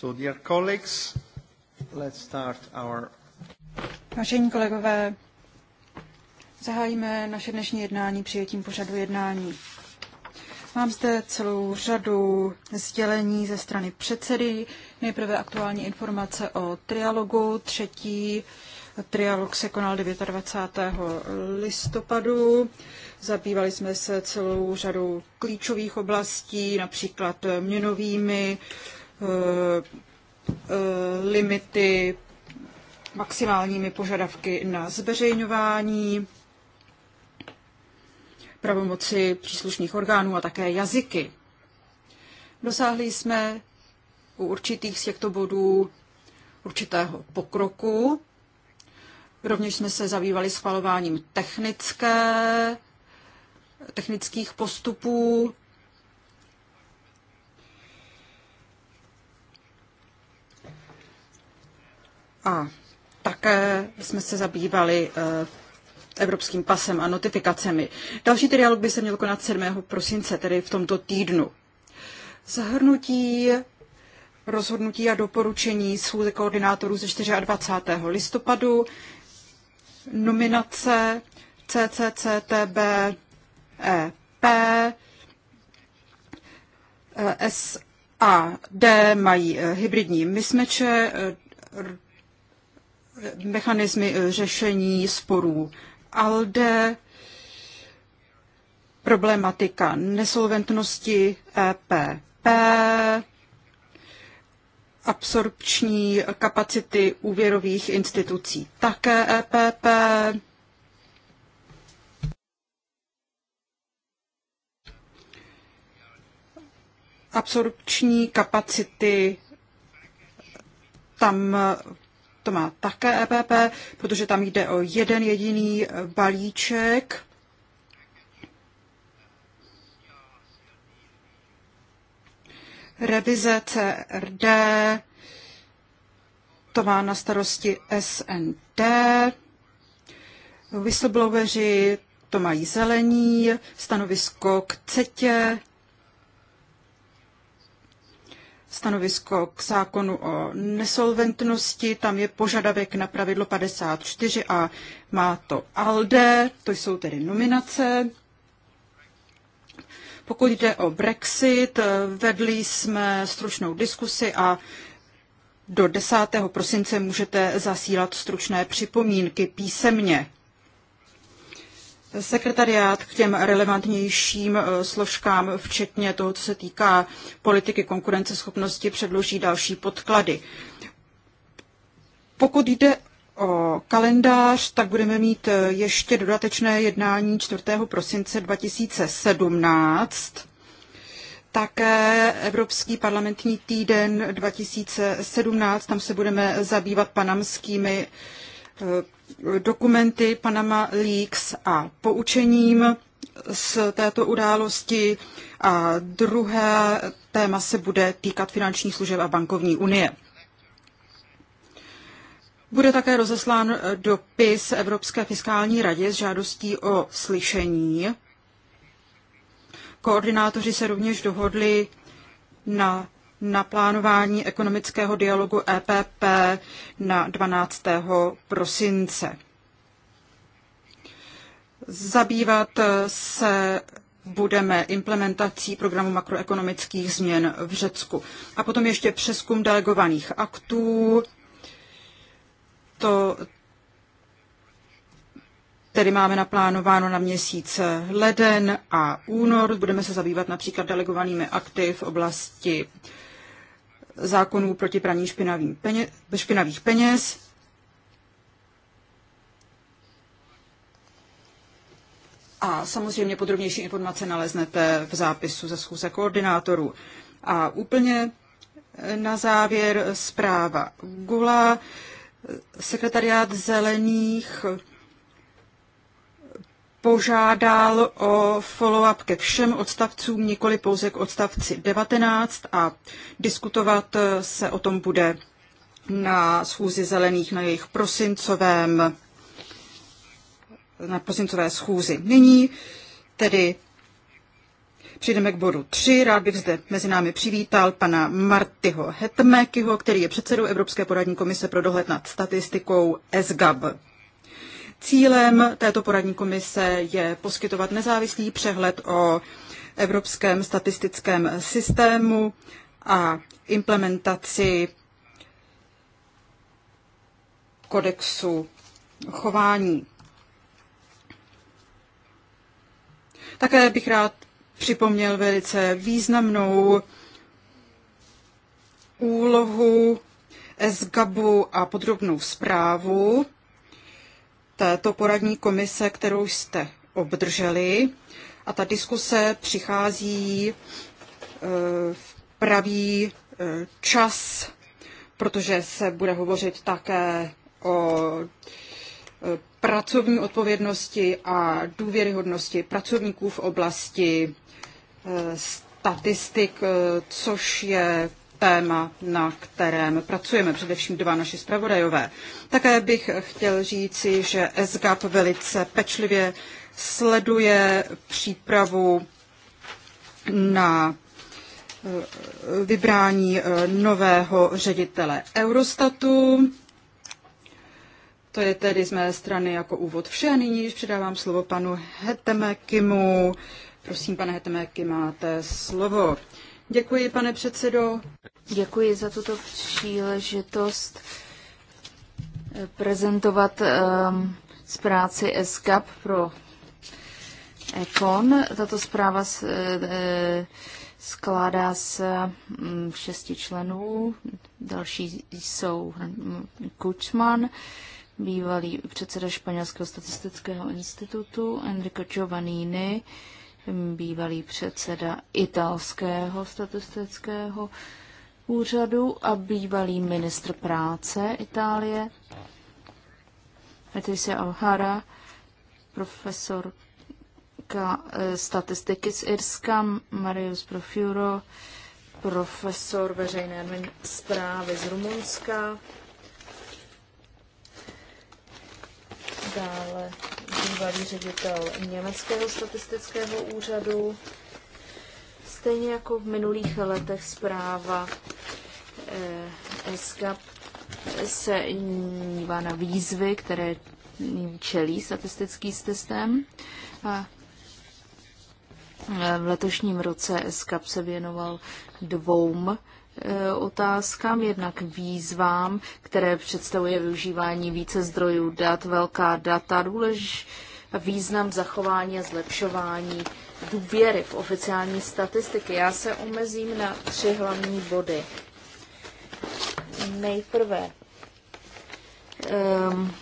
So, dear colleagues, let's start our... Vážení kolegové, zahájíme naše dnešní jednání přijetím pořadu jednání. Mám zde celou řadu sdělení ze strany předsedy. Nejprve aktuální informace o trialogu. Třetí trialog se konal 29. listopadu. Zabývali jsme se celou řadou klíčových oblastí, například měnovými, Eh, limity maximálními požadavky na zveřejňování, pravomoci příslušných orgánů a také jazyky. Dosáhli jsme u určitých z těchto bodů určitého pokroku. Rovněž jsme se zabývali schvalováním technické, technických postupů A také jsme se zabývali eh, evropským pasem a notifikacemi. Další dialog by se měl konat 7. prosince, tedy v tomto týdnu. Zahrnutí rozhodnutí a doporučení schůze koordinátorů ze 24. listopadu, nominace CCCTBEP, SAD mají eh, hybridní mismeče, eh, mechanismy eh, řešení sporů ALDE, problematika nesolventnosti EPP, absorpční kapacity úvěrových institucí také EPP, absorpční kapacity tam to má také EPP, protože tam jde o jeden jediný e, balíček. Revize CRD, to má na starosti SND, whistlebloweri, to mají zelení, stanovisko k CETě, stanovisko k zákonu o nesolventnosti, tam je požadavek na pravidlo 54 a má to ALDE, to jsou tedy nominace. Pokud jde o Brexit, vedli jsme stručnou diskusi a do 10. prosince můžete zasílat stručné připomínky písemně sekretariát k těm relevantnějším eh, složkám, včetně toho, co se týká politiky konkurenceschopnosti, předloží další podklady. Pokud jde o kalendář, tak budeme mít eh, ještě dodatečné jednání 4. prosince 2017. Také Evropský parlamentní týden 2017, tam se budeme zabývat panamskými eh, dokumenty Panama Leaks a poučením z této události a druhé téma se bude týkat finančních služeb a bankovní unie. Bude také rozeslán dopis Evropské fiskální radě s žádostí o slyšení. Koordinátoři se rovněž dohodli na na plánování ekonomického dialogu EPP na 12. prosince. Zabývat se budeme implementací programu makroekonomických změn v Řecku. A potom ještě přeskum delegovaných aktů. To tedy máme naplánováno na měsíc leden a únor. Budeme se zabývat například delegovanými akty v oblasti zákonů proti praní špinavých peněz, špinavých peněz. A samozřejmě podrobnější informace naleznete v zápisu ze schůze koordinátorů. A úplně na závěr zpráva Gula. Sekretariát zelených požádal o follow-up ke všem odstavcům, nikoli pouze k odstavci 19 a diskutovat se o tom bude na schůzi zelených na jejich prosincovém na prosincové schůzi. Nyní tedy Přijdeme k bodu 3. Rád bych zde mezi námi přivítal pana Martyho Hetmekyho, který je předsedou Evropské poradní komise pro dohled nad statistikou SGAB. Cílem této poradní komise je poskytovat nezávislý přehled o evropském statistickém systému a implementaci kodexu chování. Také bych rád připomněl velice významnou úlohu SGABu a podrobnou zprávu této poradní komise, kterou jste obdrželi. A ta diskuse přichází eh, v pravý eh, čas, protože se bude hovořit také o eh, pracovní odpovědnosti a důvěryhodnosti pracovníků v oblasti statistik, což je téma, na kterém pracujeme, především dva naši zpravodajové. Také bych chtěl říci, že SGAP velice pečlivě sleduje přípravu na eh, vybrání eh, nového ředitele Eurostatu. To je tedy z mé strany jako úvod vše. Nyní předávám slovo panu Hetemekimu. Prosím, pane Hetemeky, máte slovo. Děkuji, pane předsedo. Děkuji za tuto příležitost eh, prezentovat um, ehm, z práci ESCAP pro Econ. Tato zpráva s, e, skládá se mm, šesti členů, další jsou Kučman, bývalý předseda Španělského statistického institutu, Enrico Giovannini, bývalý předseda italského statistického úřadu a bývalý ministr práce Itálie, Leticia Alhara, profesorka eh, statistiky z Irska, Marius Profuro, profesor veřejné správy z Rumunska, dále bývalý ředitel Německého statistického úřadu. Stejně jako v minulých letech zpráva ESCAP eh, se dívá na výzvy, které čelí statistický systém. A eh, v letošním roce ESCAP se věnoval dvoum Eh, otázkám, jednak výzvám, které představuje využívání více zdrojů dat, velká data, důlež význam zachování a zlepšování důvěry v oficiální statistiky. Já se omezím na tři hlavní body. Nejprve um,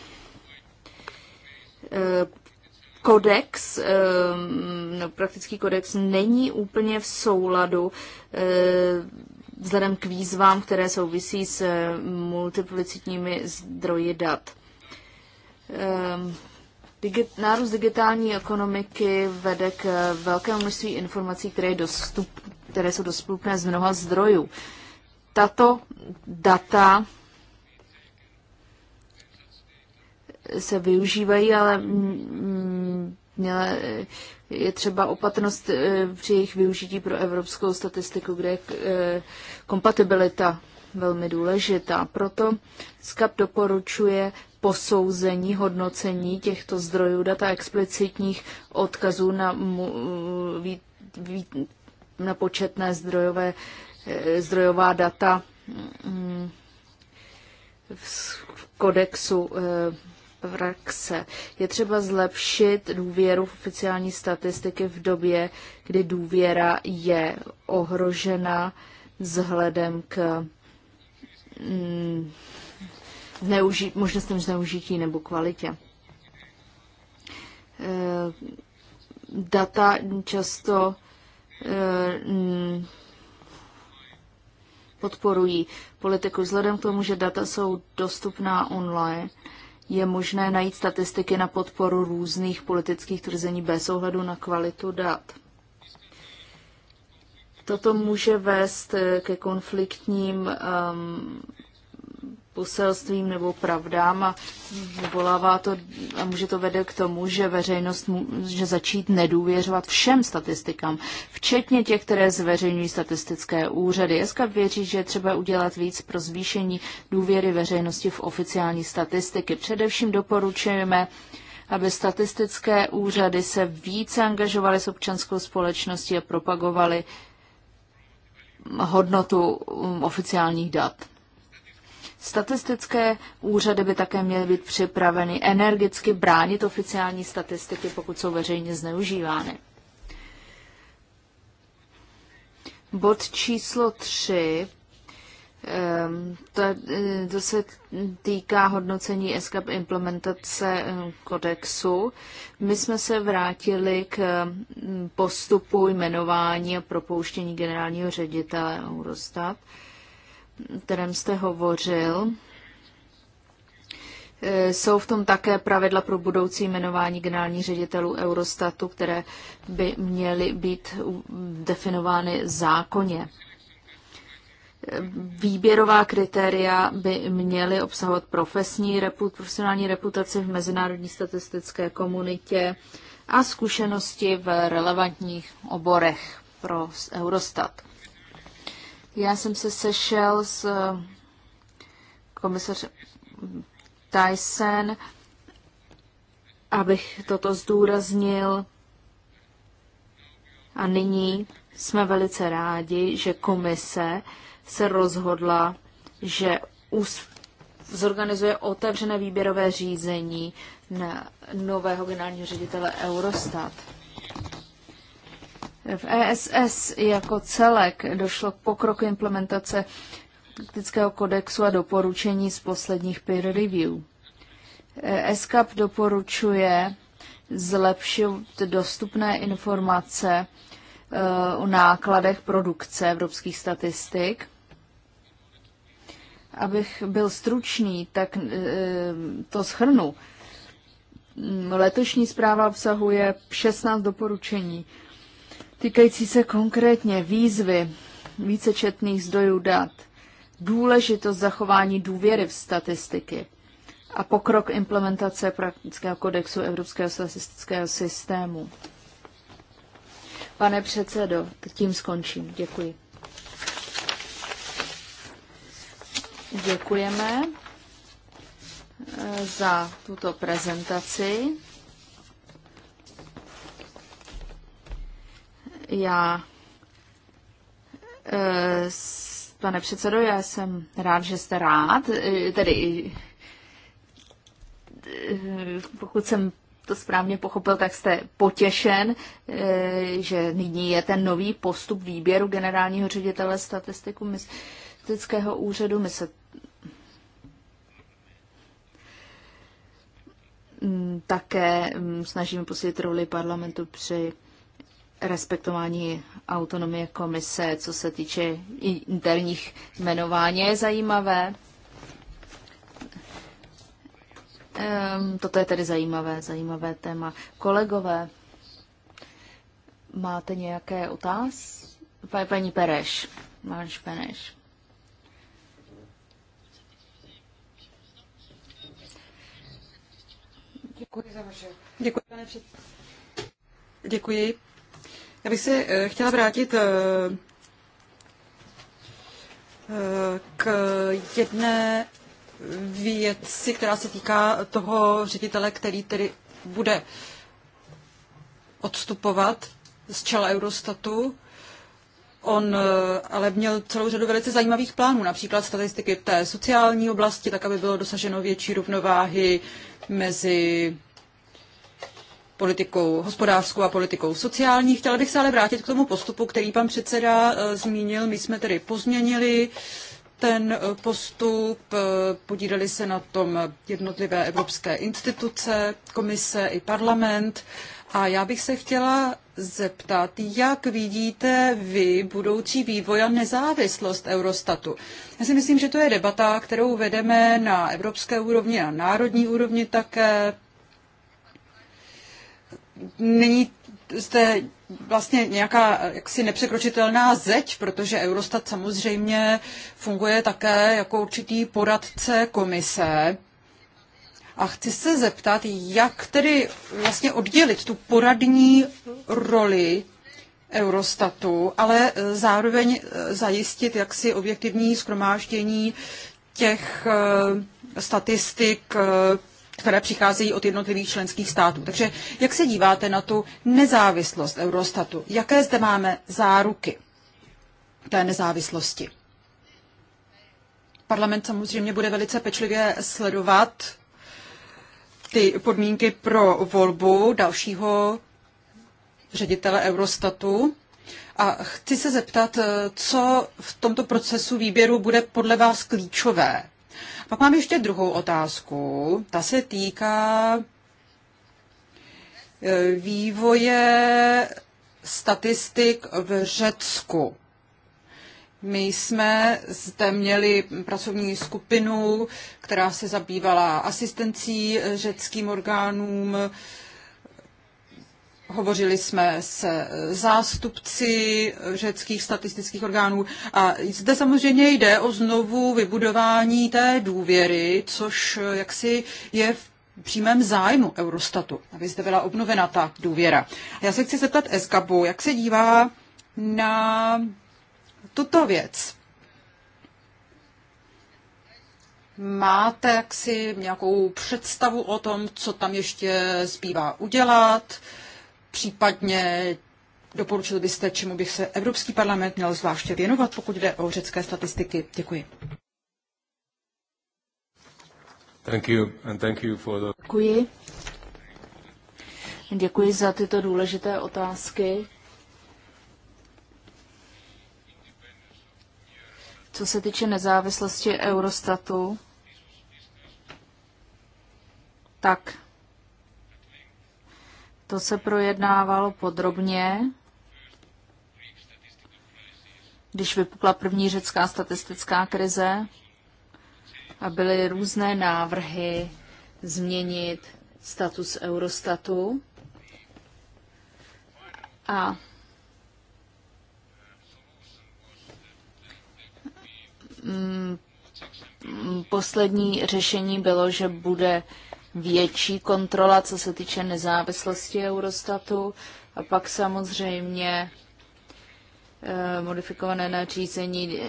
kodex, ehm, no, praktický kodex není úplně v souladu eh, vzhledem k výzvám, které souvisí s eh, multiplicitními zdroji dat. Ehm, nárůst digitální ekonomiky vede k eh, velkému množství informací, které, dostup, které jsou dostupné z mnoha zdrojů. Tato data se využívají, ale měle, eh, je třeba opatrnost eh, při jejich využití pro evropskou statistiku, kde je eh, kompatibilita velmi důležitá. Proto SCAP doporučuje posouzení, hodnocení těchto zdrojů data explicitních odkazů na, na početné zdrojové, eh, zdrojová data mm, v kodexu praxe. Je třeba zlepšit důvěru v oficiální statistiky v době, kdy důvěra je ohrožena vzhledem k mm, možnostem zneužití nebo kvalitě. E, data často e, mm, podporují politiku vzhledem k tomu, že data jsou dostupná online. E, je možné najít statistiky na podporu různých politických tvrzení bez ohledu na kvalitu dat. Toto může vést ke konfliktním um, poselstvím nebo pravdám a vyvolává to a může to vede k tomu, že veřejnost může začít nedůvěřovat všem statistikám, včetně těch, které zveřejňují statistické úřady. Jeska věří, že třeba udělat víc pro zvýšení důvěry veřejnosti v oficiální statistiky. Především doporučujeme aby statistické úřady se více angažovaly s občanskou společností a propagovaly hodnotu um, oficiálních dat. Statistické úřady by také měly být připraveny energicky bránit oficiální statistiky, pokud jsou veřejně zneužívány. Bod číslo 3. Ehm, to, eh, to se týká hodnocení ESCAP implementace eh, kodexu. My jsme se vrátili k ehm, postupu jmenování a propouštění generálního ředitele Eurostat kterém jste hovořil, e, jsou v tom také pravidla pro budoucí jmenování generálních ředitelů Eurostatu, které by měly být definovány zákonně. E, výběrová kritéria by měly obsahovat profesní, profesionální reputaci v mezinárodní statistické komunitě a zkušenosti v relevantních oborech pro Eurostat. Já jsem se sešel s eh, komisařem Tyson, abych toto zdůraznil. A nyní jsme velice rádi, že komise se rozhodla, že zorganizuje otevřené výběrové řízení na nového generálního ředitele Eurostat. V ESS jako celek došlo k pokroku implementace kritického kodexu a doporučení z posledních peer review. ESCAP doporučuje zlepšit dostupné informace eh, o nákladech produkce evropských statistik. Abych byl stručný, tak eh, to shrnu. Letošní zpráva obsahuje 16 doporučení týkající se konkrétně výzvy vícečetných zdrojů dat, důležitost zachování důvěry v statistiky a pokrok implementace praktického kodexu Evropského statistického systému. Pane předsedo, tím skončím. Děkuji. Děkujeme eh, za tuto prezentaci. Já, eh, pane předsedo, já jsem rád, že jste rád, eh, tedy eh, pokud jsem to správně pochopil, tak jste potěšen, že nyní je ten nový postup výběru generálního ředitele statistiku statistického úřadu. My se mm, také mm, snažíme posílit roli parlamentu při respektování autonomie komise, co se týče interních jmenování, je zajímavé. Um, toto je tedy zajímavé, zajímavé téma. Kolegové, máte nějaké otázky? Paní Pereš, máš Pereš. Děkuji za vaše. Děkuji, pane před... Děkuji, já bych se eh, chtěla vrátit eh, eh, k jedné věci, která se týká toho ředitele, který tedy bude odstupovat z čela Eurostatu. On ale měl celou řadu velice zajímavých plánů, například statistiky té sociální oblasti, tak aby bylo dosaženo větší rovnováhy mezi politikou hospodářskou a politikou sociální. Chtěla bych se ale vrátit k tomu postupu, který pan předseda eh, zmínil. My jsme tedy pozměnili ten eh, postup, eh, podíleli se na tom jednotlivé evropské instituce, komise i parlament. A já bych se chtěla zeptat, jak vidíte vy budoucí vývoj a nezávislost Eurostatu? Já si myslím, že to je debata, kterou vedeme na evropské úrovni a národní úrovni také není zde vlastně nějaká jaksi nepřekročitelná zeď, protože Eurostat samozřejmě funguje také jako určitý poradce komise. A chci se zeptat, jak tedy vlastně oddělit tu poradní roli Eurostatu, ale zároveň zajistit jaksi objektivní schromáždění těch eh, statistik eh, které přicházejí od jednotlivých členských států. Takže jak se díváte na tu nezávislost Eurostatu? Jaké zde máme záruky té nezávislosti? Parlament samozřejmě bude velice pečlivě sledovat ty podmínky pro volbu dalšího ředitele Eurostatu. A chci se zeptat, co v tomto procesu výběru bude podle vás klíčové pak mám ještě druhou otázku. Ta se týká e, vývoje statistik v Řecku. My jsme zde měli pracovní skupinu, která se zabývala asistencí řeckým orgánům, Hovořili jsme se zástupci řeckých statistických orgánů a zde samozřejmě jde o znovu vybudování té důvěry, což jaksi je v přímém zájmu Eurostatu, aby zde byla obnovena ta důvěra. A já se chci zeptat Eskabu, jak se dívá na tuto věc. Máte jaksi nějakou představu o tom, co tam ještě zbývá udělat? Uh, případně doporučil byste, čemu bych se Evropský parlament měl zvláště věnovat, pokud jde o řecké statistiky? Děkuji. Thank you and thank you for the... Děkuji. Děkuji za tyto důležité otázky. Co se týče nezávislosti Eurostatu, tak to se projednávalo podrobně, když vypukla první řecká statistická krize a byly různé návrhy změnit status Eurostatu. A mm, mm, poslední řešení bylo, že bude větší kontrola, co se týče nezávislosti Eurostatu a pak samozřejmě eh, modifikované nařízení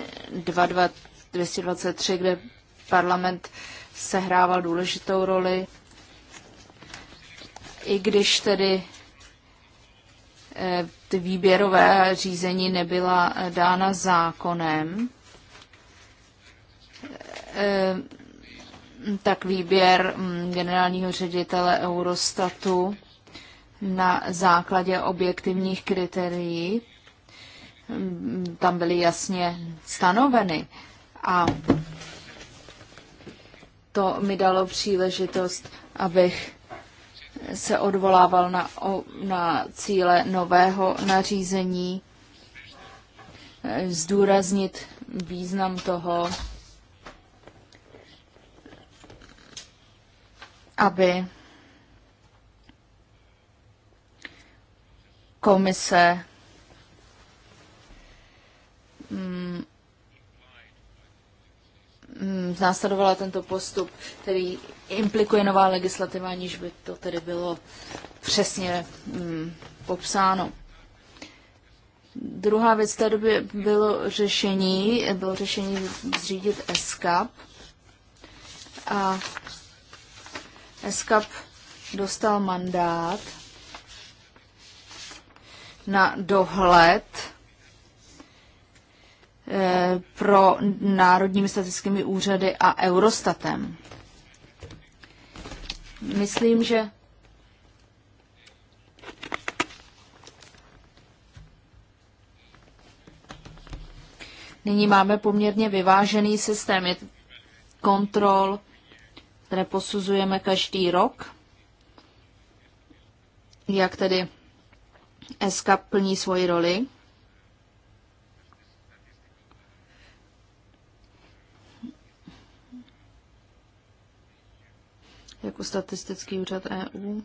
223, kde parlament sehrával důležitou roli, i když tedy eh, ty výběrové řízení nebyla eh, dána zákonem tak výběr mm, generálního ředitele Eurostatu na základě objektivních kritérií mm, tam byly jasně stanoveny. A to mi dalo příležitost, abych se odvolával na, na cíle nového nařízení, eh, zdůraznit význam toho, aby komise mm, mm, následovala tento postup, který implikuje nová legislativa, aniž by to tedy bylo přesně mm, popsáno. Druhá věc té době bylo řešení, bylo řešení zřídit ESCAP a ESCAP dostal mandát na dohled eh, pro národními statickými úřady a Eurostatem. Myslím, že nyní máme poměrně vyvážený systém kontrol které posuzujeme každý rok, jak tedy SK plní svoji roli. jako statistický úřad EU.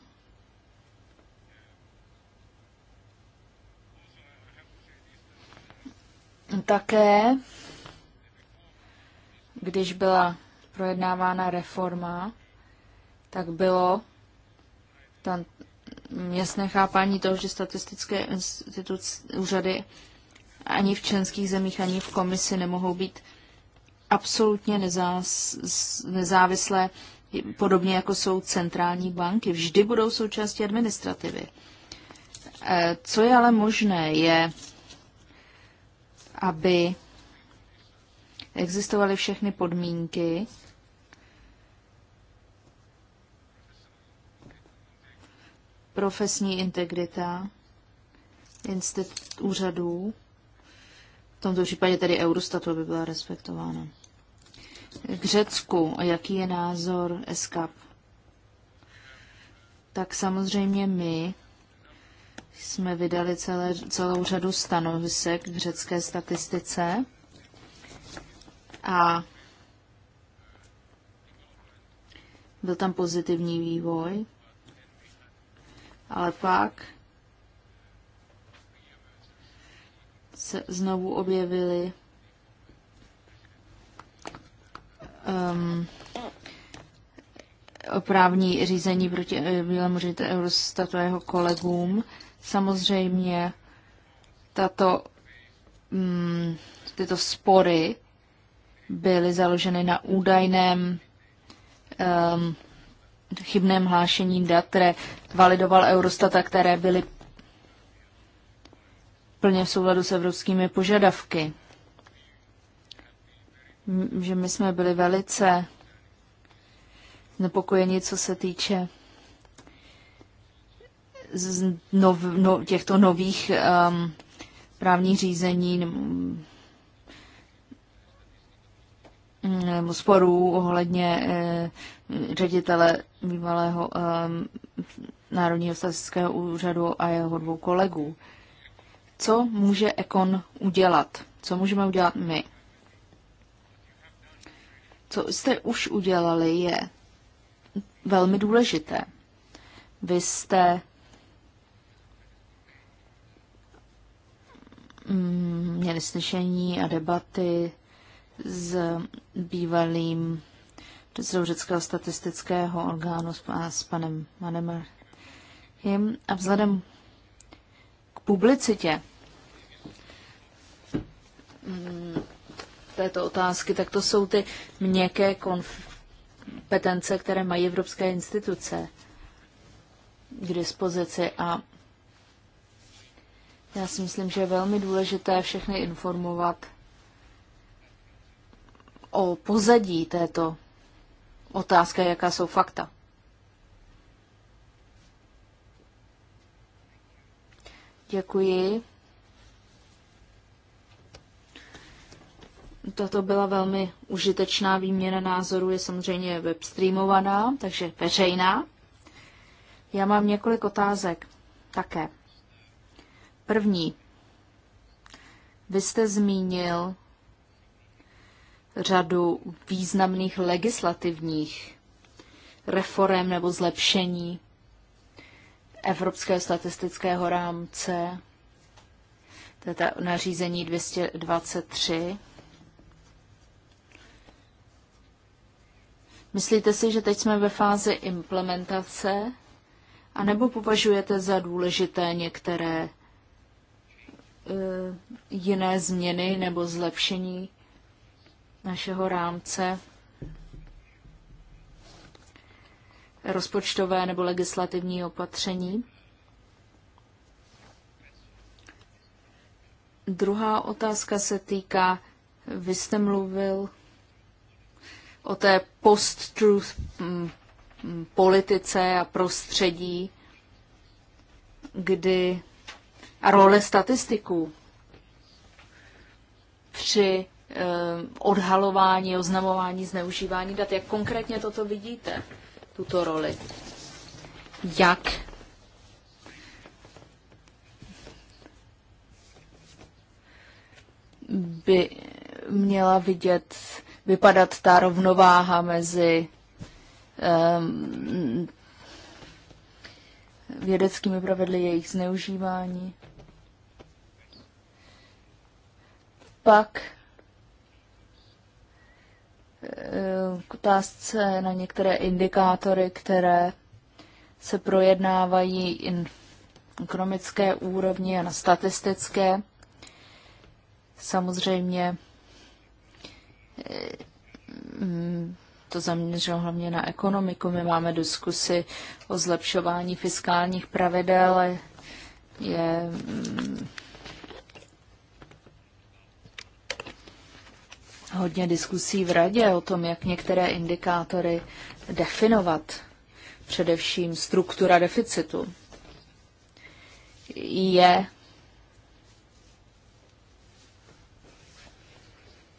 Také, když byla projednávána reforma, tak bylo tam jasné chápání toho, že statistické instituce, úřady ani v členských zemích, ani v komisi nemohou být absolutně nezávislé, podobně jako jsou centrální banky. Vždy budou součástí administrativy. E, co je ale možné, je, aby existovaly všechny podmínky, profesní integrita institut úřadů, v tomto případě tedy Eurostatu, aby byla respektována. K Řecku, jaký je názor ESCAP? Tak samozřejmě my jsme vydali celé, celou řadu stanovisek k řecké statistice a byl tam pozitivní vývoj ale pak se znovu objevily um, právní řízení proti eh, Bílému ředitelu Eurostatu a jeho kolegům. Samozřejmě tato, um, tyto spory byly založeny na údajném um, chybném hlášení dat, které validoval Eurostat které byly plně v souladu s evropskými požadavky. Že my jsme byli velice nepokojeni, co se týče z nov, no, těchto nových um, právních řízení nebo mm, sporů ohledně eh, ředitele bývalého eh, Národního statistického úřadu a jeho dvou kolegů. Co může Ekon udělat? Co můžeme udělat my? Co jste už udělali, je velmi důležité. Vy jste mm, měli slyšení a debaty s bývalým předsedou řeckého statistického orgánu a s panem Manem A vzhledem k publicitě mm, této otázky, tak to jsou ty měkké kompetence, které mají evropské instituce k dispozici a já si myslím, že je velmi důležité všechny informovat o pozadí této otázky, jaká jsou fakta. Děkuji. Toto byla velmi užitečná výměna názorů, je samozřejmě webstreamovaná, takže veřejná. Já mám několik otázek také. První. Vy jste zmínil řadu významných legislativních reform nebo zlepšení Evropského statistického rámce, to je ta nařízení 223. Myslíte si, že teď jsme ve fázi implementace, anebo považujete za důležité některé uh, jiné změny nebo zlepšení našeho rámce rozpočtové nebo legislativní opatření. Druhá otázka se týká, vy jste mluvil o té post-truth mm, politice a prostředí, kdy a role statistiků při Eh, odhalování, oznamování, zneužívání dat. Jak konkrétně toto vidíte, tuto roli? Jak by měla vidět, vypadat ta rovnováha mezi um, vědeckými pravidly jejich zneužívání. Pak k otázce na některé indikátory, které se projednávají in ekonomické úrovni a na statistické. Samozřejmě eh, mm, to zaměřilo hlavně na ekonomiku. My máme diskusy o zlepšování fiskálních pravidel, je mm, hodně diskusí v radě o tom, jak některé indikátory definovat, především struktura deficitu. Je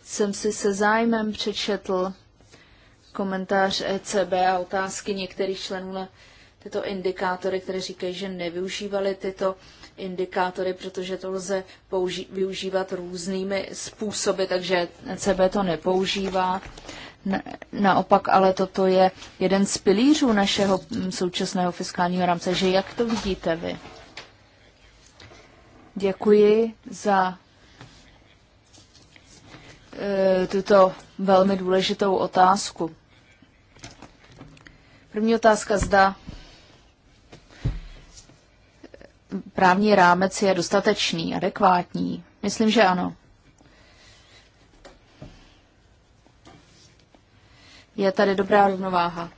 jsem si se zájmem přečetl komentář ECB a otázky některých členů na tyto indikátory, které říkají, že nevyužívali tyto indikátory, protože to lze použi- využívat různými způsoby, takže CB to nepoužívá. Naopak, ale toto je jeden z pilířů našeho mm, současného fiskálního rámce, že jak to vidíte vy? Děkuji za e, tuto velmi důležitou otázku. První otázka, zda právní rámec je dostatečný, adekvátní? Myslím, že ano. Je tady dobrá rovnováha,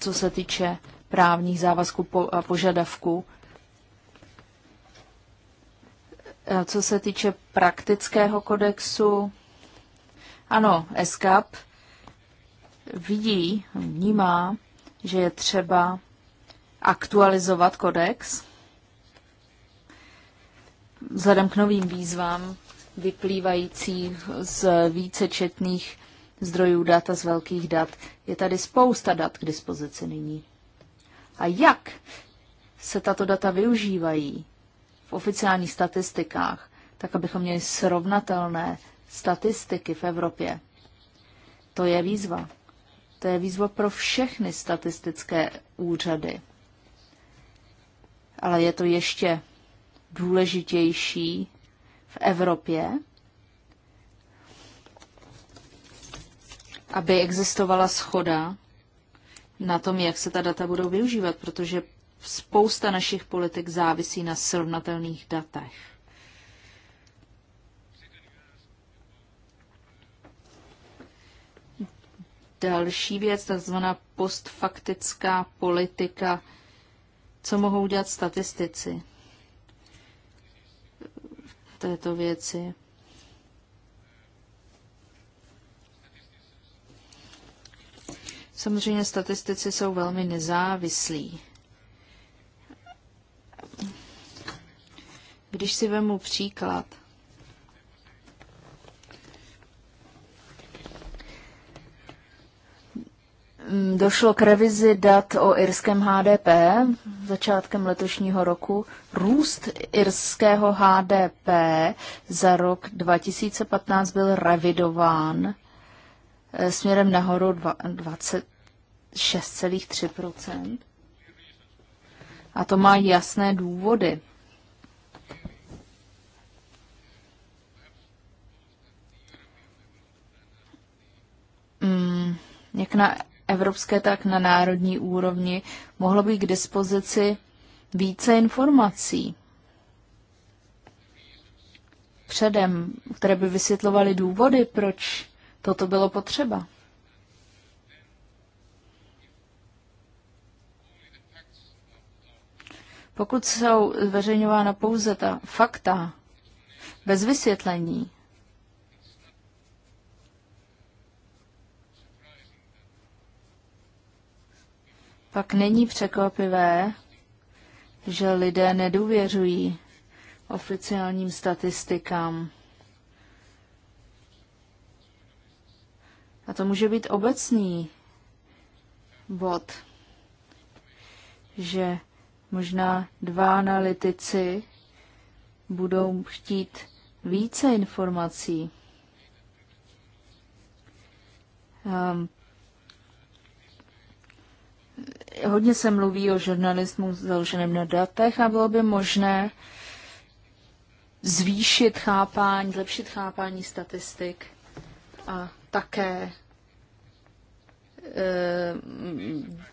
co se týče právních závazků a požadavků. Co se týče praktického kodexu, ano, ESCAP vidí, vnímá, že je třeba aktualizovat kodex. Vzhledem k novým výzvám vyplývající z vícečetných zdrojů dat a z velkých dat. Je tady spousta dat k dispozici nyní. A jak se tato data využívají v oficiálních statistikách, tak abychom měli srovnatelné statistiky v Evropě? To je výzva. To je výzva pro všechny statistické úřady ale je to ještě důležitější v Evropě, aby existovala schoda na tom, jak se ta data budou využívat, protože spousta našich politik závisí na srovnatelných datech. Další věc, takzvaná postfaktická politika co mohou dělat statistici v této věci. Samozřejmě statistici jsou velmi nezávislí. Když si vemu příklad, Mm, došlo k revizi dat o irském HDP začátkem letošního roku. Růst irského HDP za rok 2015 byl revidován eh, směrem nahoru 26,3 A to má jasné důvody. Mm, jak na evropské, tak na národní úrovni mohlo být k dispozici více informací předem, které by vysvětlovaly důvody, proč toto bylo potřeba. Pokud jsou zveřejňována pouze ta fakta bez vysvětlení, pak není překvapivé, že lidé nedůvěřují oficiálním statistikám. A to může být obecný bod, že možná dva analytici budou chtít více informací. Ehm, Hodně se mluví o žurnalismu založeném na datech a bylo by možné zvýšit chápání, zlepšit chápání statistik a také eh,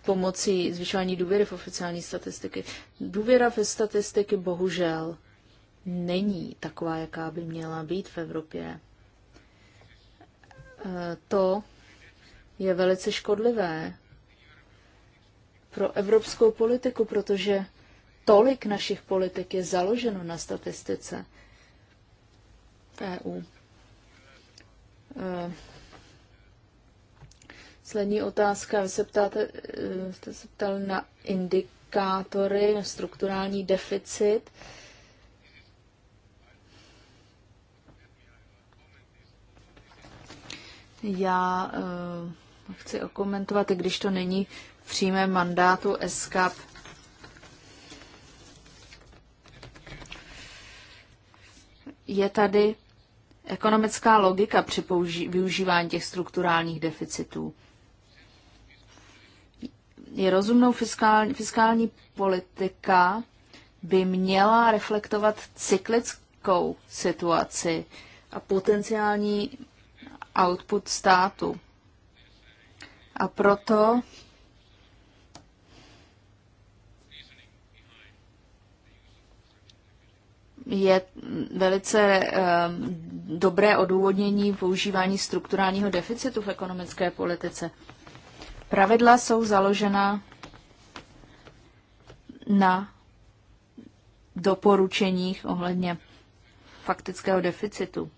pomocí zvyšování důvěry v oficiální statistiky. Důvěra ve statistiky bohužel není taková, jaká by měla být v Evropě. Eh, to je velice škodlivé pro evropskou politiku, protože tolik našich politik je založeno na statistice v EU. Eh, slední otázka, vy se ptáte, eh, jste se ptal na indikátory, na strukturální deficit. Já uh, chci okomentovat, i když to není přímém mandátu ESCAP Je tady ekonomická logika při použi- využívání těch strukturálních deficitů. Je rozumnou fiskální, fiskální politika by měla reflektovat cyklickou situaci a potenciální output státu. A proto je velice ehm, dobré odůvodnění používání strukturálního deficitu v ekonomické politice. Pravidla jsou založena na doporučeních ohledně faktického deficitu.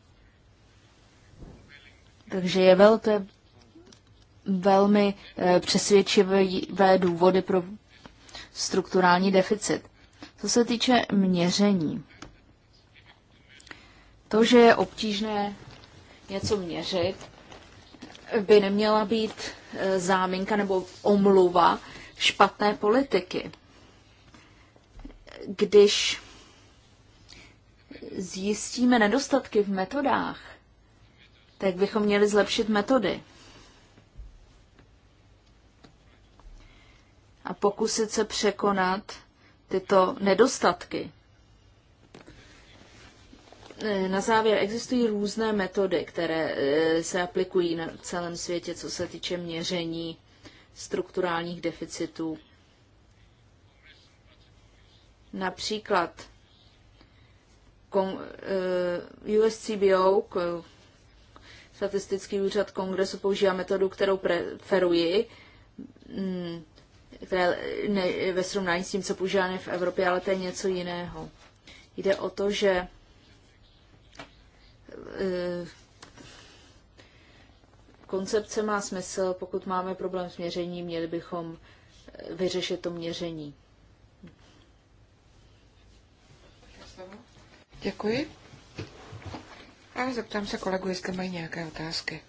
Takže je velké, velmi eh, přesvědčivé důvody pro strukturální deficit. Co se týče měření, to, že je obtížné něco měřit, by neměla být e, záminka nebo omluva špatné politiky. Když zjistíme nedostatky v metodách, tak bychom měli zlepšit metody. A pokusit se překonat tyto nedostatky. E, na závěr existují různé metody, které e, se aplikují na celém světě, co se týče měření strukturálních deficitů. Například e, USCBO, Statistický úřad kongresu, používá metodu, kterou preferuji, mm, které ne, ve srovnání s tím, co používáme v Evropě, ale to je něco jiného. Jde o to, že Eh, koncepce má smysl, pokud máme problém s měřením, měli bychom eh, vyřešit to měření. Děkuji. A zeptám se kolegu, jestli mají nějaké otázky.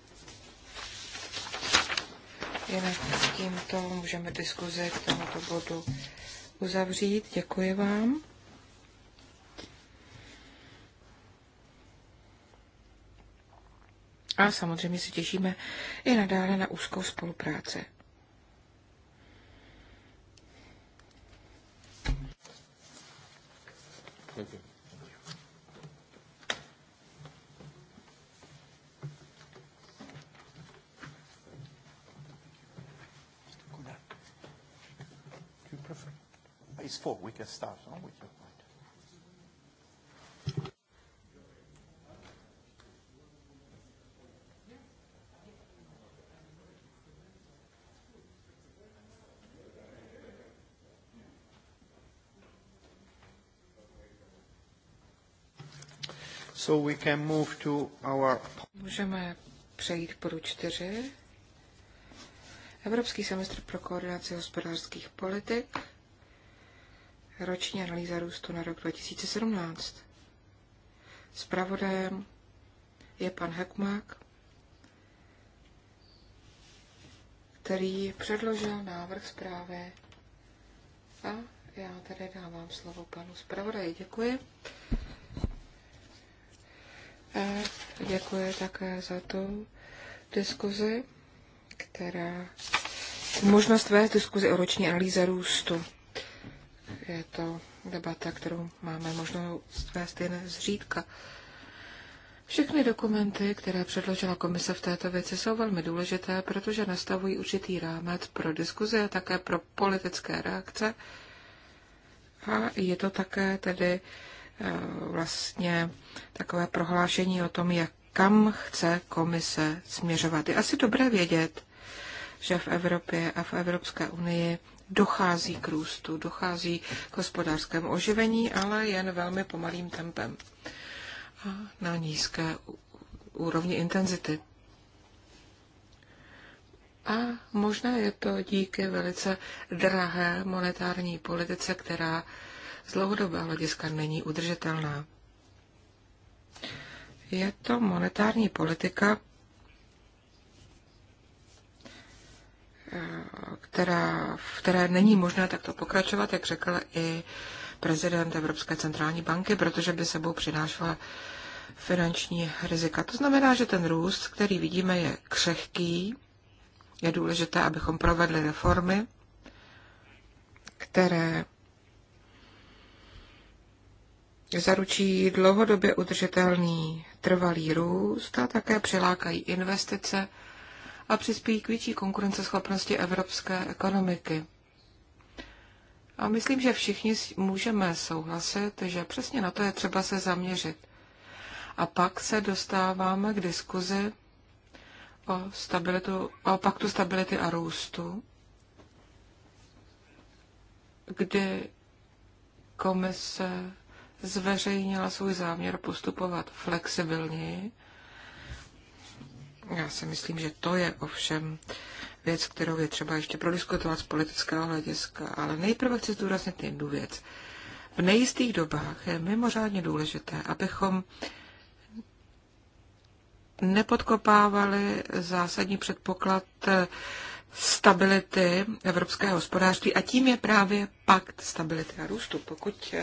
Jinak tímto můžeme diskuzi k tomuto bodu uzavřít. Děkuji vám. A samozřejmě se těšíme i nadále na úzkou spolupráce. spolupráci. It's four, we can start, no? We can... So we can move to our... Můžeme přejít k bodu čtyři. Evropský semestr pro koordinaci hospodářských politik. Roční analýza růstu na rok 2017. Spravodajem je pan Hekmák, který předložil návrh zprávy. A já tady dávám slovo panu zpravodaji. Děkuji děkuji také za tu diskuzi, která možnost vést diskuzi o roční analýze růstu. Je to debata, kterou máme možnost vést jen zřídka. Všechny dokumenty, které předložila komise v této věci, jsou velmi důležité, protože nastavují určitý rámec pro diskuzi a také pro politické reakce. A je to také tedy Eh, vlastně takové prohlášení o tom, jak kam chce komise směřovat. Je asi dobré vědět, že v Evropě a v Evropské unii dochází k růstu, dochází k hospodářskému oživení, ale jen velmi pomalým tempem a na nízké úrovni intenzity. A možná je to díky velice drahé monetární politice, která z dlouhodobého hlediska není udržitelná. Je to monetární politika, eh, která, v které není možné takto pokračovat, jak řekl i prezident Evropské centrální banky, protože by sebou přinášela finanční rizika. To znamená, že ten růst, který vidíme, je křehký. Je důležité, abychom provedli reformy, které zaručí dlouhodobě udržitelný trvalý růst a také přilákají investice a přispějí k větší konkurenceschopnosti evropské ekonomiky. A myslím, že všichni můžeme souhlasit, že přesně na to je třeba se zaměřit. A pak se dostáváme k diskuzi o, stabilitu, o paktu stability a růstu, kdy komise zveřejnila svůj záměr postupovat flexibilně. Já si myslím, že to je ovšem věc, kterou je třeba ještě prodiskutovat z politického hlediska, ale nejprve chci zdůraznit jednu věc. V nejistých dobách je mimořádně důležité, abychom nepodkopávali zásadní předpoklad stability evropského hospodářství a tím je právě pakt stability a růstu. Pokud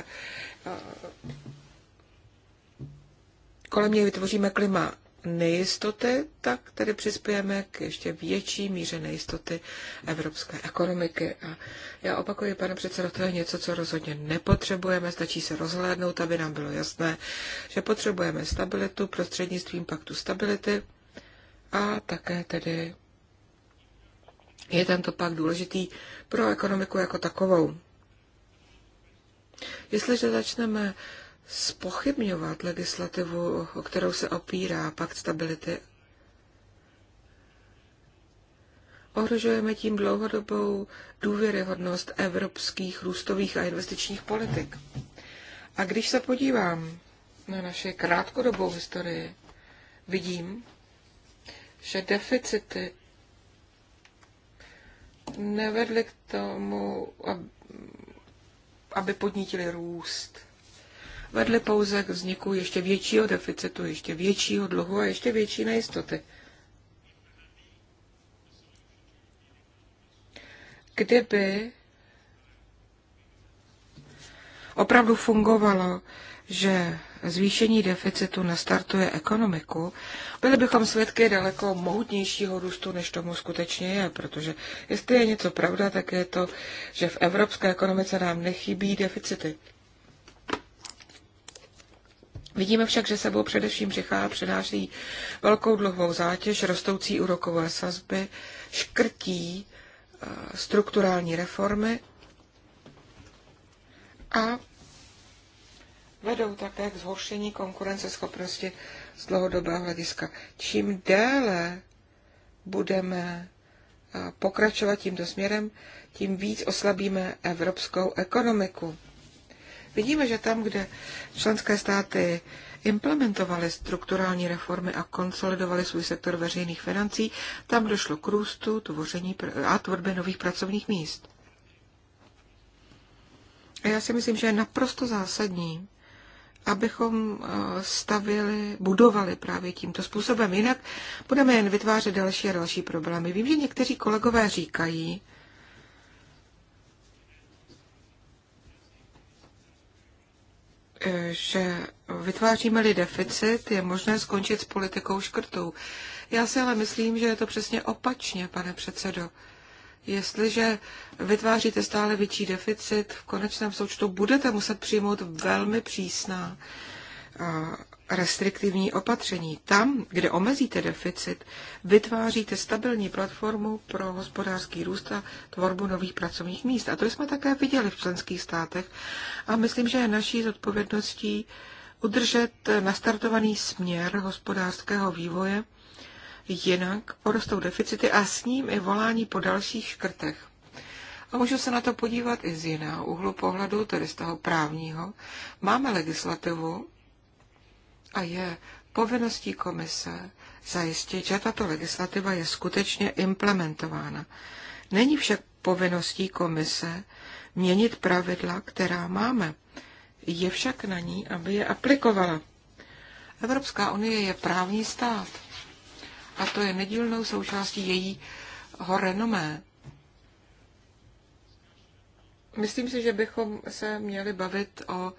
kolem něj vytvoříme klima nejistoty, tak tedy přispějeme k ještě větší míře nejistoty evropské ekonomiky. A já opakuji, pane předsedo, to je něco, co rozhodně nepotřebujeme. Stačí se rozhlédnout, aby nám bylo jasné, že potřebujeme stabilitu prostřednictvím paktu stability a také tedy je tento pak důležitý pro ekonomiku jako takovou. Jestliže začneme spochybňovat legislativu, o kterou se opírá pakt stability, ohrožujeme tím dlouhodobou důvěryhodnost evropských růstových a investičních politik. A když se podívám na naše krátkodobou historii, vidím, že deficity nevedly k tomu, aby podnítili růst. Vedli pouze k vzniku ještě většího deficitu, ještě většího dluhu a ještě větší nejistoty. Kdyby opravdu fungovalo, že zvýšení deficitu nastartuje ekonomiku, byli bychom svědky daleko mohutnějšího růstu, než tomu skutečně je, protože jestli je něco pravda, tak je to, že v evropské ekonomice nám nechybí deficity. Vidíme však, že sebou především přichá, přináší velkou dluhovou zátěž, rostoucí úrokové sazby, škrtí eh, strukturální reformy a vedou také k zhoršení konkurenceschopnosti z dlouhodobého hlediska. Čím déle budeme eh, pokračovat tímto směrem, tím víc oslabíme evropskou ekonomiku. Vidíme, že tam, kde členské státy implementovaly strukturální reformy a konsolidovaly svůj sektor veřejných financí, tam došlo k růstu, tvoření a tvorbě nových pracovních míst. A já si myslím, že je naprosto zásadní, abychom eh, stavili, budovali právě tímto způsobem. Jinak budeme jen vytvářet další a další problémy. Vím, že někteří kolegové říkají, eh, že vytváříme-li deficit, je možné skončit s politikou škrtů. Já si ale myslím, že je to přesně opačně, pane předsedo. Jestliže vytváříte stále větší deficit, v konečném součtu budete muset přijmout velmi přísná restriktivní opatření. Tam, kde omezíte deficit, vytváříte stabilní platformu pro hospodářský růst a tvorbu nových pracovních míst. A to jsme také viděli v členských státech. A myslím, že je naší zodpovědností udržet nastartovaný směr hospodářského vývoje jinak porostou deficity a s ním i volání po dalších škrtech. A můžu se na to podívat i z jiného úhlu pohledu, tedy z toho právního. Máme legislativu a je povinností komise zajistit, že tato legislativa je skutečně implementována. Není však povinností komise měnit pravidla, která máme. Je však na ní, aby je aplikovala. Evropská unie je právní stát a to je nedílnou součástí jejího renomé. Myslím si, že bychom se měli bavit o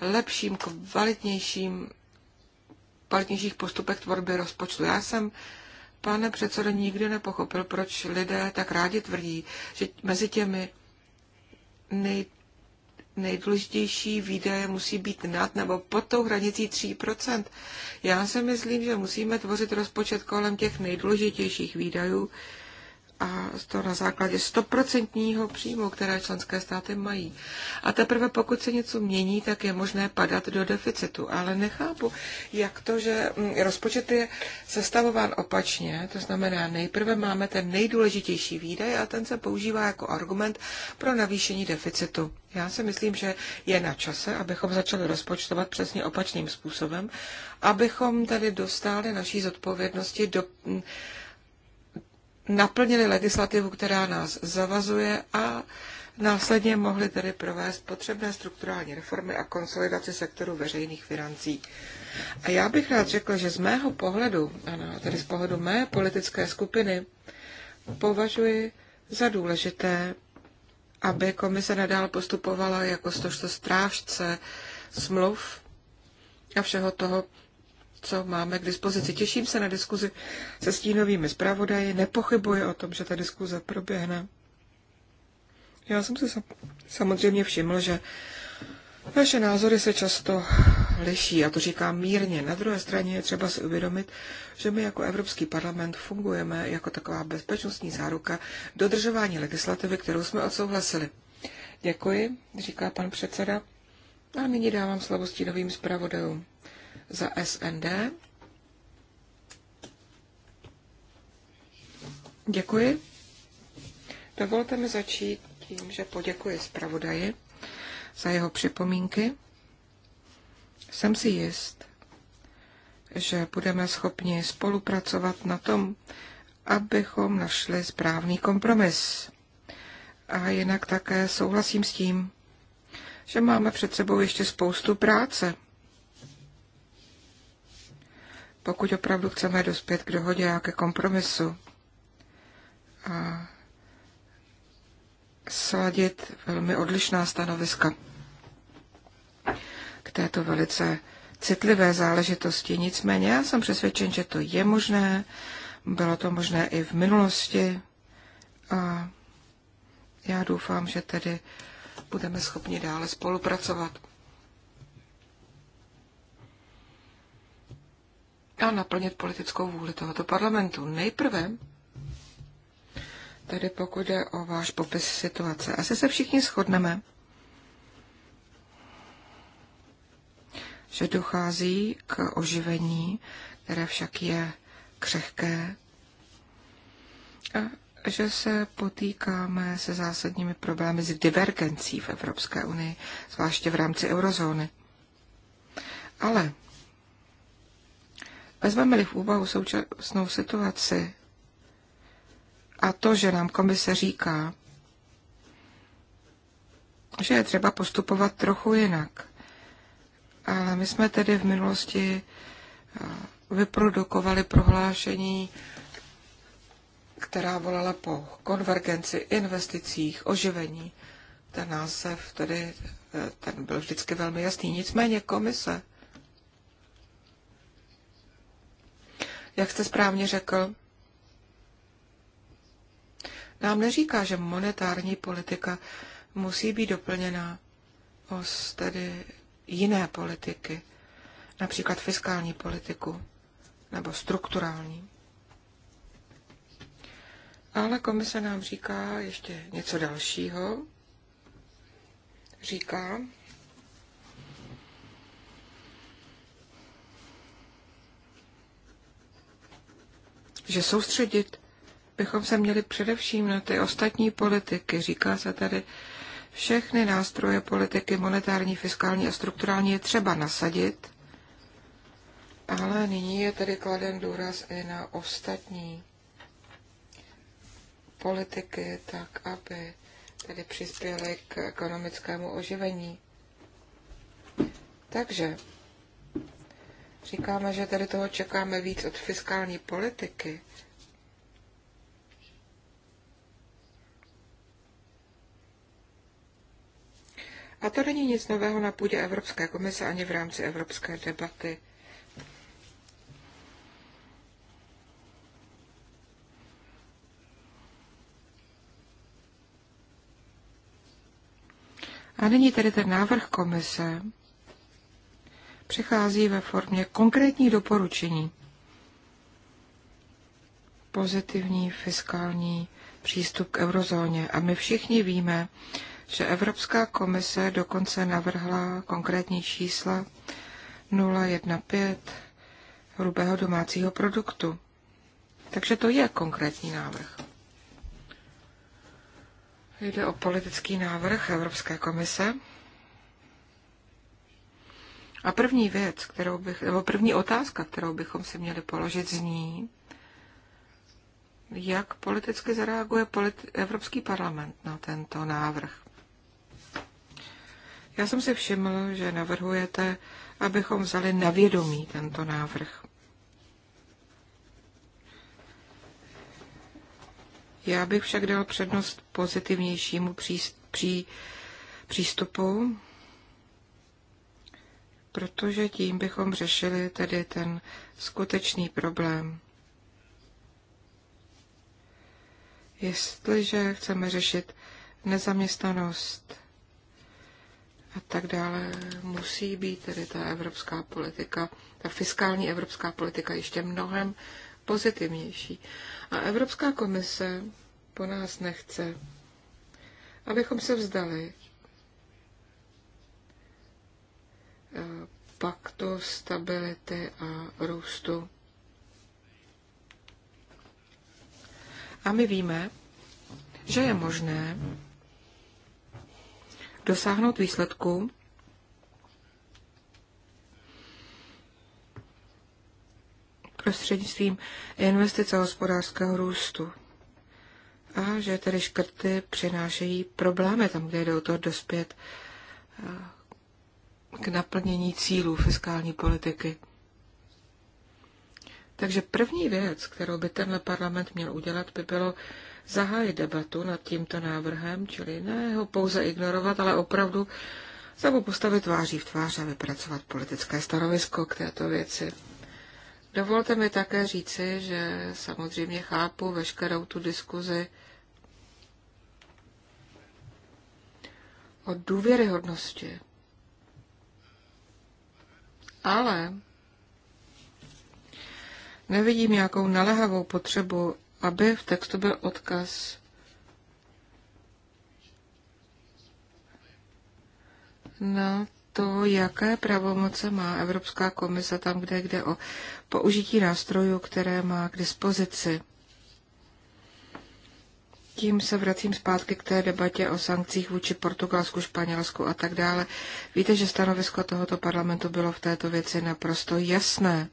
lepším, kvalitnějším, kvalitnějších postupech tvorby rozpočtu. Já jsem, pane předsedo, nikdy nepochopil, proč lidé tak rádi tvrdí, že mezi těmi nej, nejdůležitější výdaje musí být nad nebo pod tou hranicí 3%. Já si myslím, že musíme tvořit rozpočet kolem těch nejdůležitějších výdajů, a to na základě stoprocentního příjmu, které členské státy mají. A teprve pokud se něco mění, tak je možné padat do deficitu. Ale nechápu, jak to, že mm, rozpočet je sestavován opačně, to znamená nejprve máme ten nejdůležitější výdaj a ten se používá jako argument pro navýšení deficitu. Já si myslím, že je na čase, abychom začali rozpočtovat přesně opačným způsobem, abychom tedy dostali naší zodpovědnosti do mm, naplnili legislativu, která nás zavazuje a následně mohli tedy provést potřebné strukturální reformy a konsolidaci sektoru veřejných financí. A já bych rád řekl, že z mého pohledu, ano, tedy z pohledu mé politické skupiny, považuji za důležité, aby komise nadál postupovala jako stožto strážce smluv a všeho toho, co máme k dispozici. Těším se na diskuzi se stínovými zpravodaji, nepochybuji o tom, že ta diskuze proběhne. Já jsem si samozřejmě všiml, že naše názory se často liší, a to říkám mírně. Na druhé straně je třeba si uvědomit, že my jako Evropský parlament fungujeme jako taková bezpečnostní záruka dodržování legislativy, kterou jsme odsouhlasili. Děkuji, říká pan předseda. A nyní dávám slavosti novým zpravodajům za SND. Děkuji. Dovolte mi začít tím, že poděkuji zpravodaji za jeho připomínky. Jsem si jist, že budeme schopni spolupracovat na tom, abychom našli správný kompromis. A jinak také souhlasím s tím, že máme před sebou ještě spoustu práce pokud opravdu chceme dospět k dohodě a ke kompromisu a sladit velmi odlišná stanoviska k této velice citlivé záležitosti. Nicméně já jsem přesvědčen, že to je možné, bylo to možné i v minulosti a já doufám, že tedy budeme schopni dále spolupracovat. a naplnit politickou vůli tohoto parlamentu. Nejprve tedy pokud je o váš popis situace. Asi se všichni shodneme, že dochází k oživení, které však je křehké, a že se potýkáme se zásadními problémy s divergencí v Evropské unii, zvláště v rámci eurozóny. Ale Vezmeme-li v úvahu současnou situaci a to, že nám komise říká, že je třeba postupovat trochu jinak. Ale my jsme tedy v minulosti vyprodukovali prohlášení, která volala po konvergenci, investicích, oživení. Ten název tedy e, ten byl vždycky velmi jasný. Nicméně komise jak jste správně řekl, nám neříká, že monetární politika musí být doplněna o tedy jiné politiky, například fiskální politiku nebo strukturální. Ale komise nám říká ještě něco dalšího. Říká, že soustředit bychom se měli především na ty ostatní politiky. Říká se tady, všechny nástroje politiky monetární, fiskální a strukturální je třeba nasadit, ale nyní je tedy kladen důraz i na ostatní politiky, tak aby tedy přispěly k ekonomickému oživení. Takže Říkáme, že tady toho čekáme víc od fiskální politiky. A to není nic nového na půdě Evropské komise ani v rámci evropské debaty. A nyní tedy ten návrh komise přichází ve formě konkrétních doporučení. Pozitivní fiskální přístup k eurozóně. A my všichni víme, že Evropská komise dokonce navrhla konkrétní čísla 0,15 hrubého domácího produktu. Takže to je konkrétní návrh. Jde o politický návrh Evropské komise. A první věc, kterou bych, nebo první otázka, kterou bychom si měli položit, zní, jak politicky zareaguje politi- Evropský parlament na tento návrh. Já jsem si všiml, že navrhujete, abychom vzali na vědomí tento návrh. Já bych však dal přednost pozitivnějšímu přístupu protože tím bychom řešili tedy ten skutečný problém. Jestliže chceme řešit nezaměstnanost a tak dále, musí být tedy ta evropská politika, ta fiskální evropská politika ještě mnohem pozitivnější. A Evropská komise po nás nechce, abychom se vzdali paktu stability a růstu. A my víme, že je možné dosáhnout výsledku, prostřednictvím investice hospodářského růstu. A že tedy škrty přinášejí problémy tam, kde jde o to dospět eh, k naplnění cílů fiskální politiky. Takže první věc, kterou by tenhle parlament měl udělat, by bylo zahájit debatu nad tímto návrhem, čili ne ho pouze ignorovat, ale opravdu se mu postavit tváří v tvář a vypracovat politické stanovisko k této věci. Dovolte mi také říci, že samozřejmě chápu veškerou tu diskuzi o důvěryhodnosti ale nevidím nějakou nalehavou potřebu, aby v textu byl odkaz na to, jaké pravomoce má Evropská komise tam, kde jde o použití nástrojů, které má k dispozici tím se vracím zpátky k té debatě o sankcích vůči Portugalsku, Španělsku a tak dále. Víte, že stanovisko tohoto parlamentu bylo v této věci naprosto jasné.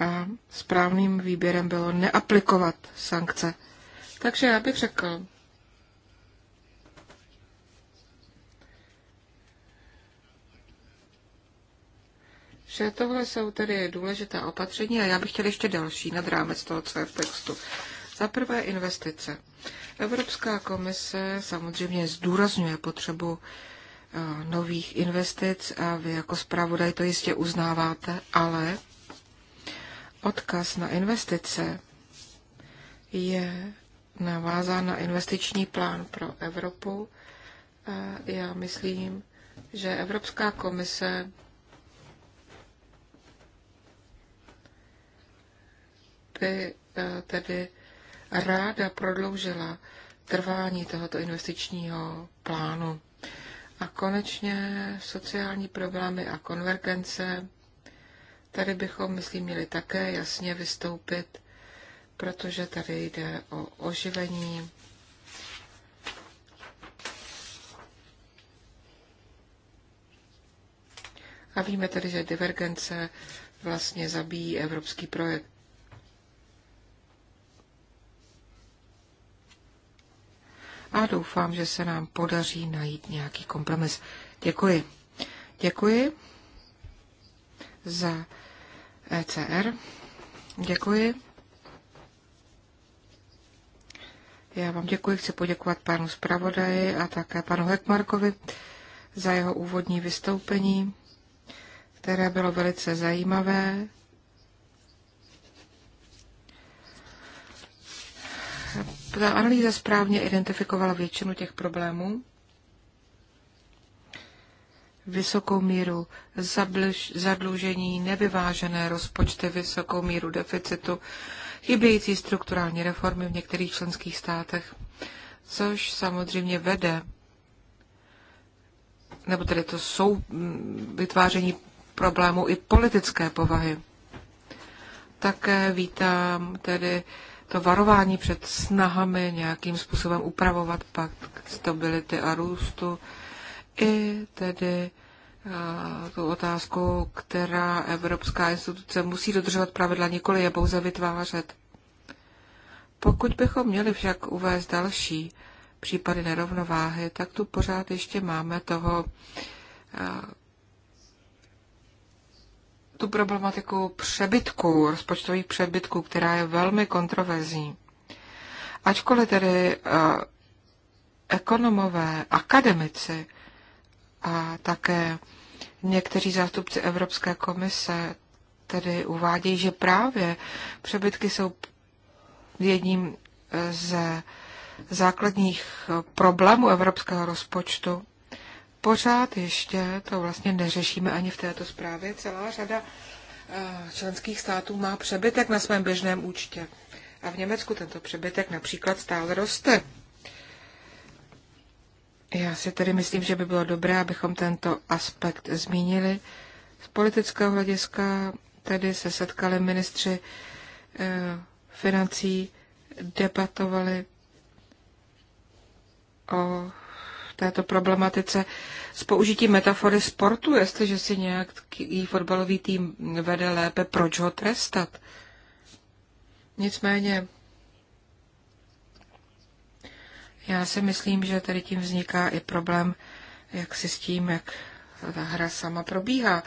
A správným výběrem bylo neaplikovat sankce. Takže já bych řekl, že tohle jsou tedy důležitá opatření a já bych chtěl ještě další nad rámec toho, co je v textu. Za prvé investice. Evropská komise samozřejmě zdůrazňuje potřebu eh, nových investic a vy jako zpravodaj to jistě uznáváte, ale odkaz na investice je navázán na investiční plán pro Evropu. Já myslím, že Evropská komise by eh, tedy ráda prodloužila trvání tohoto investičního plánu. A konečně sociální problémy a konvergence. Tady bychom, myslím, měli také jasně vystoupit, protože tady jde o oživení A víme tedy, že divergence vlastně zabíjí evropský projekt. a doufám, že se nám podaří najít nějaký kompromis. Děkuji. Děkuji za ECR. Děkuji. Já vám děkuji, chci poděkovat panu zpravodaji a také panu Hekmarkovi za jeho úvodní vystoupení, které bylo velice zajímavé. ta analýza správně identifikovala většinu těch problémů, vysokou míru zadlužení, nevyvážené rozpočty, vysokou míru deficitu, chybějící strukturální reformy v některých členských státech, což samozřejmě vede, nebo tedy to jsou mm, vytváření problémů i politické povahy. Také vítám tedy to varování před snahami nějakým způsobem upravovat pakt stability a růstu i tedy eh, tu otázku, která Evropská instituce musí dodržovat pravidla, nikoli je pouze vytvářet. Pokud bychom měli však uvést další případy nerovnováhy, tak tu pořád ještě máme toho eh, tu problematiku přebytků, rozpočtových přebytků, která je velmi kontroverzní. Ačkoliv tedy eh, ekonomové, akademici a také někteří zástupci Evropské komise tedy uvádějí, že právě přebytky jsou jedním eh, ze základních eh, problémů evropského rozpočtu pořád ještě, to vlastně neřešíme ani v této zprávě, celá řada eh, členských států má přebytek na svém běžném účtě. A v Německu tento přebytek například stále roste. Já si tedy myslím, že by bylo dobré, abychom tento aspekt zmínili. Z politického hlediska tedy se setkali ministři eh, financí, debatovali o této problematice s použitím metafory sportu, jestliže si nějaký fotbalový tým vede lépe, proč ho trestat? Nicméně já si myslím, že tady tím vzniká i problém, jak si s tím, jak ta hra sama probíhá,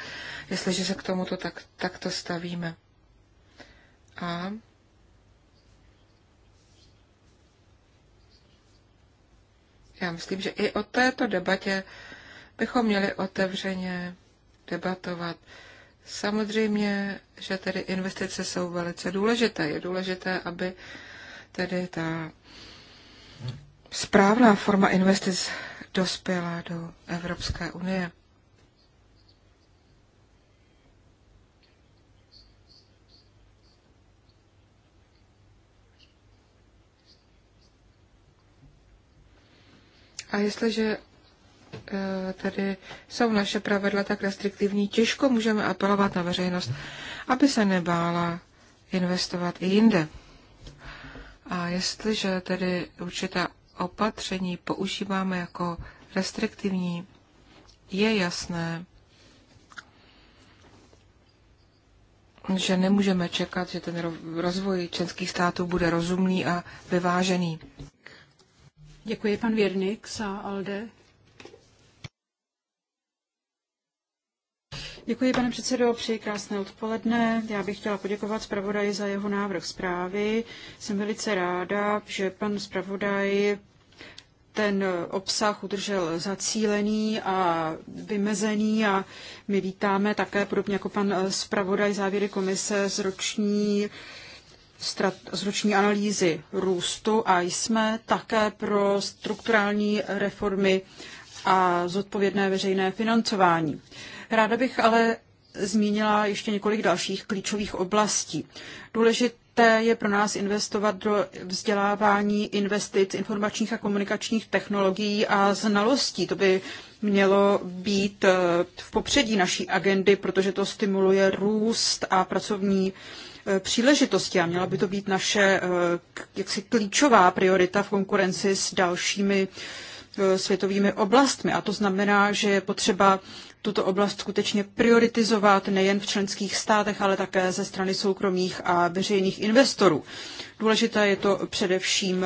jestliže se k tomuto tak, takto stavíme. A Já myslím, že i o této debatě bychom měli otevřeně debatovat. Samozřejmě, že tedy investice jsou velice důležité. Je důležité, aby tedy ta správná forma investic dospěla do Evropské unie. A jestliže e, tedy jsou naše pravidla tak restriktivní, těžko můžeme apelovat na veřejnost, aby se nebála investovat i jinde. A jestliže tedy určitá opatření používáme jako restriktivní, je jasné, že nemůžeme čekat, že ten rozvoj členských států bude rozumný a vyvážený. Děkuji pan Věrnik za ALDE. Děkuji, pane předsedo, přeji krásné odpoledne. Já bych chtěla poděkovat zpravodaji za jeho návrh zprávy. Jsem velice ráda, že pan zpravodaj ten obsah udržel zacílený a vymezený a my vítáme také, podobně jako pan zpravodaj závěry komise z roční roční analýzy růstu a jsme také pro strukturální reformy a zodpovědné veřejné financování. Ráda bych ale zmínila ještě několik dalších klíčových oblastí. Důležité je pro nás investovat do vzdělávání investic informačních a komunikačních technologií a znalostí. To by mělo být eh, v popředí naší agendy, protože to stimuluje růst a pracovní uh, E, příležitosti a měla by to být naše e, jaksi klíčová priorita v konkurenci s dalšími e, světovými oblastmi. A to znamená, že je potřeba tuto oblast skutečně prioritizovat nejen v členských státech, ale také ze strany soukromých a veřejných investorů. Důležité je to především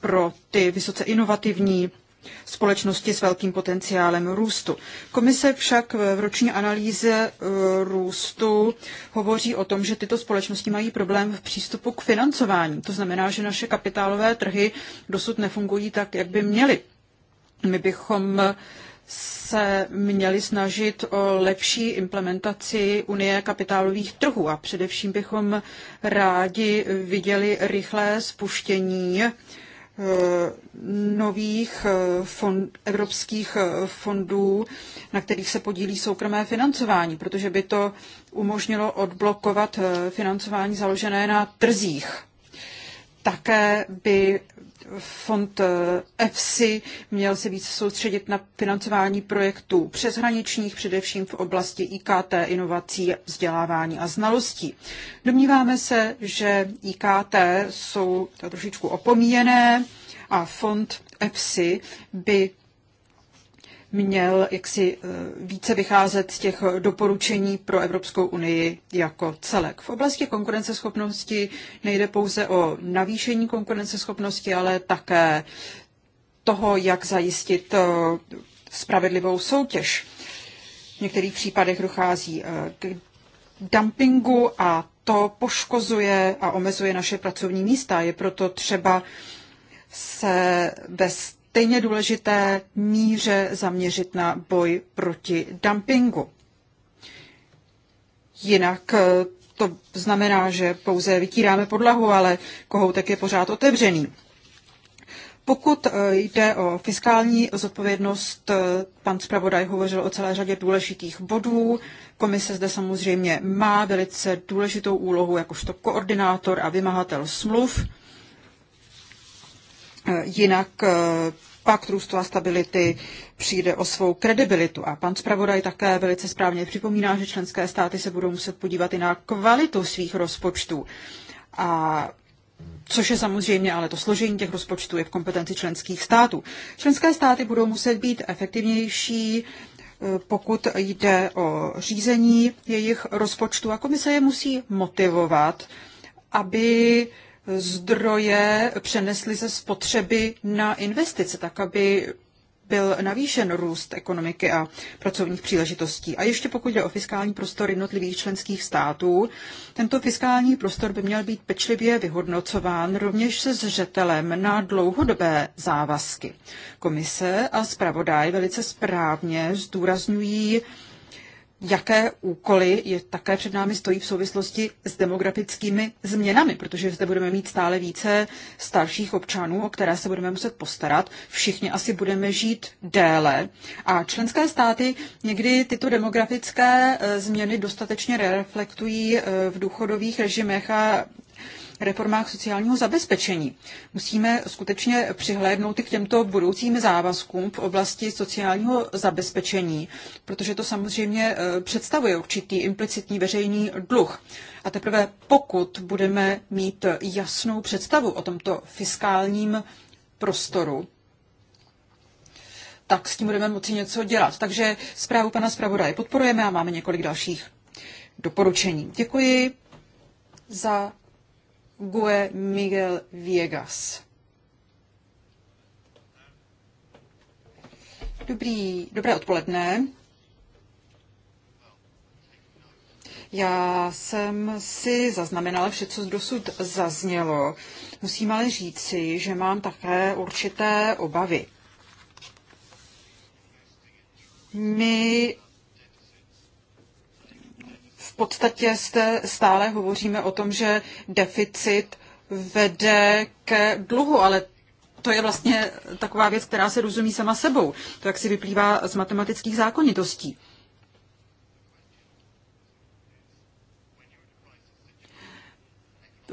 pro ty vysoce inovativní společnosti s velkým potenciálem růstu. Komise však v roční analýze e, růstu hovoří o tom, že tyto společnosti mají problém v přístupu k financování. To znamená, že naše kapitálové trhy dosud nefungují tak, jak by měly. My bychom se měli snažit o lepší implementaci Unie kapitálových trhů a především bychom rádi viděli rychlé spuštění Eh, nových eh, fond, evropských eh, fondů, na kterých se podílí soukromé financování, protože by to umožnilo odblokovat financování založené na trzích. Také by fond eh, EFSI měl se víc soustředit na financování projektů přeshraničních, především v oblasti IKT, inovací, vzdělávání a znalostí. Domníváme se, že IKT jsou trošičku opomíjené a fond EFSI by měl jaksi eh, více vycházet z těch eh, doporučení pro Evropskou unii jako celek. V oblasti konkurenceschopnosti nejde pouze o navýšení konkurenceschopnosti, ale také toho, jak zajistit eh, spravedlivou soutěž. V některých případech dochází k dumpingu a to poškozuje a omezuje naše pracovní místa. Je proto třeba se bez stejně důležité míře zaměřit na boj proti dumpingu. Jinak eh, to znamená, že pouze vytíráme podlahu, ale kohoutek je pořád otevřený. Pokud eh, jde o fiskální zodpovědnost, eh, pan zpravodaj hovořil o celé řadě důležitých bodů. Komise zde samozřejmě má velice důležitou úlohu jakožto koordinátor a vymahatel smluv jinak eh, pakt růstu a stability přijde o svou kredibilitu. A pan zpravodaj také velice správně připomíná, že členské státy se budou muset podívat i na kvalitu svých rozpočtů. A Což je samozřejmě, ale to složení těch rozpočtů je v kompetenci členských států. Členské státy budou muset být efektivnější, eh, pokud jde o řízení jejich rozpočtu a komise je musí motivovat, aby zdroje přenesly ze spotřeby na investice, tak aby byl navýšen růst ekonomiky a pracovních příležitostí. A ještě pokud jde o fiskální prostor jednotlivých členských států, tento fiskální prostor by měl být pečlivě vyhodnocován rovněž se zřetelem na dlouhodobé závazky. Komise a zpravodaj velice správně zdůrazňují jaké úkoly je také před námi stojí v souvislosti s demografickými změnami, protože zde budeme mít stále více starších občanů, o které se budeme muset postarat. Všichni asi budeme žít déle a členské státy někdy tyto demografické eh, změny dostatečně reflektují eh, v důchodových režimech a reformách sociálního zabezpečení. Musíme skutečně přihlédnout i k těmto budoucím závazkům v oblasti sociálního zabezpečení, protože to samozřejmě eh, představuje určitý implicitní veřejný dluh. A teprve pokud budeme mít jasnou představu o tomto fiskálním prostoru, tak s tím budeme moci něco dělat. Takže zprávu pana zpravodaje podporujeme a máme několik dalších doporučení. Děkuji za GUE Miguel Viegas. Dobrý, dobré odpoledne. Já jsem si zaznamenala vše, co dosud zaznělo. Musím ale říci, že mám také určité obavy. My podstatě jste, stále hovoříme o tom, že deficit vede ke dluhu, ale to je vlastně taková věc, která se rozumí sama sebou. To, jak si vyplývá z matematických zákonitostí.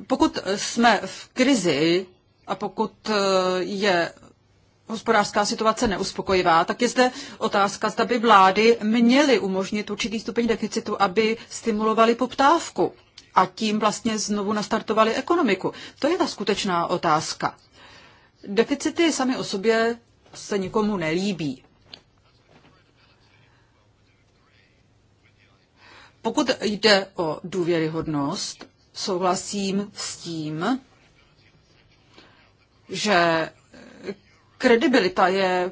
Pokud jsme v krizi a pokud eh, je hospodářská situace neuspokojivá, tak je zde otázka, zda by vlády měly umožnit určitý stupeň deficitu, aby stimulovali poptávku a tím vlastně znovu nastartovali ekonomiku. To je ta skutečná otázka. Deficity sami o sobě se nikomu nelíbí. Pokud jde o důvěryhodnost, souhlasím s tím, že kredibilita je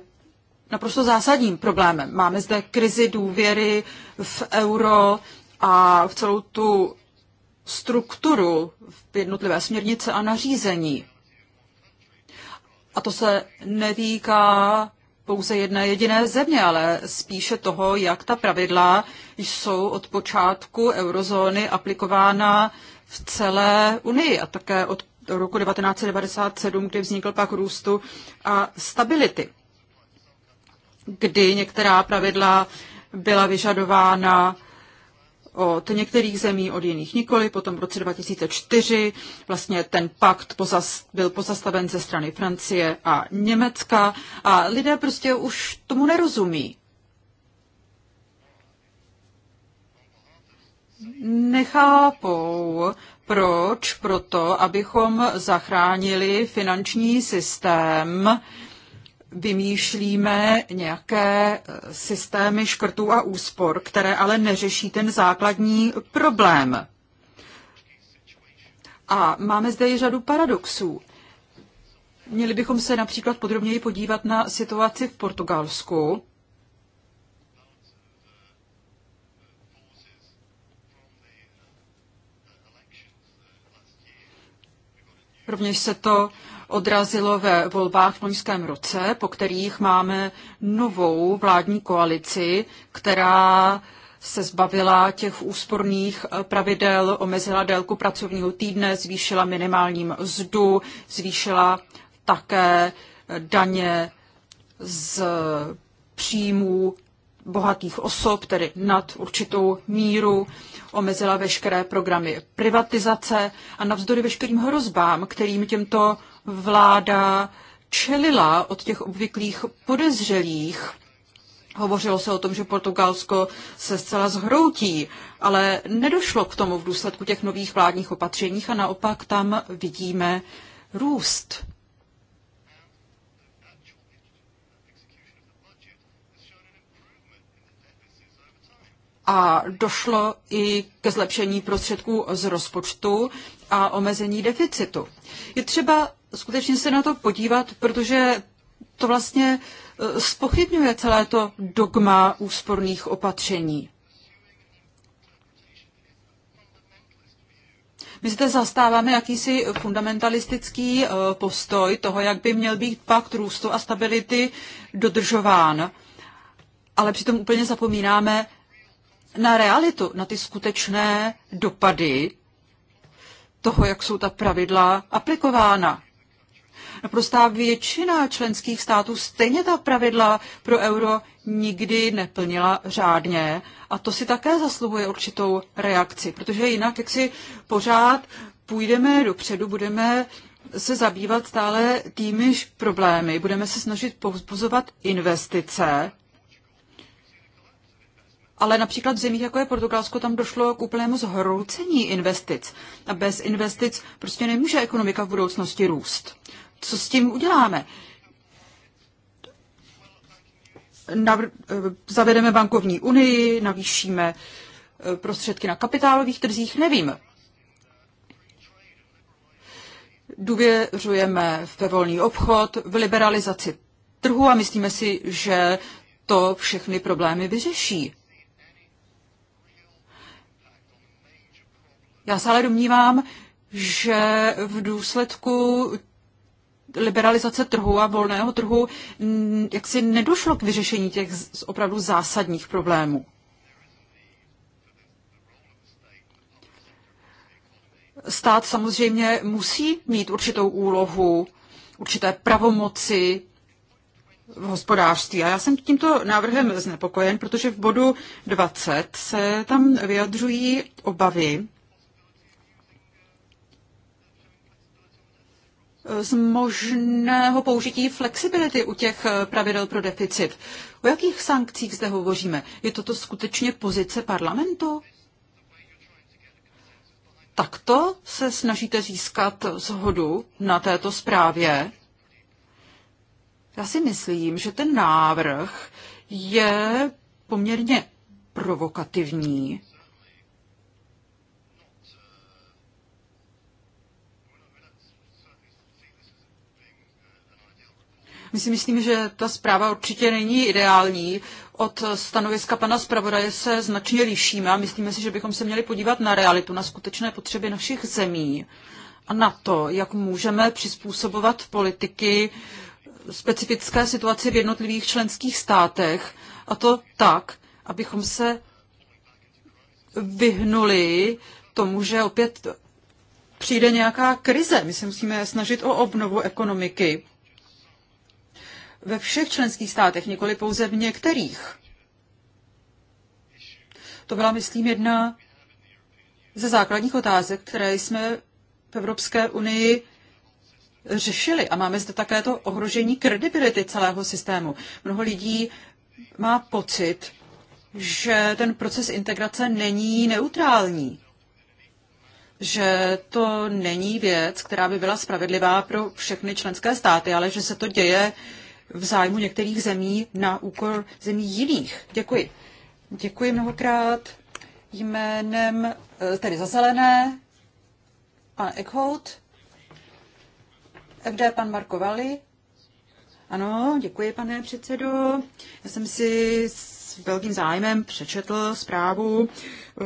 naprosto zásadním problémem. Máme zde krizi důvěry v euro a v celou tu strukturu v jednotlivé směrnice a nařízení. A to se netýká pouze jedné jediné země, ale spíše toho, jak ta pravidla jsou od počátku eurozóny aplikována v celé Unii a také od roku 1997, kdy vznikl pak růstu a stability, kdy některá pravidla byla vyžadována od některých zemí, od jiných nikoli. Potom v roce 2004 vlastně ten pakt pozas, byl pozastaven ze strany Francie a Německa a lidé prostě už tomu nerozumí. Nechápou, proč? Proto, abychom zachránili finanční systém, vymýšlíme nějaké eh, systémy škrtů a úspor, které ale neřeší ten základní problém. A máme zde i řadu paradoxů. Měli bychom se například podrobněji podívat na situaci v Portugalsku, Rovněž se to odrazilo ve volbách v loňském roce, po kterých máme novou vládní koalici, která se zbavila těch úsporných pravidel, omezila délku pracovního týdne, zvýšila minimální mzdu, zvýšila také daně z příjmů bohatých osob, tedy nad určitou míru, omezila veškeré programy privatizace a navzdory veškerým hrozbám, kterým těmto vláda čelila od těch obvyklých podezřelých, Hovořilo se o tom, že Portugalsko se zcela zhroutí, ale nedošlo k tomu v důsledku těch nových vládních opatřeních a naopak tam vidíme růst. a došlo i ke zlepšení prostředků z rozpočtu a omezení deficitu. Je třeba skutečně se na to podívat, protože to vlastně e, spochybňuje celé to dogma úsporných opatření. My zde zastáváme jakýsi fundamentalistický e, postoj toho, jak by měl být pakt růstu a stability dodržován, ale přitom úplně zapomínáme na realitu, na ty skutečné dopady toho, jak jsou ta pravidla aplikována. Naprostá většina členských států stejně ta pravidla pro euro nikdy neplnila řádně a to si také zasluhuje určitou reakci, protože jinak, jak si pořád půjdeme dopředu, budeme se zabývat stále týmiž problémy, budeme se snažit povzbuzovat investice, ale například v zemích, jako je Portugalsko, tam došlo k úplnému zhroucení investic. A bez investic prostě nemůže ekonomika v budoucnosti růst. Co s tím uděláme? Navr- eh, zavedeme bankovní unii, navýšíme eh, prostředky na kapitálových trzích, nevím. Důvěřujeme ve volný obchod, v liberalizaci trhu a myslíme si, že to všechny problémy vyřeší. Já se ale domnívám, že v důsledku liberalizace trhu a volného trhu jaksi nedošlo k vyřešení těch opravdu zásadních problémů. Stát samozřejmě musí mít určitou úlohu, určité pravomoci v hospodářství. A já jsem tímto návrhem znepokojen, protože v bodu 20 se tam vyjadřují obavy, z možného použití flexibility u těch eh, pravidel pro deficit. O jakých sankcích zde hovoříme? Je toto skutečně pozice parlamentu? Takto se snažíte získat zhodu na této zprávě? Já si myslím, že ten návrh je poměrně provokativní My si myslím, že ta zpráva určitě není ideální. Od stanoviska pana zpravodaje se značně lišíme a myslíme si, že bychom se měli podívat na realitu, na skutečné potřeby našich zemí a na to, jak můžeme přizpůsobovat politiky specifické situaci v jednotlivých členských státech a to tak, abychom se vyhnuli tomu, že opět přijde nějaká krize. My se musíme snažit o obnovu ekonomiky ve všech členských státech, nikoli pouze v některých. To byla, myslím, jedna ze základních otázek, které jsme v Evropské unii řešili. A máme zde také to ohrožení kredibility celého systému. Mnoho lidí má pocit, že ten proces integrace není neutrální. Že to není věc, která by byla spravedlivá pro všechny členské státy, ale že se to děje uh, v zájmu některých zemí na úkor zemí jiných. Děkuji. Děkuji mnohokrát jménem, eh, tedy za zelené, pan Eckhout, FD pan Marko Ano, děkuji, pane předsedo. Já jsem si s velkým zájmem přečetl zprávu eh,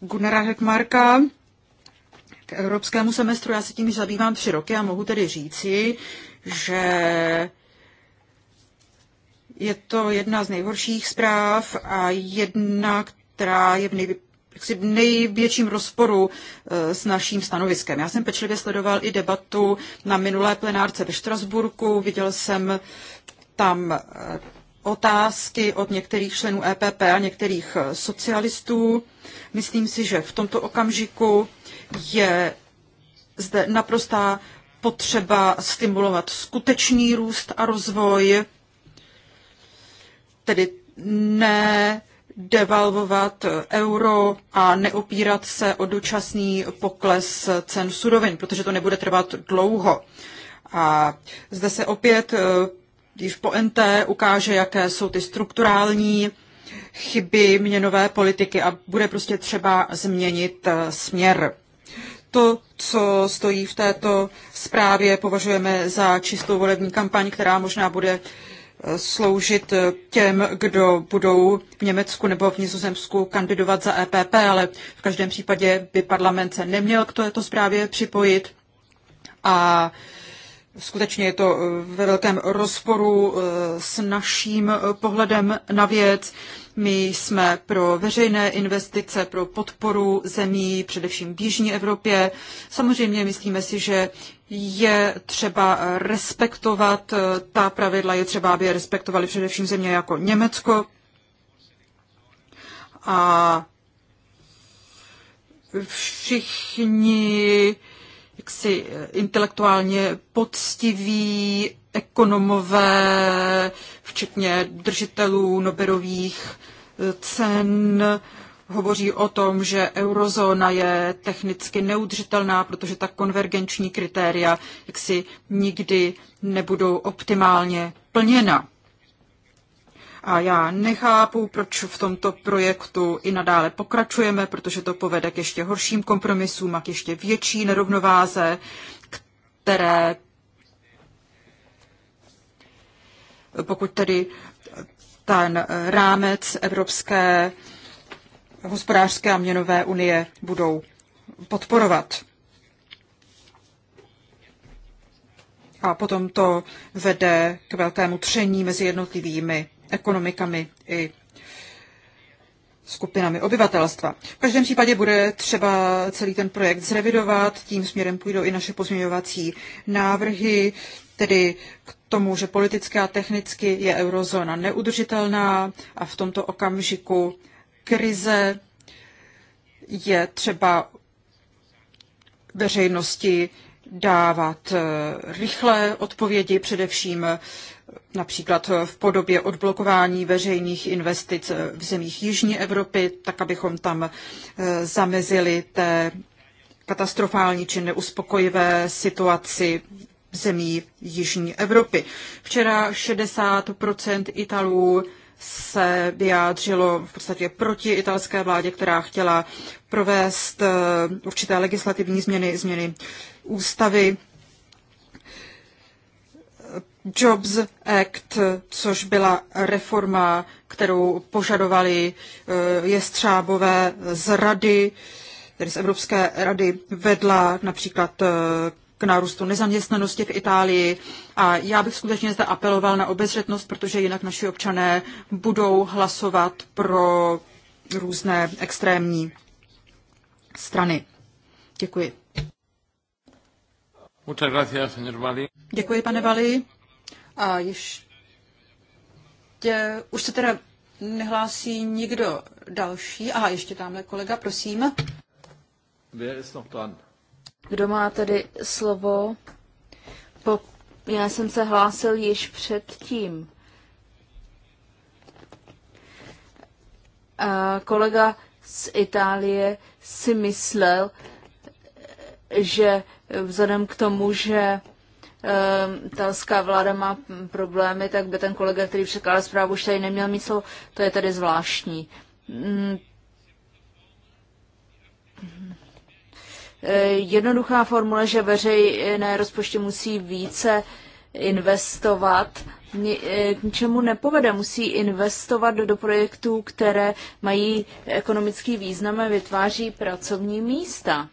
Gunnara Heckmarka k evropskému semestru. Já se tím zabývám tři roky a mohu tedy říci, že je to jedna z nejhorších zpráv a jedna, která je v nej, v největším rozporu e, s naším stanoviskem. Já jsem pečlivě sledoval i debatu na minulé plenárce ve Štrasburku, viděl jsem tam e, otázky od některých členů EPP a některých e, socialistů. Myslím si, že v tomto okamžiku je zde naprostá potřeba stimulovat skutečný růst a rozvoj tedy ne devalvovat euro a neopírat se o dočasný pokles cen surovin, protože to nebude trvat dlouho. A zde se opět eh, již po NT ukáže, jaké jsou ty strukturální chyby měnové politiky a bude prostě třeba změnit eh, směr. To, co stojí v této zprávě, považujeme za čistou volební kampaň, která možná bude sloužit těm, kdo budou v Německu nebo v Nizozemsku kandidovat za EPP, ale v každém případě by parlament se neměl k této zprávě připojit a skutečně je to eh, ve velkém rozporu eh, s naším pohledem na věc. My jsme pro veřejné investice, pro podporu zemí, především v Jižní Evropě. Samozřejmě myslíme si, že je třeba respektovat eh, ta pravidla, je třeba, aby je respektovali především země jako Německo. A všichni jaksi eh, intelektuálně poctiví ekonomové, včetně držitelů Nobelových eh, cen, hovoří o tom, že eurozóna je technicky neudržitelná, protože ta konvergenční kritéria jaksi nikdy nebudou optimálně plněna. A já nechápu, proč v tomto projektu i nadále pokračujeme, protože to povede k ještě horším kompromisům a k ještě větší nerovnováze, které pokud tedy ten rámec evropské hospodářské a měnové unie budou podporovat. A potom to vede k velkému tření mezi jednotlivými ekonomikami i skupinami obyvatelstva. V každém případě bude třeba celý ten projekt zrevidovat, tím směrem půjdou i naše pozměňovací návrhy, tedy k tomu, že politicky a technicky je eurozóna neudržitelná a v tomto okamžiku krize je třeba veřejnosti dávat eh, rychlé odpovědi, především eh, například v podobě odblokování veřejných investic eh, v zemích Jižní Evropy, tak abychom tam zamezili té katastrofální či neuspokojivé situaci zemí Jižní Evropy. Včera 60 Italů se vyjádřilo v podstatě proti italské vládě, která chtěla provést eh, určité legislativní změny, změny ústavy. Jobs Act, což byla reforma, kterou požadovali eh, jestřábové z rady, tedy z Evropské rady, vedla například eh, k nárůstu nezaměstnanosti v Itálii. A já bych skutečně zde apeloval na obezřetnost, protože jinak naši občané budou hlasovat pro různé extrémní strany. Děkuji. Děkuji, pane Vali. A ještě už se teda nehlásí nikdo další. Aha, ještě tamhle kolega, prosím. Wer ist noch dran? Kdo má tedy slovo? Po... Já jsem se hlásil již předtím. A kolega z Itálie si myslel, že vzhledem k tomu, že ehm, italská vláda má problémy, tak by ten kolega, který překládá zprávu, už tady neměl mít slovo. To je tedy zvláštní. Mm, Eh, jednoduchá formule, že veřejné rozpočty musí více investovat, eh, k ničemu nepovede. Musí investovat do projektů, které mají ekonomický význam a vytváří pracovní místa.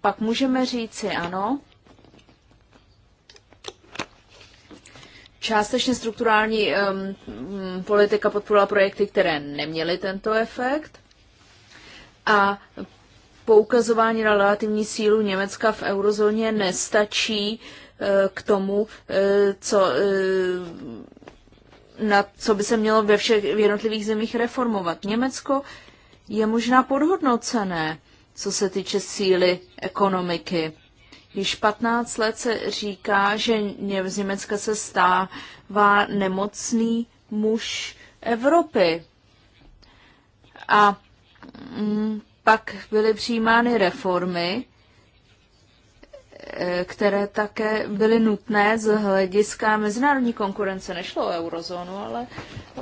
Pak můžeme říci ano, Částečně strukturální um, politika podporovala projekty, které neměly tento efekt. A poukazování na relativní sílu Německa v eurozóně nestačí e, k tomu, e, co, e, na co by se mělo ve všech v jednotlivých zemích reformovat. Německo je možná podhodnocené, co se týče síly ekonomiky. Již 15 let se říká, že z Německa se stává nemocný muž Evropy. A mm, pak byly přijímány reformy, eh, které také byly nutné z hlediska mezinárodní konkurence. Nešlo o eurozónu, ale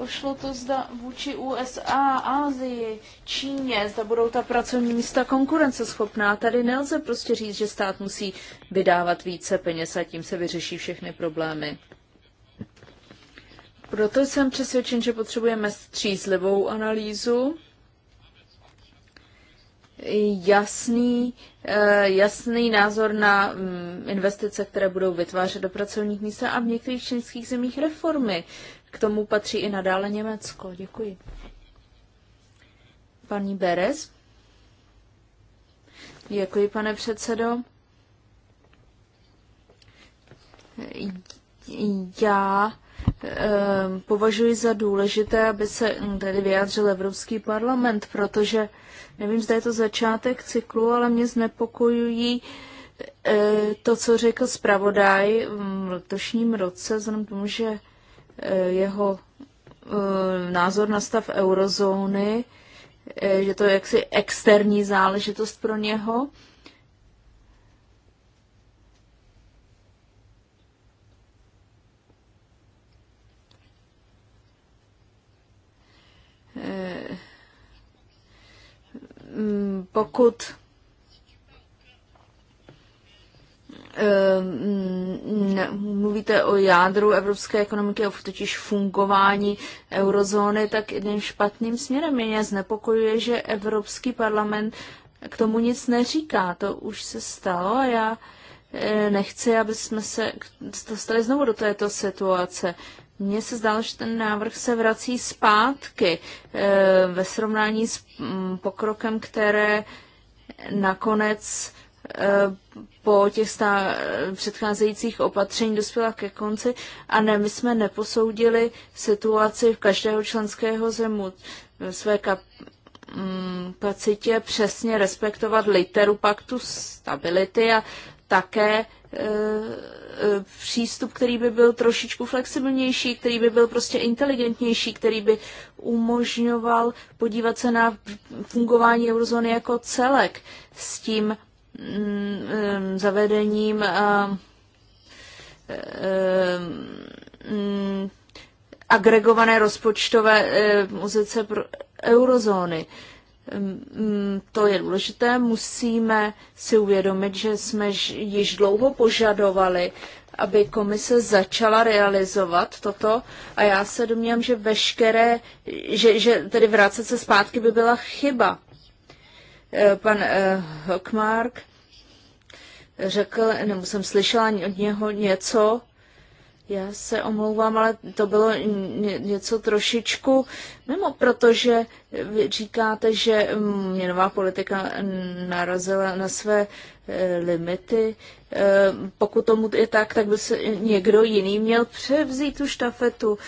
šlo to zda vůči USA, Ázii, Číně, zda budou ta pracovní místa konkurenceschopná. Tady nelze prostě říct, že stát musí vydávat více peněz a tím se vyřeší všechny problémy. Proto jsem přesvědčen, že potřebujeme střízlivou analýzu jasný, eh, jasný názor na mm, investice, které budou vytvářet do pracovních míst a v některých členských zemích reformy. K tomu patří i nadále Německo. Děkuji. Paní Beres. Děkuji, pane předsedo. Já eh, považuji za důležité, aby se tady vyjádřil Evropský parlament, protože Nevím, zda je to začátek cyklu, ale mě znepokojují eh, to, co řekl zpravodaj v letošním roce, vzhledem tomu, že eh, jeho eh, názor na stav eurozóny, že to je jaksi externí záležitost pro něho, Mm, pokud eh, mm, mluvíte o jádru evropské ekonomiky, o totiž fungování eurozóny, tak jedním špatným směrem mě znepokojuje, že Evropský parlament k tomu nic neříká. To už se stalo a já eh, nechci, aby jsme se dostali znovu do této situace. Mně se zdálo, že ten návrh se vrací zpátky eh, ve srovnání s mm, pokrokem, které nakonec eh, po těch stá- předcházejících opatření dospěla ke konci a ne, my jsme neposoudili situaci v každého členského zemu své mm, kapacitě přesně respektovat literu paktu stability a také eh, E, přístup, který by byl trošičku flexibilnější, který by byl prostě inteligentnější, který by umožňoval podívat se na fungování eurozóny jako celek s tím mm, e, zavedením a, e, mm, agregované rozpočtové pozice pro eurozóny. Mm, to je důležité. Musíme si uvědomit, že jsme již dlouho požadovali, aby komise začala realizovat toto a já se domnívám, že veškeré, že, že tedy vracet se zpátky by byla chyba. E, pan e, Hockmark řekl, nebo jsem slyšela od něho něco, já se omlouvám, ale to bylo něco trošičku mimo, protože vy říkáte, že měnová politika narazila na své Eh, limity. Eh, pokud tomu je tak, tak by se někdo jiný měl převzít tu štafetu.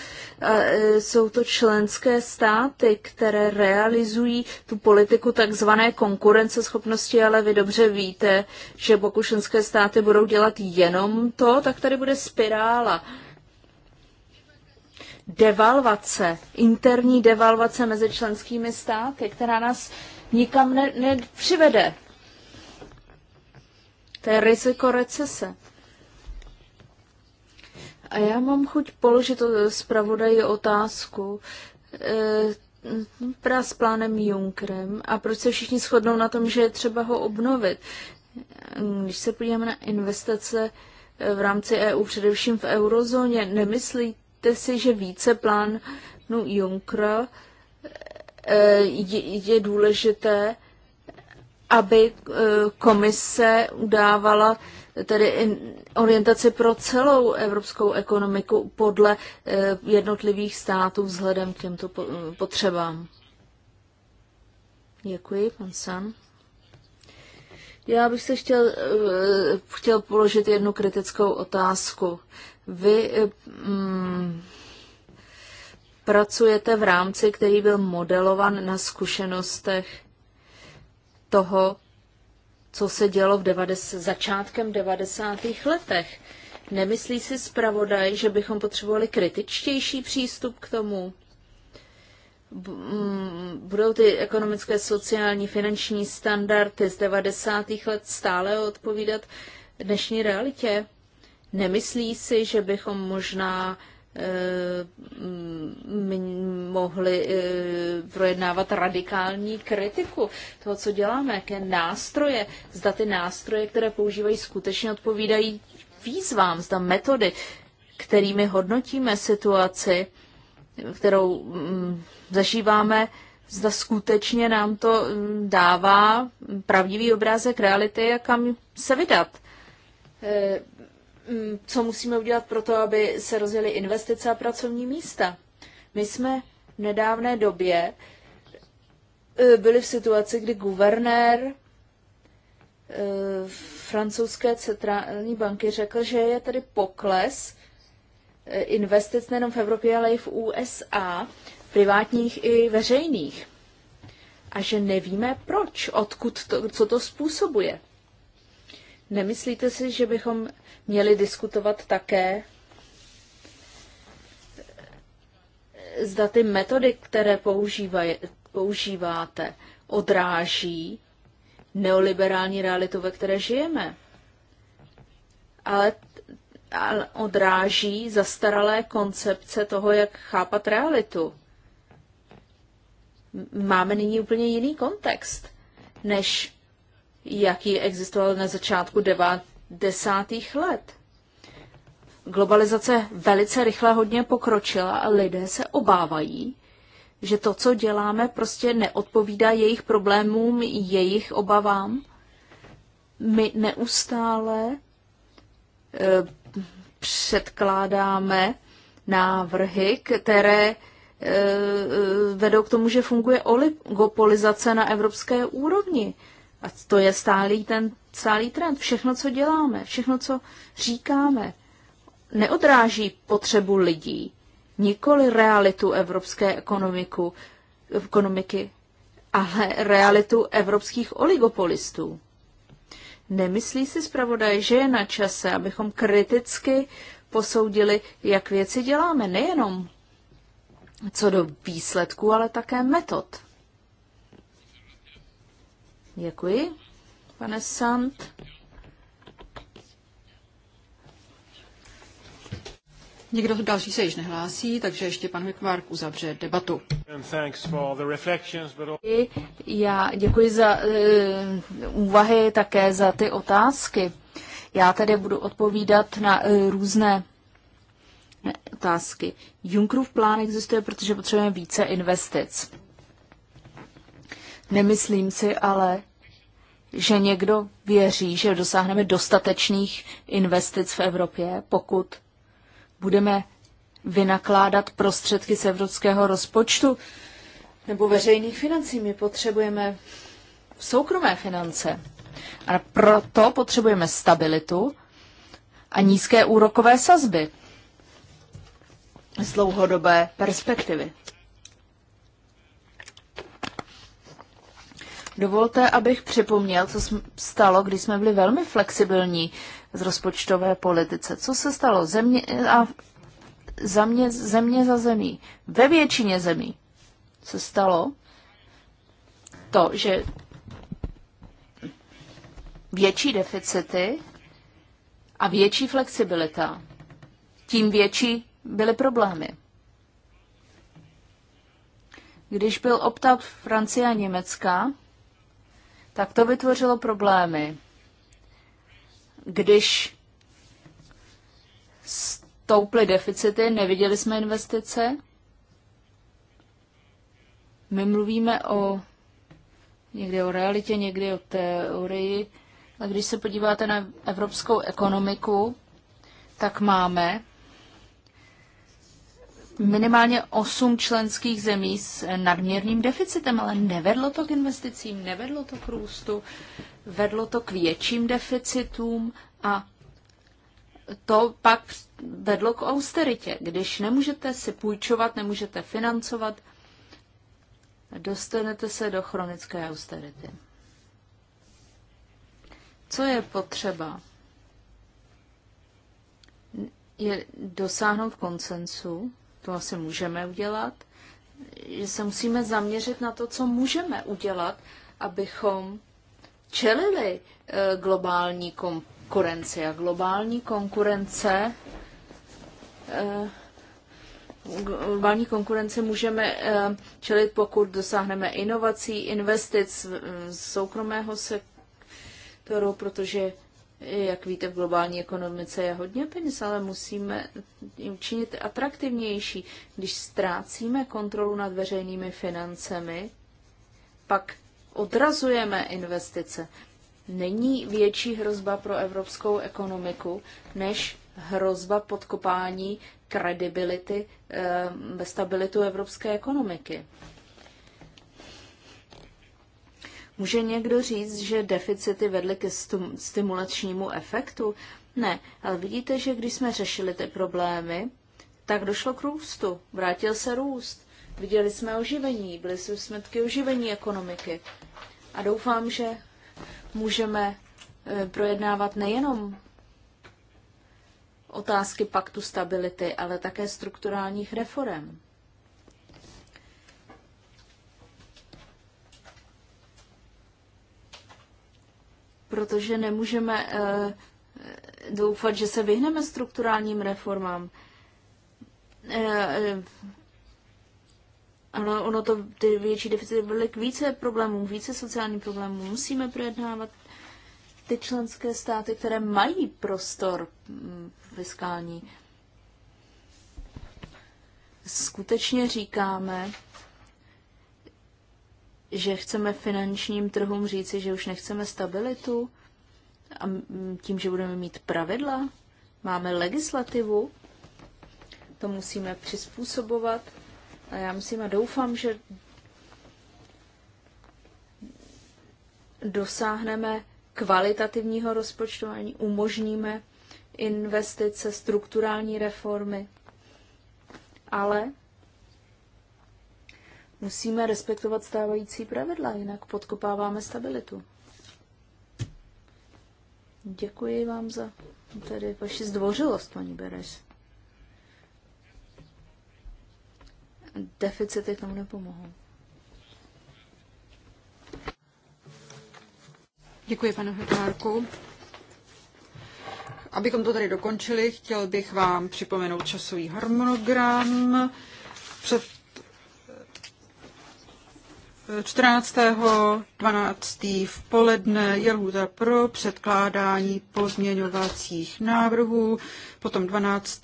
Eh, jsou to členské státy, které realizují tu politiku takzvané konkurenceschopnosti, ale vy dobře víte, že pokud členské státy budou dělat jenom to, tak tady bude spirála devalvace, interní devalvace mezi členskými státy, která nás nikam nepřivede. Ne, ne to je riziko recese. A já mám chuť položit zpravodaji otázku, e, s plánem Junkrem a proč se všichni shodnou na tom, že je třeba ho obnovit. Když se podíváme na investice eh, v rámci EU, především v eurozóně, nemyslíte si, že více plán no, Junckera eh, je, je důležité, aby e, komise udávala tedy orientaci pro celou evropskou ekonomiku podle e, jednotlivých států vzhledem k těmto e, potřebám. Děkuji, pan San. Já bych se chtěl, chtěl položit jednu kritickou otázku. Vy mm, pracujete v rámci, který byl modelovan na zkušenostech toho, co se dělo v 90, začátkem 90. letech. Nemyslí si zpravodaj, že bychom potřebovali kritičtější přístup k tomu? Mm, budou ty ekonomické, sociální, finanční standardy z 90. let stále odpovídat dnešní realitě? Nemyslí si, že bychom možná Eh, mohli eh, projednávat radikální kritiku toho, co děláme, jaké nástroje, zda ty nástroje, které používají, skutečně odpovídají výzvám, zda metody, kterými hodnotíme situaci, kterou mm, zažíváme, zda skutečně nám to mm, dává pravdivý obrázek reality a kam se vydat. Eh, Mm, co musíme udělat pro to, aby se rozjeli investice a pracovní místa. My jsme v nedávné době eh, byli v situaci, kdy guvernér eh, francouzské centrální banky řekl, že je tady pokles eh, investic nejenom v Evropě, ale i v USA, privátních i veřejných. A že nevíme proč, odkud to, co to způsobuje. Nemyslíte si, že bychom měli diskutovat také, zda ty metody, které používaj, používáte, odráží neoliberální realitu, ve které žijeme? Ale odráží zastaralé koncepce toho, jak chápat realitu. Máme nyní úplně jiný kontext, než jaký existoval na začátku 90. let. Globalizace velice rychle hodně pokročila a lidé se obávají, že to, co děláme, prostě neodpovídá jejich problémům, jejich obavám. My neustále e, předkládáme návrhy, které e, e, vedou k tomu, že funguje oligopolizace na evropské úrovni. A to je stálý ten stálý trend. Všechno, co děláme, všechno, co říkáme, neodráží potřebu lidí, nikoli realitu evropské ekonomiku, ekonomiky, ale realitu evropských oligopolistů. Nemyslí si zpravodaj, že je na čase, abychom kriticky posoudili, jak věci děláme, nejenom co do výsledků, ale také metod. Děkuji, pane Sant. Nikdo další se již nehlásí, takže ještě pan Mikvárk uzavře debatu. Já děkuji za uh, úvahy, také za ty otázky. Já tedy budu odpovídat na uh, různé eh, otázky. Junckerův plán existuje, protože potřebujeme více investic. Nemyslím si ale, že někdo věří, že dosáhneme dostatečných investic v Evropě, pokud budeme vynakládat prostředky z evropského rozpočtu nebo veřejných financí. My potřebujeme soukromé finance. A proto potřebujeme stabilitu a nízké úrokové sazby z dlouhodobé perspektivy. Dovolte, abych připomněl, co stalo, když jsme byli velmi flexibilní z rozpočtové politice. Co se stalo? Země, a země, země za zemí. Ve většině zemí se stalo to, že větší deficity a větší flexibilita, tím větší byly problémy. Když byl optat Francie a Německa, tak to vytvořilo problémy. Když stouply deficity, neviděli jsme investice. My mluvíme o někdy o realitě, někdy o teorii. A když se podíváte na evropskou ekonomiku, tak máme minimálně osm členských zemí s nadměrným deficitem, ale nevedlo to k investicím, nevedlo to k růstu, vedlo to k větším deficitům a to pak vedlo k austeritě. Když nemůžete si půjčovat, nemůžete financovat, dostanete se do chronické austerity. Co je potřeba? Je dosáhnout konsensu to asi můžeme udělat, že se musíme zaměřit na to, co můžeme udělat, abychom čelili eh, globální konkurenci. A globální konkurence eh, globální konkurence můžeme eh, čelit, pokud dosáhneme inovací, investic z soukromého sektoru, protože jak víte, v globální ekonomice je hodně peněz, ale musíme učinit atraktivnější. Když ztrácíme kontrolu nad veřejnými financemi, pak odrazujeme investice. Není větší hrozba pro evropskou ekonomiku než hrozba podkopání kredibility eh, ve stabilitu evropské ekonomiky. Může někdo říct, že deficity vedly ke stimulačnímu efektu? Ne, ale vidíte, že když jsme řešili ty problémy, tak došlo k růstu, vrátil se růst. Viděli jsme oživení, byli jsme smetky oživení ekonomiky. A doufám, že můžeme eh, projednávat nejenom otázky paktu stability, ale také strukturálních reform. protože nemůžeme eh, doufat, že se vyhneme strukturálním reformám. Eh, eh, ano, ono to, ty větší deficity byly k více problémům, více sociálním problémům. Musíme projednávat ty členské státy, které mají prostor mm, fiskální. Skutečně říkáme, že chceme finančním trhům říci, že už nechceme stabilitu a tím, že budeme mít pravidla, máme legislativu, to musíme přizpůsobovat a já myslím a doufám, že dosáhneme kvalitativního rozpočtování, umožníme investice, strukturální reformy, ale Musíme respektovat stávající pravidla, jinak podkopáváme stabilitu. Děkuji vám za tady vaši zdvořilost, paní Beres. Deficity tomu nepomohou. Děkuji, pane Hrdárku. Abychom to tady dokončili, chtěl bych vám připomenout časový harmonogram. Před 14. 12. v poledne je lhůta pro předkládání pozměňovacích návrhů, potom 12.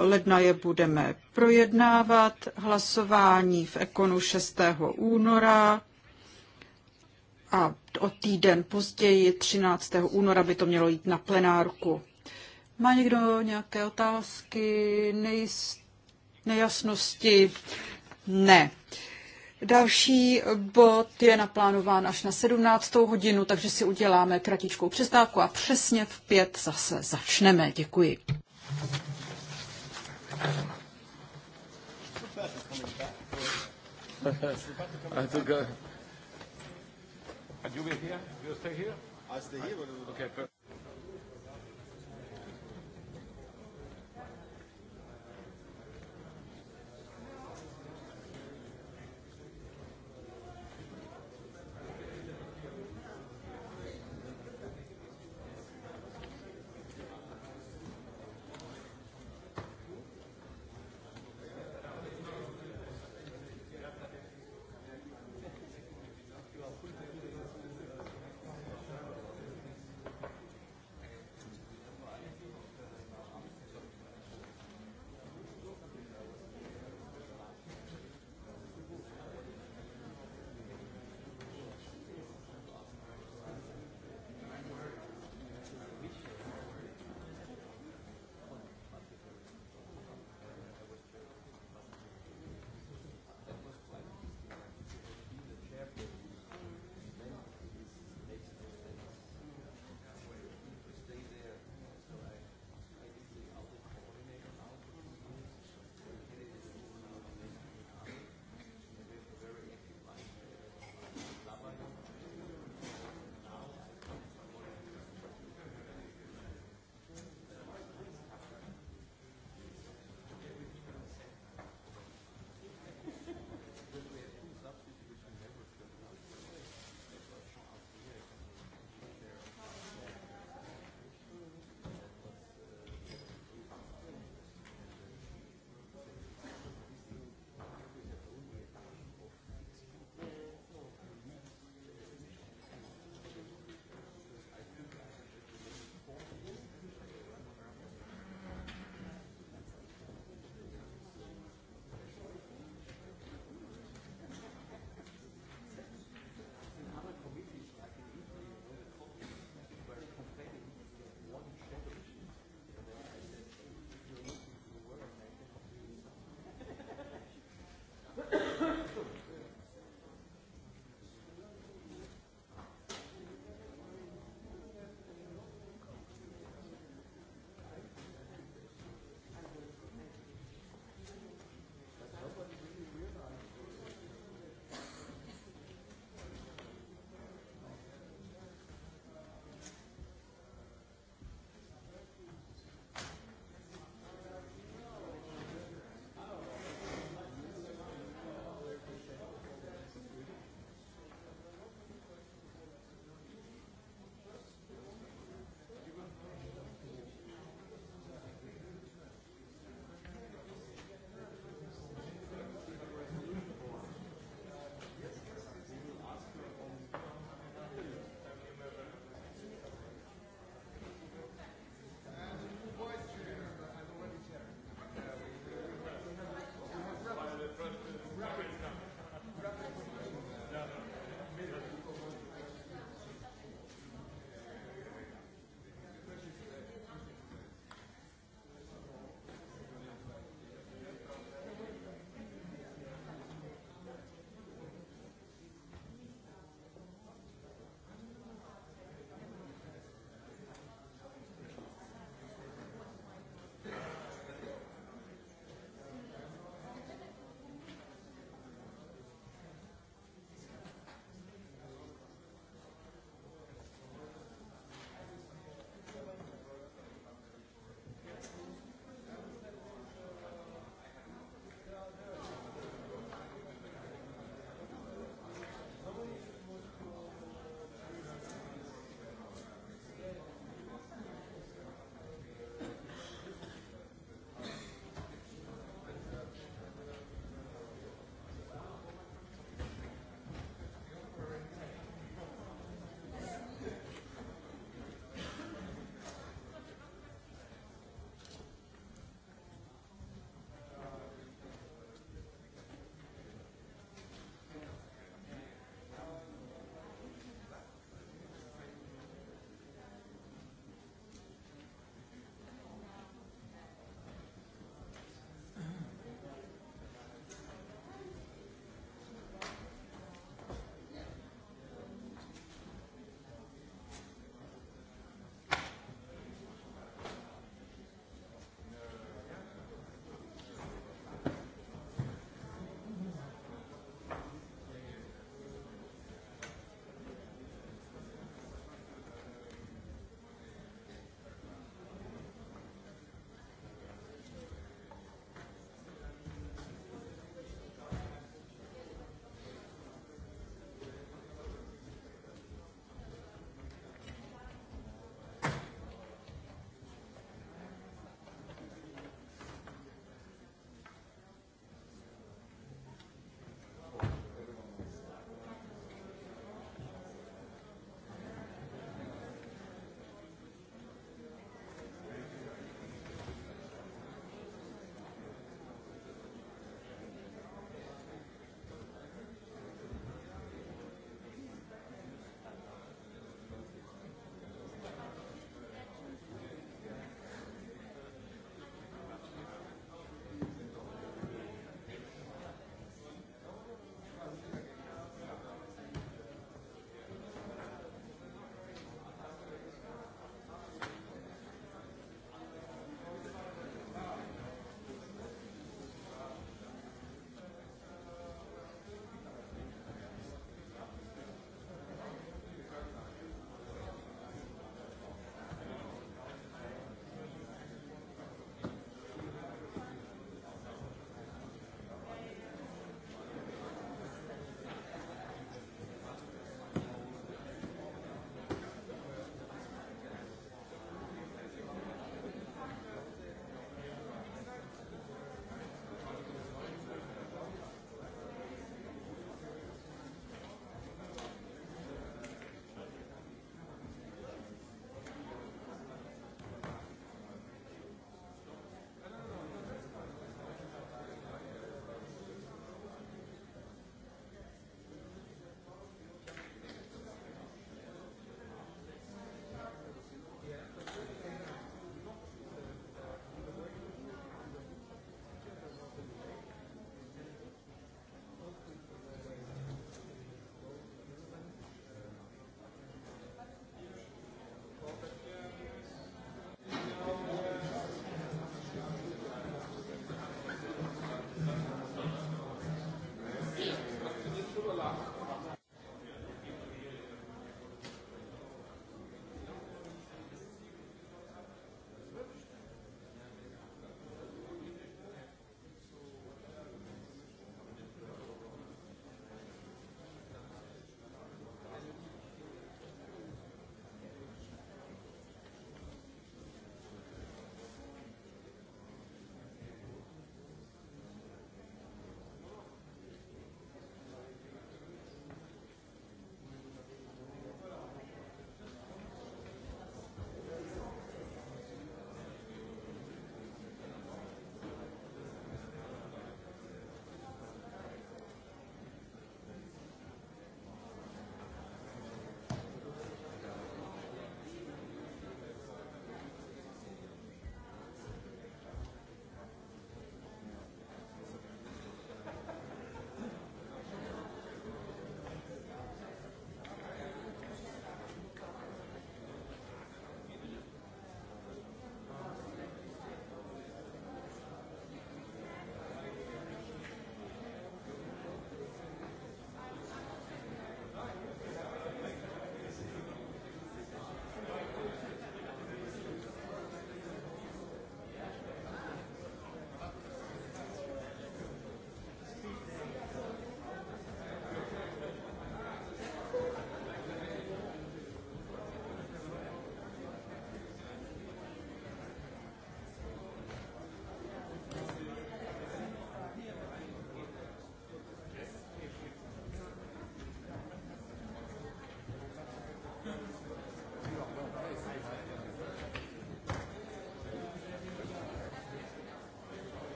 ledna je budeme projednávat, hlasování v Ekonu 6. února a o týden později 13. února by to mělo jít na plenárku. Má někdo nějaké otázky, nejs- nejasnosti? Ne. Uh, Další bod je naplánován až na 17. hodinu, takže si uděláme kratičkou přestávku a přesně v pět zase začneme. Děkuji. I think I... And you will here? You stay here? I stay here. Okay, perfect.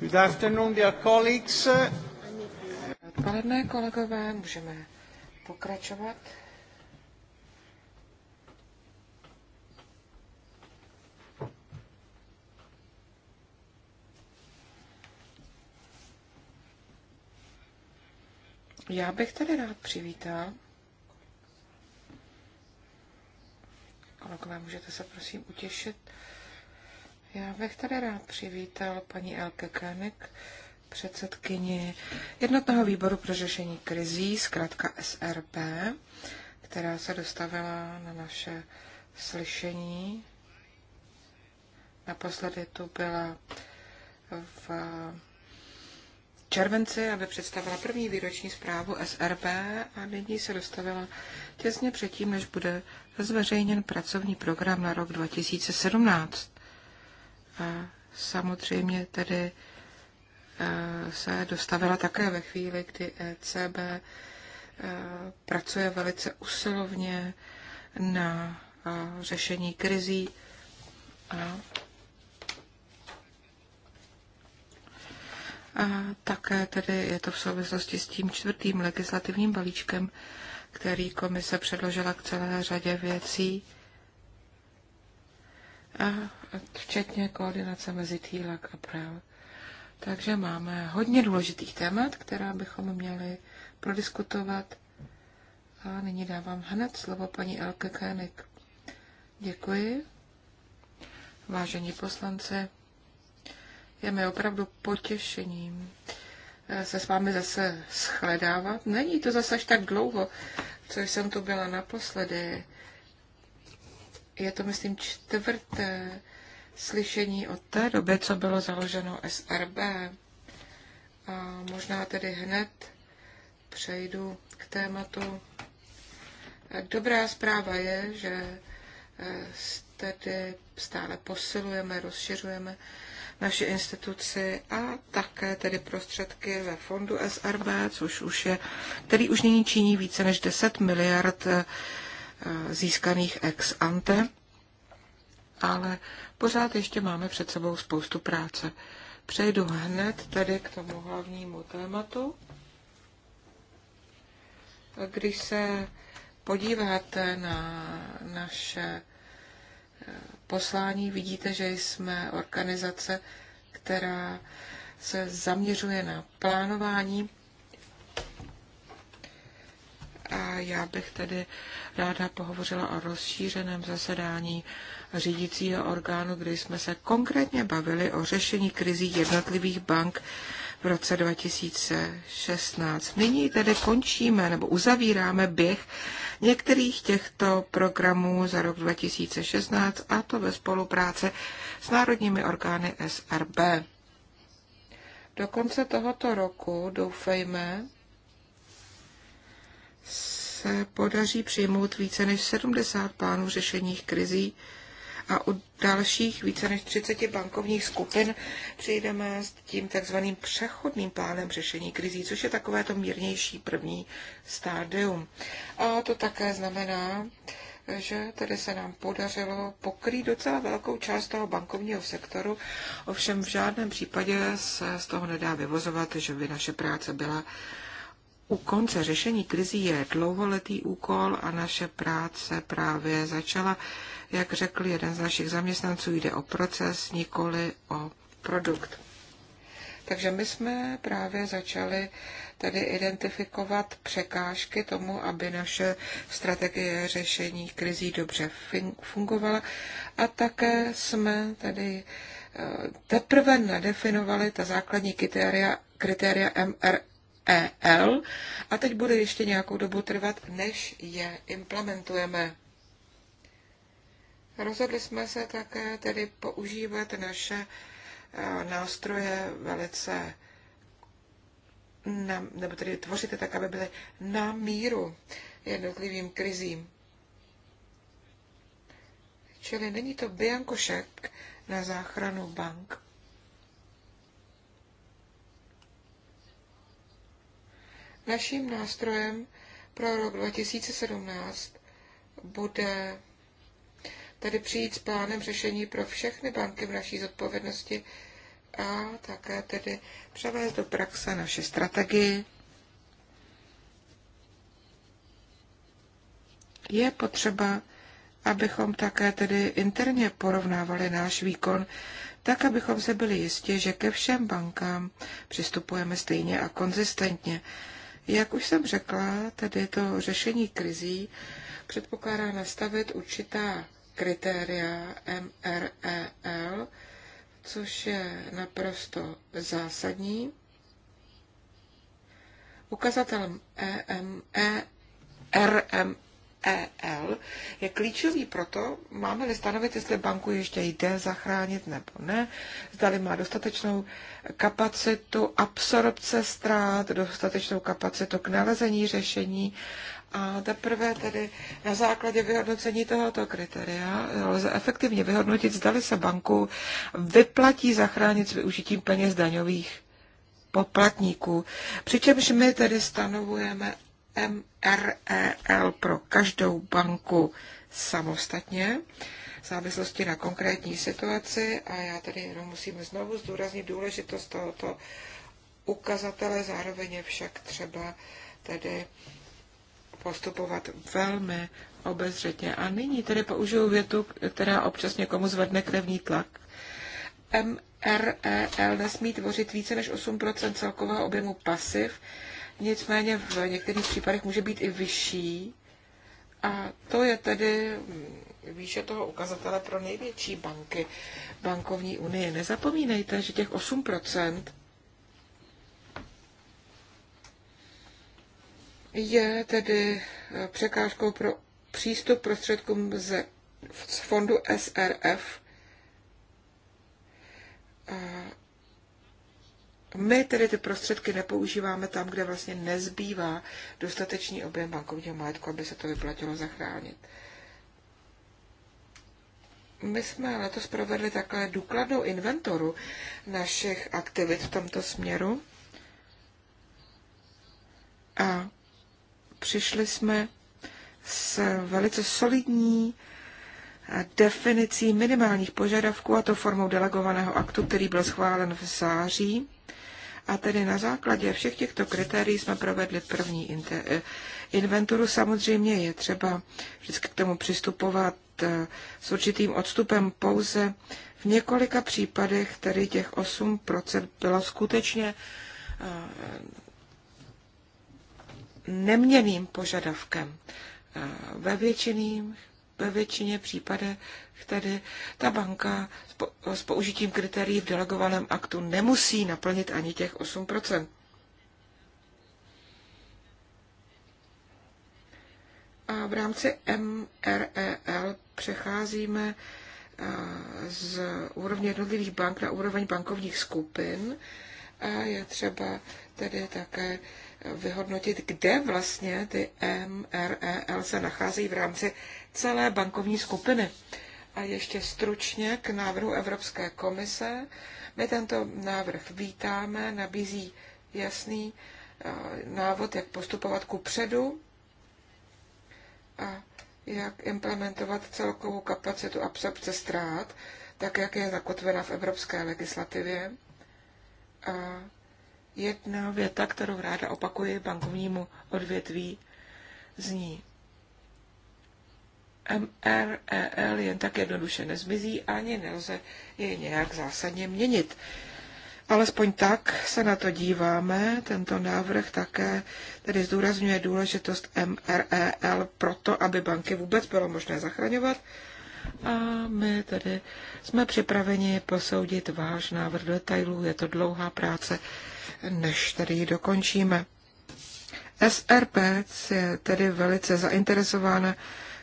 Good afternoon, dear colleagues. Odpoledne, kolegové, můžeme pokračovat. Já bych tady rád přivítal. Kolegové, můžete se prosím utěšit. Já bych tady rád přivítal paní Elke Kánek, předsedkyni jednotného výboru pro řešení krizí, zkrátka SRB, která se dostavila na naše slyšení. Naposledy tu byla v červenci, aby představila první výroční zprávu SRB a nyní se dostavila těsně předtím, než bude zveřejněn pracovní program na rok 2017 samozřejmě tedy e, se dostavila také ve chvíli, kdy ECB e, pracuje velice usilovně na e, řešení krizí. A také tedy je to v souvislosti s tím čtvrtým legislativním balíčkem, který komise předložila k celé řadě věcí. A včetně koordinace mezi týlak a PREL. Takže máme hodně důležitých témat, která bychom měli prodiskutovat. A nyní dávám hned slovo paní Elke Kénik. Děkuji. Vážení poslanci, je mi opravdu potěšením eh, se s vámi zase shledávat. Není to zase až tak dlouho, co jsem tu byla naposledy. Je to, myslím, čtvrté slyšení od té doby, co bylo založeno SRB. A možná tedy hned přejdu k tématu. Dobrá zpráva je, že eh, tedy stále posilujeme, rozšiřujeme naše instituci a také tedy prostředky ve fondu SRB, což už je, který už nyní činí více než 10 miliard eh, získaných ex ante ale pořád ještě máme před sebou spoustu práce. Přejdu hned tedy k tomu hlavnímu tématu. Když se podíváte na naše eh, poslání, vidíte, že jsme organizace, která se zaměřuje na plánování. A já bych tedy ráda pohovořila o rozšířeném zasedání řídícího orgánu, kdy jsme se konkrétně bavili o řešení krizí jednotlivých bank v roce 2016. Nyní tedy končíme nebo uzavíráme běh některých těchto programů za rok 2016 a to ve spolupráci s národními orgány SRB. Do konce tohoto roku, doufejme, se podaří přijmout více než 70 plánů řešení krizí a u dalších více než 30 bankovních skupin přijdeme s tím takzvaným přechodným plánem řešení krizí, což je takové to mírnější první stádium. A to také znamená, že tedy se nám podařilo pokrýt docela velkou část toho bankovního sektoru, ovšem v žádném případě se z toho nedá vyvozovat, že by naše práce byla u konce řešení krizí je dlouholetý úkol a naše práce právě začala. Jak řekl jeden z našich zaměstnanců, jde o proces, nikoli o produkt. Takže my jsme právě začali tady identifikovat překážky tomu, aby naše strategie řešení krizí dobře fungovala. A také jsme tady eh, teprve nadefinovali ta základní kritéria, kritéria MREL a teď bude ještě nějakou dobu trvat, než je implementujeme. Rozhodli jsme se také tedy používat naše eh, nástroje velice na, nebo tedy tvořit tak, aby byly na míru jednotlivým krizím. Čili není to biankošek na záchranu bank. Naším nástrojem pro rok 2017 bude tedy přijít s plánem řešení pro všechny banky v naší zodpovědnosti a také tedy převést do praxe naše strategii. Je potřeba, abychom také tedy interně porovnávali náš výkon, tak abychom se byli jistí, že ke všem bankám přistupujeme stejně a konzistentně. Jak už jsem řekla, tedy to řešení krizí předpokládá nastavit určitá kritéria MREL, což je naprosto zásadní. Ukazatelem EM, e e je klíčový proto, máme-li stanovit, jestli banku ještě jde zachránit nebo ne, zdali má dostatečnou kapacitu absorpce ztrát, dostatečnou kapacitu k nalezení řešení a teprve tedy na základě vyhodnocení tohoto kritéria lze efektivně vyhodnotit, zdali se banku vyplatí zachránit s využitím peněz daňových poplatníků. Přičemž my tedy stanovujeme MREL pro každou banku samostatně v závislosti na konkrétní situaci a já tady jenom musím znovu zdůraznit důležitost tohoto ukazatele, zároveň je však třeba tedy postupovat velmi obezřetně. A nyní tedy použiju větu, která občas někomu zvedne krevní tlak. MREL nesmí tvořit více než 8 celkového objemu pasiv, nicméně v některých případech může být i vyšší. A to je tedy výše toho ukazatele pro největší banky bankovní unie. Nezapomínejte, že těch je tedy eh, překážkou pro přístup prostředkům z fondu SRF. My tedy ty prostředky nepoužíváme tam, kde vlastně nezbývá dostatečný objem bankovního majetku, aby se to vyplatilo zachránit. My jsme letos provedli takhle důkladnou inventoru našich aktivit v tomto směru. A přišli jsme s velice solidní eh, definicí minimálních požadavků, a to formou delegovaného aktu, který byl schválen v září. A tedy na základě všech těchto kritérií jsme provedli první eh, inventuru. Samozřejmě je třeba vždycky k tomu přistupovat eh, s určitým odstupem pouze v několika případech, tedy těch 8% bylo skutečně neměným požadavkem. Eh, ve většině, ve většině případech tedy ta banka s použitím kritérií v delegovaném aktu nemusí naplnit ani těch 8 A v rámci MREL přecházíme eh, z úrovně jednotlivých bank na úroveň bankovních skupin a je třeba tedy také vyhodnotit, kde vlastně ty MREL se nacházejí v rámci celé bankovní skupiny. A ještě stručně k návrhu Evropské komise. My tento návrh vítáme, nabízí jasný eh, návod, jak postupovat ku předu a jak implementovat celkovou kapacitu absorpce ztrát, tak jak je zakotvena v evropské legislativě. A Jedna věta, kterou ráda opakuji bankovnímu odvětví, zní MREL jen tak jednoduše nezmizí, ani nelze je nějak zásadně měnit. Alespoň tak se na to díváme. Tento návrh také tedy zdůrazňuje důležitost MREL proto, aby banky vůbec bylo možné zachraňovat. A my tedy jsme připraveni posoudit váš návrh detailů. Je to dlouhá práce, než tedy ji dokončíme. SRP je tedy velice zainteresována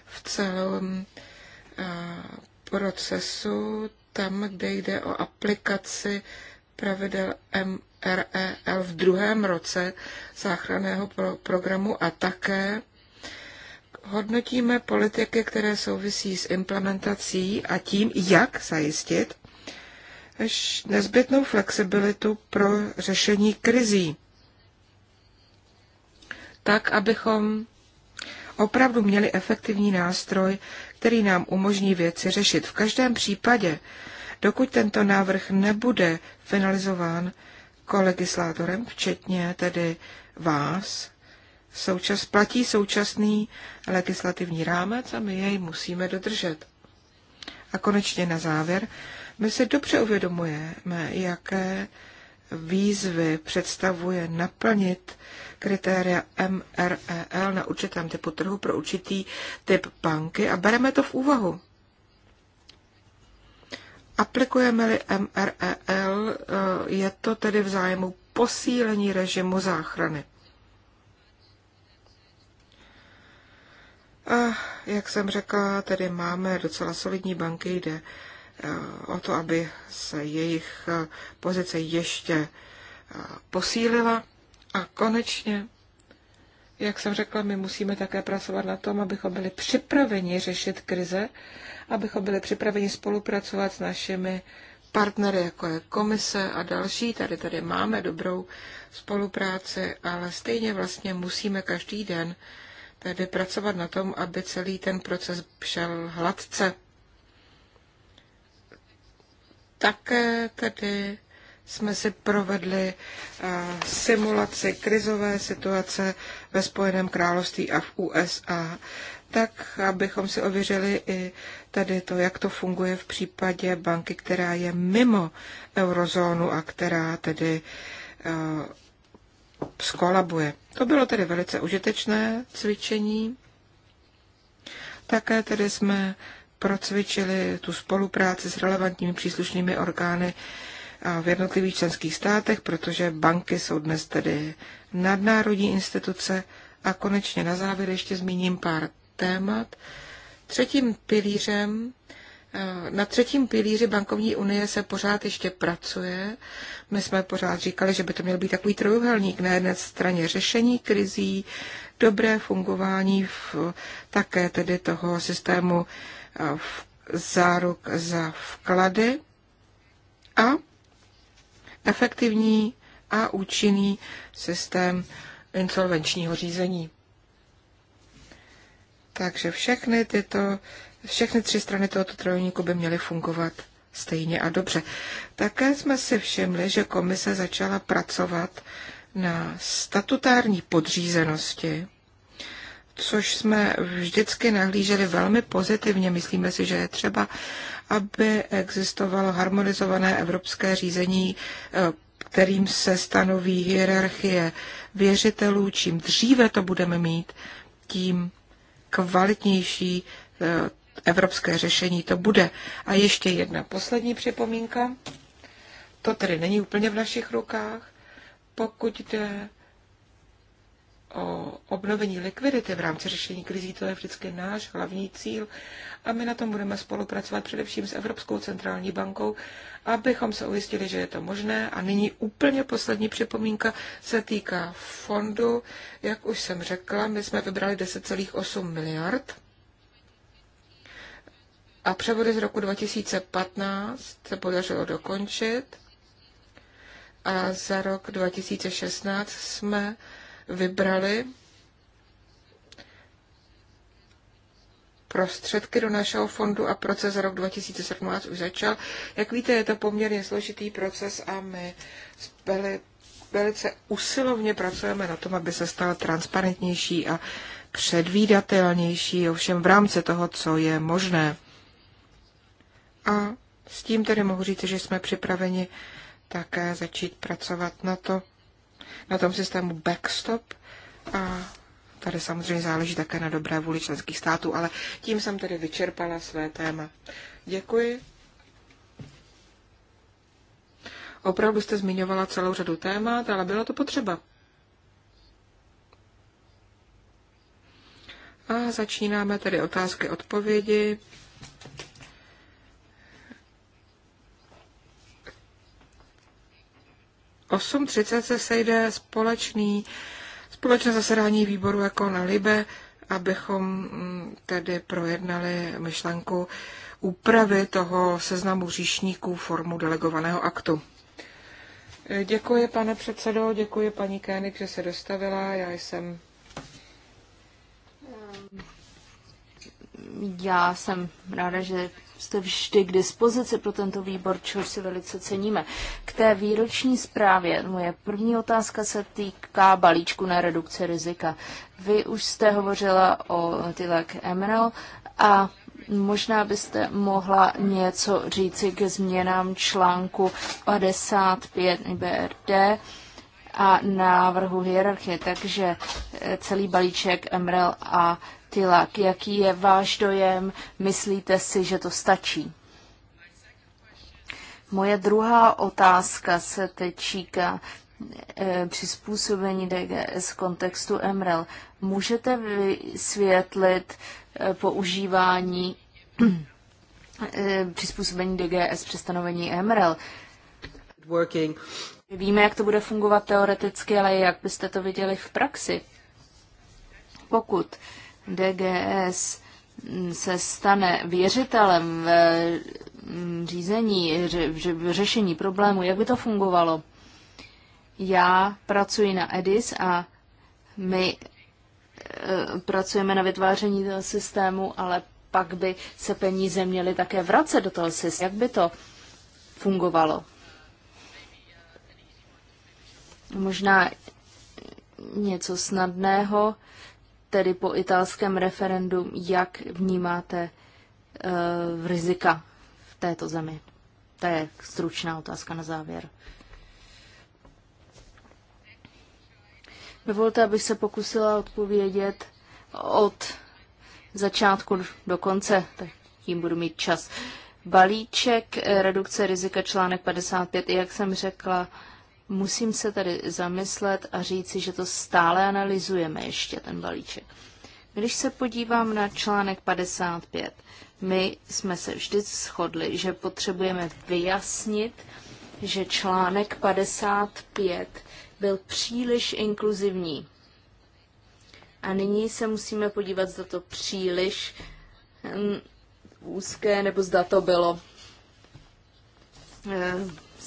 v celém eh, procesu, tam, kde jde o aplikaci pravidel MREL v druhém roce záchranného programu a také hodnotíme politiky, které souvisí s implementací a tím, jak zajistit, nezbytnou flexibilitu pro řešení krizí, tak abychom opravdu měli efektivní nástroj, který nám umožní věci řešit. V každém případě, dokud tento návrh nebude finalizován kolegislátorem, včetně tedy vás, součas, platí současný legislativní rámec a my jej musíme dodržet. A konečně na závěr my si dobře uvědomujeme, jaké výzvy představuje naplnit kritéria MREL na určitém typu trhu pro určitý typ banky a bereme to v úvahu. Aplikujeme-li MREL, eh, je to tedy v zájmu posílení režimu záchrany. A eh, jak jsem řekla, tedy máme docela solidní banky, jde Eh, o to, aby se jejich eh, pozice ještě eh, posílila. A konečně, jak jsem řekla, my musíme také pracovat na tom, abychom byli připraveni řešit krize, abychom byli připraveni spolupracovat s našimi partnery, jako je komise a další. Tady tady máme dobrou spolupráci, ale stejně vlastně musíme každý den tedy pracovat na tom, aby celý ten proces šel hladce. Také tedy jsme si provedli eh, simulaci krizové situace ve Spojeném království a v USA, tak abychom si ověřili i tady to, jak to funguje v případě banky, která je mimo eurozónu a která tedy eh, skolabuje. To bylo tedy velice užitečné cvičení. Také tedy jsme procvičili tu spolupráci s relevantními příslušnými orgány v jednotlivých členských státech, protože banky jsou dnes tedy nadnárodní instituce. A konečně na závěr ještě zmíním pár témat. Třetím pilířem eh, na třetím pilíři bankovní unie se pořád ještě pracuje. My jsme pořád říkali, že by to měl být takový trojuhelník. Na jedné straně řešení krizí, dobré fungování v, také tedy toho systému záruk za vklady a efektivní a účinný systém insolvenčního řízení. Takže všechny, tyto, všechny tři strany tohoto trojníku by měly fungovat stejně a dobře. Také jsme si všimli, že komise začala pracovat na statutární podřízenosti což jsme vždycky nahlíželi velmi pozitivně. Myslíme si, že je třeba, aby existovalo harmonizované evropské řízení, eh, kterým se stanoví hierarchie věřitelů. Čím dříve to budeme mít, tím kvalitnější eh, evropské řešení to bude. A ještě jedna poslední připomínka. To tedy není úplně v našich rukách. Pokud jde o obnovení likvidity v rámci řešení krizí, to je vždycky náš hlavní cíl a my na tom budeme spolupracovat především s Evropskou centrální bankou, abychom se ujistili, že je to možné. A nyní úplně poslední připomínka se týká fondu. Jak už jsem řekla, my jsme vybrali 10,8 miliard a převody z roku 2015 se podařilo dokončit a za rok 2016 jsme vybrali prostředky do našeho fondu a proces za rok 2017 už začal. Jak víte, je to poměrně složitý proces a my byli, velice usilovně pracujeme na tom, aby se stal transparentnější a předvídatelnější, ovšem v rámci toho, co je možné. A s tím tedy mohu říct, že jsme připraveni také začít pracovat na to, na tom systému backstop a tady samozřejmě záleží také na dobré vůli členských států, ale tím jsem tedy vyčerpala své téma. Děkuji. Opravdu jste zmiňovala celou řadu témat, ale bylo to potřeba. A začínáme tedy otázky odpovědi. 8.30 se sejde společný, společné zasedání výboru jako na Libe, abychom mm, tedy projednali myšlenku úpravy toho seznamu říšníků formu delegovaného aktu. Děkuji, pane předsedo, děkuji paní Kénik, že se dostavila. Já jsem já jsem ráda, že jste vždy k dispozici pro tento výbor, čehož si velice ceníme. K té výroční zprávě moje první otázka se týká balíčku na redukci rizika. Vy už jste hovořila o Tilak Emerald a možná byste mohla něco říci k změnám článku 55 IBRD a návrhu hierarchie, takže eh, celý balíček MREL a Tilak, jaký je váš dojem? Myslíte si, že to stačí? Moje druhá otázka se týká eh, přizpůsobení DGS kontextu MREL. Můžete vysvětlit eh, používání eh, přizpůsobení DGS při stanovení MREL? Víme, jak to bude fungovat teoreticky, ale jak byste to viděli v praxi? Pokud uh, DGS se stane věřitelem v mm, řízení, v řešení problému, jak by to fungovalo? Já pracuji na EDIS a my e, pracujeme na vytváření toho systému, ale pak by se peníze měly také vracet do toho systému. Jak by to fungovalo? Možná něco snadného tedy po italském referendu, jak vnímáte uh, rizika v této zemi? To je stručná otázka na závěr. Dovolte, abych se pokusila odpovědět od začátku do konce, tak tím budu mít čas. Balíček eh, redukce rizika článek 55, jak jsem řekla, Musím se tady zamyslet a říci, že to stále analyzujeme ještě, ten balíček. Když se podívám na článek 55, my jsme se vždy shodli, že potřebujeme vyjasnit, že článek 55 byl příliš inkluzivní. A nyní se musíme podívat, zda to příliš mm, úzké, nebo zda to bylo eh,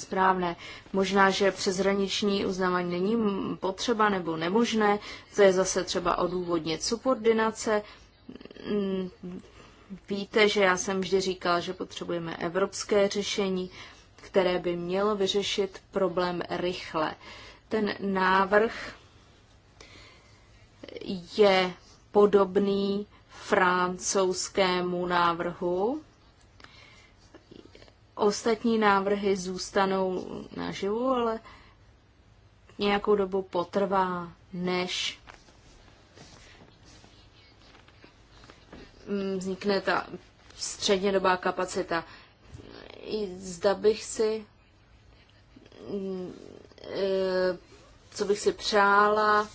správné. Možná, že přeshraniční uznávání není potřeba nebo nemožné, to je zase třeba odůvodnit subordinace. Mm, víte, že já jsem vždy říkal, že potřebujeme evropské řešení, které by mělo vyřešit problém rychle. Ten návrh je podobný francouzskému návrhu, Ostatní návrhy zůstanou naživu, ale nějakou dobu potrvá, než mm, vznikne ta střednědobá kapacita. Zda bych si, mm, e, co bych si přála,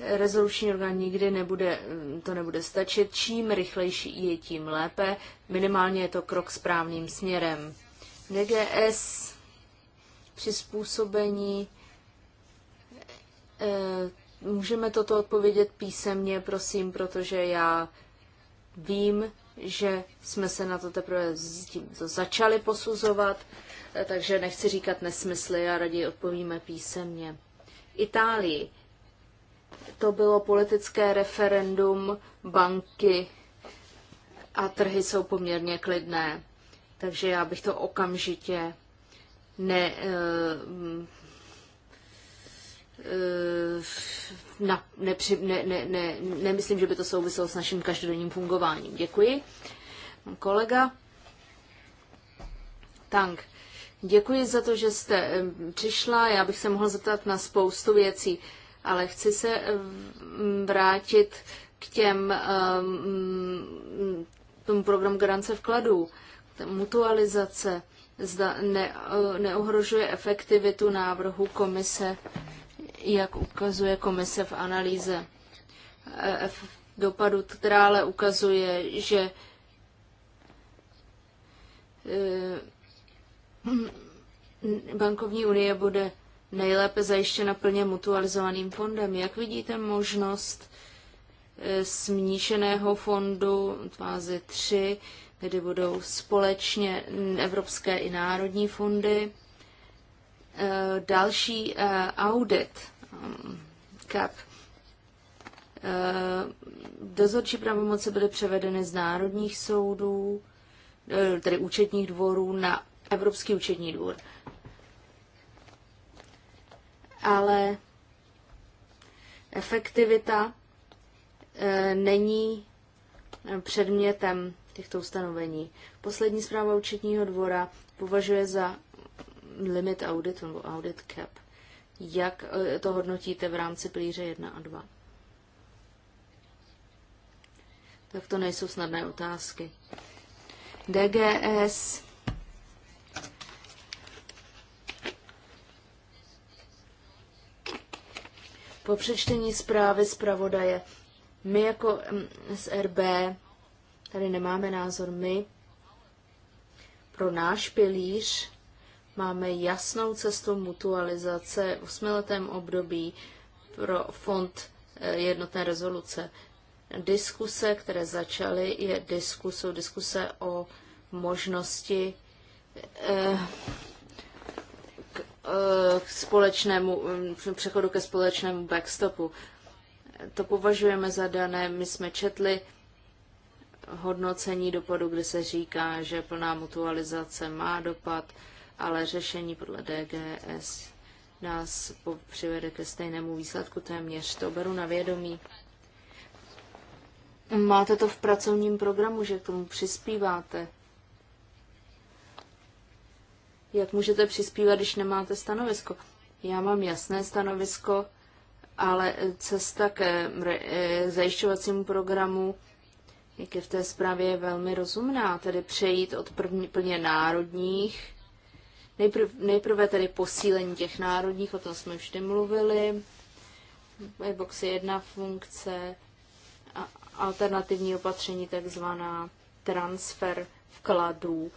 Rezoluční orgán nikdy nebude, to nebude stačit. Čím rychlejší je, tím lépe. Minimálně je to krok správným směrem. DGS přizpůsobení. Eh, můžeme toto odpovědět písemně, prosím, protože já vím, že jsme se na to teprve s tímto začali posuzovat, eh, takže nechci říkat nesmysly a raději odpovíme písemně. Itálii to bylo politické referendum, banky a trhy jsou poměrně klidné. Takže já bych to okamžitě ne, eh, eh, na, nepři, ne, ne, ne, nemyslím, že by to souviselo s naším každodenním fungováním. Děkuji. Kolega Tank, děkuji za to, že jste eh, přišla. Já bych se mohla zeptat na spoustu věcí. Uh, ale chci se eh, vrátit k těm eh, tomu programu garance vkladů, mutualizace, zda ne, eh, neohrožuje efektivitu návrhu komise, jak ukazuje komise v analýze dopadu, která ale ukazuje, že bankovní unie bude nejlépe zajištěna plně mutualizovaným fondem. Jak vidíte možnost eh, smíšeného fondu fázi 3, kdy budou společně evropské i národní fondy? Eh, další eh, audit CAP. Dozorčí pravomoce byly převedeny z národních soudů, tedy účetních dvorů, na Evropský účetní dvůr ale efektivita eh, není předmětem těchto ustanovení. Poslední zpráva účetního dvora považuje za limit audit nebo audit cap. Jak eh, to hodnotíte v rámci pilíře 1 a 2? Tak to nejsou snadné otázky. DGS Po přečtení zprávy zpravodaje, my jako SRB, tady nemáme názor my, pro náš pilíř máme jasnou cestu mutualizace v osmiletém období pro fond eh, jednotné rezoluce. Diskuse, které začaly, je diskus, jsou diskuse o možnosti eh, Eh, k společnému, mm, přechodu ke společnému backstopu. To považujeme za dané. My jsme četli hodnocení dopadu, kde se říká, že plná mutualizace má dopad, ale řešení podle DGS nás přivede ke stejnému výsledku téměř. To beru na vědomí. Máte to v pracovním programu, že k tomu přispíváte jak můžete přispívat, když nemáte stanovisko. Já mám jasné stanovisko, ale cesta k eh, zajišťovacímu programu, jak je v té zprávě, je velmi rozumná, tedy přejít od první, plně národních, nejprve, nejprve tedy posílení těch národních, o tom jsme vždy mluvili, Box je jedna funkce, a alternativní opatření, takzvaná transfer vkladů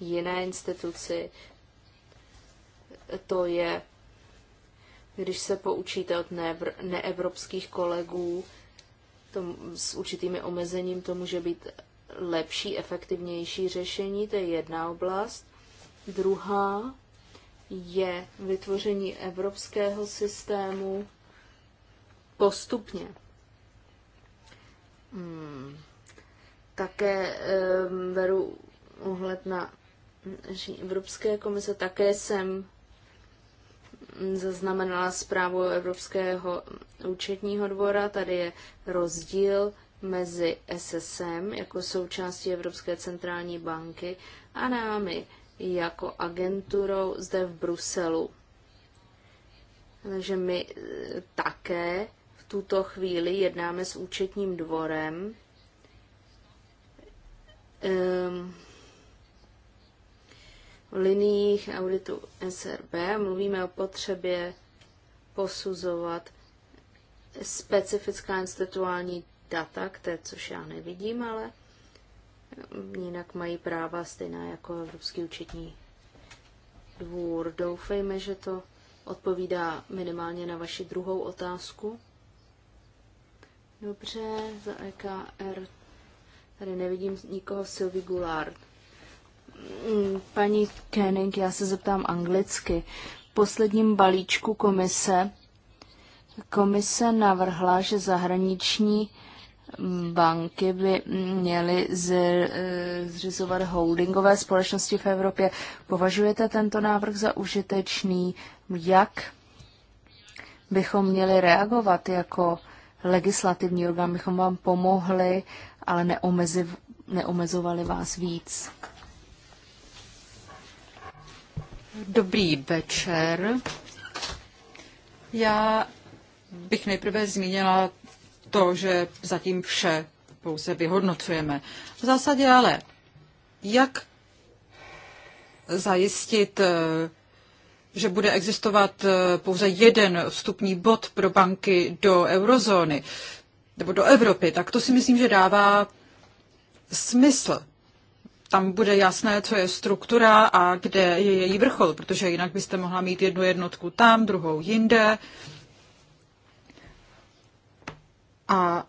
jiné instituci. To je, když se poučíte od neevropských kolegů tom, s určitými omezením, to může být lepší, efektivnější řešení, to je jedna oblast. Druhá je vytvoření evropského systému postupně. Hmm. Také um, beru ohled na naší Evropské komise. Také jsem zaznamenala zprávu Evropského účetního dvora. Tady je rozdíl mezi SSM jako součástí Evropské centrální banky a námi jako agenturou zde v Bruselu. Takže my eh, také v tuto chvíli jednáme s účetním dvorem. Um, liniích auditu SRB. Mluvíme o potřebě posuzovat specifická instituální data, které, což já nevidím, ale jinak mají práva stejná jako Evropský účetní dvůr. Doufejme, že to odpovídá minimálně na vaši druhou otázku. Dobře, za EKR tady nevidím nikoho Sylvie Goulart. Paní Kenning, já se zeptám anglicky. V posledním balíčku komise komise navrhla, že zahraniční banky by měly eh, zřizovat holdingové společnosti v Evropě. Považujete tento návrh za užitečný? Jak bychom měli reagovat jako legislativní orgán? Bychom vám pomohli, ale neomezovali vás víc. Dobrý večer. Já bych nejprve zmínila to, že zatím vše pouze vyhodnocujeme. V zásadě ale, jak zajistit, eh, že bude existovat eh, pouze jeden vstupní bod pro banky do eurozóny nebo do Evropy, tak to si myslím, že dává smysl tam bude jasné, co je struktura a kde je její vrchol, protože jinak byste mohla mít jednu jednotku tam, druhou jinde. A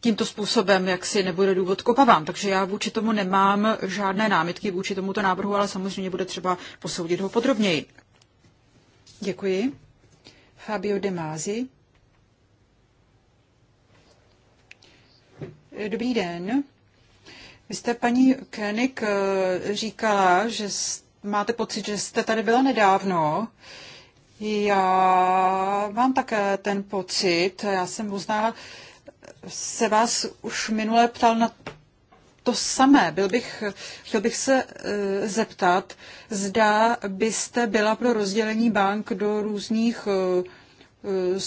tímto způsobem, jak si nebude důvod kopavám. Takže já vůči tomu nemám žádné námitky vůči tomuto návrhu, ale samozřejmě bude třeba posoudit ho podrobněji. Děkuji. Fabio De Masi. Dobrý den. Vy jste, paní Koenig, eh, říkala, že máte pocit, že jste tady byla nedávno. Já mám také ten pocit. Já jsem uznala, se vás už minule ptal na to samé. Byl bych, chtěl bych se eh, zeptat, zda byste byla pro rozdělení bank do různých eh,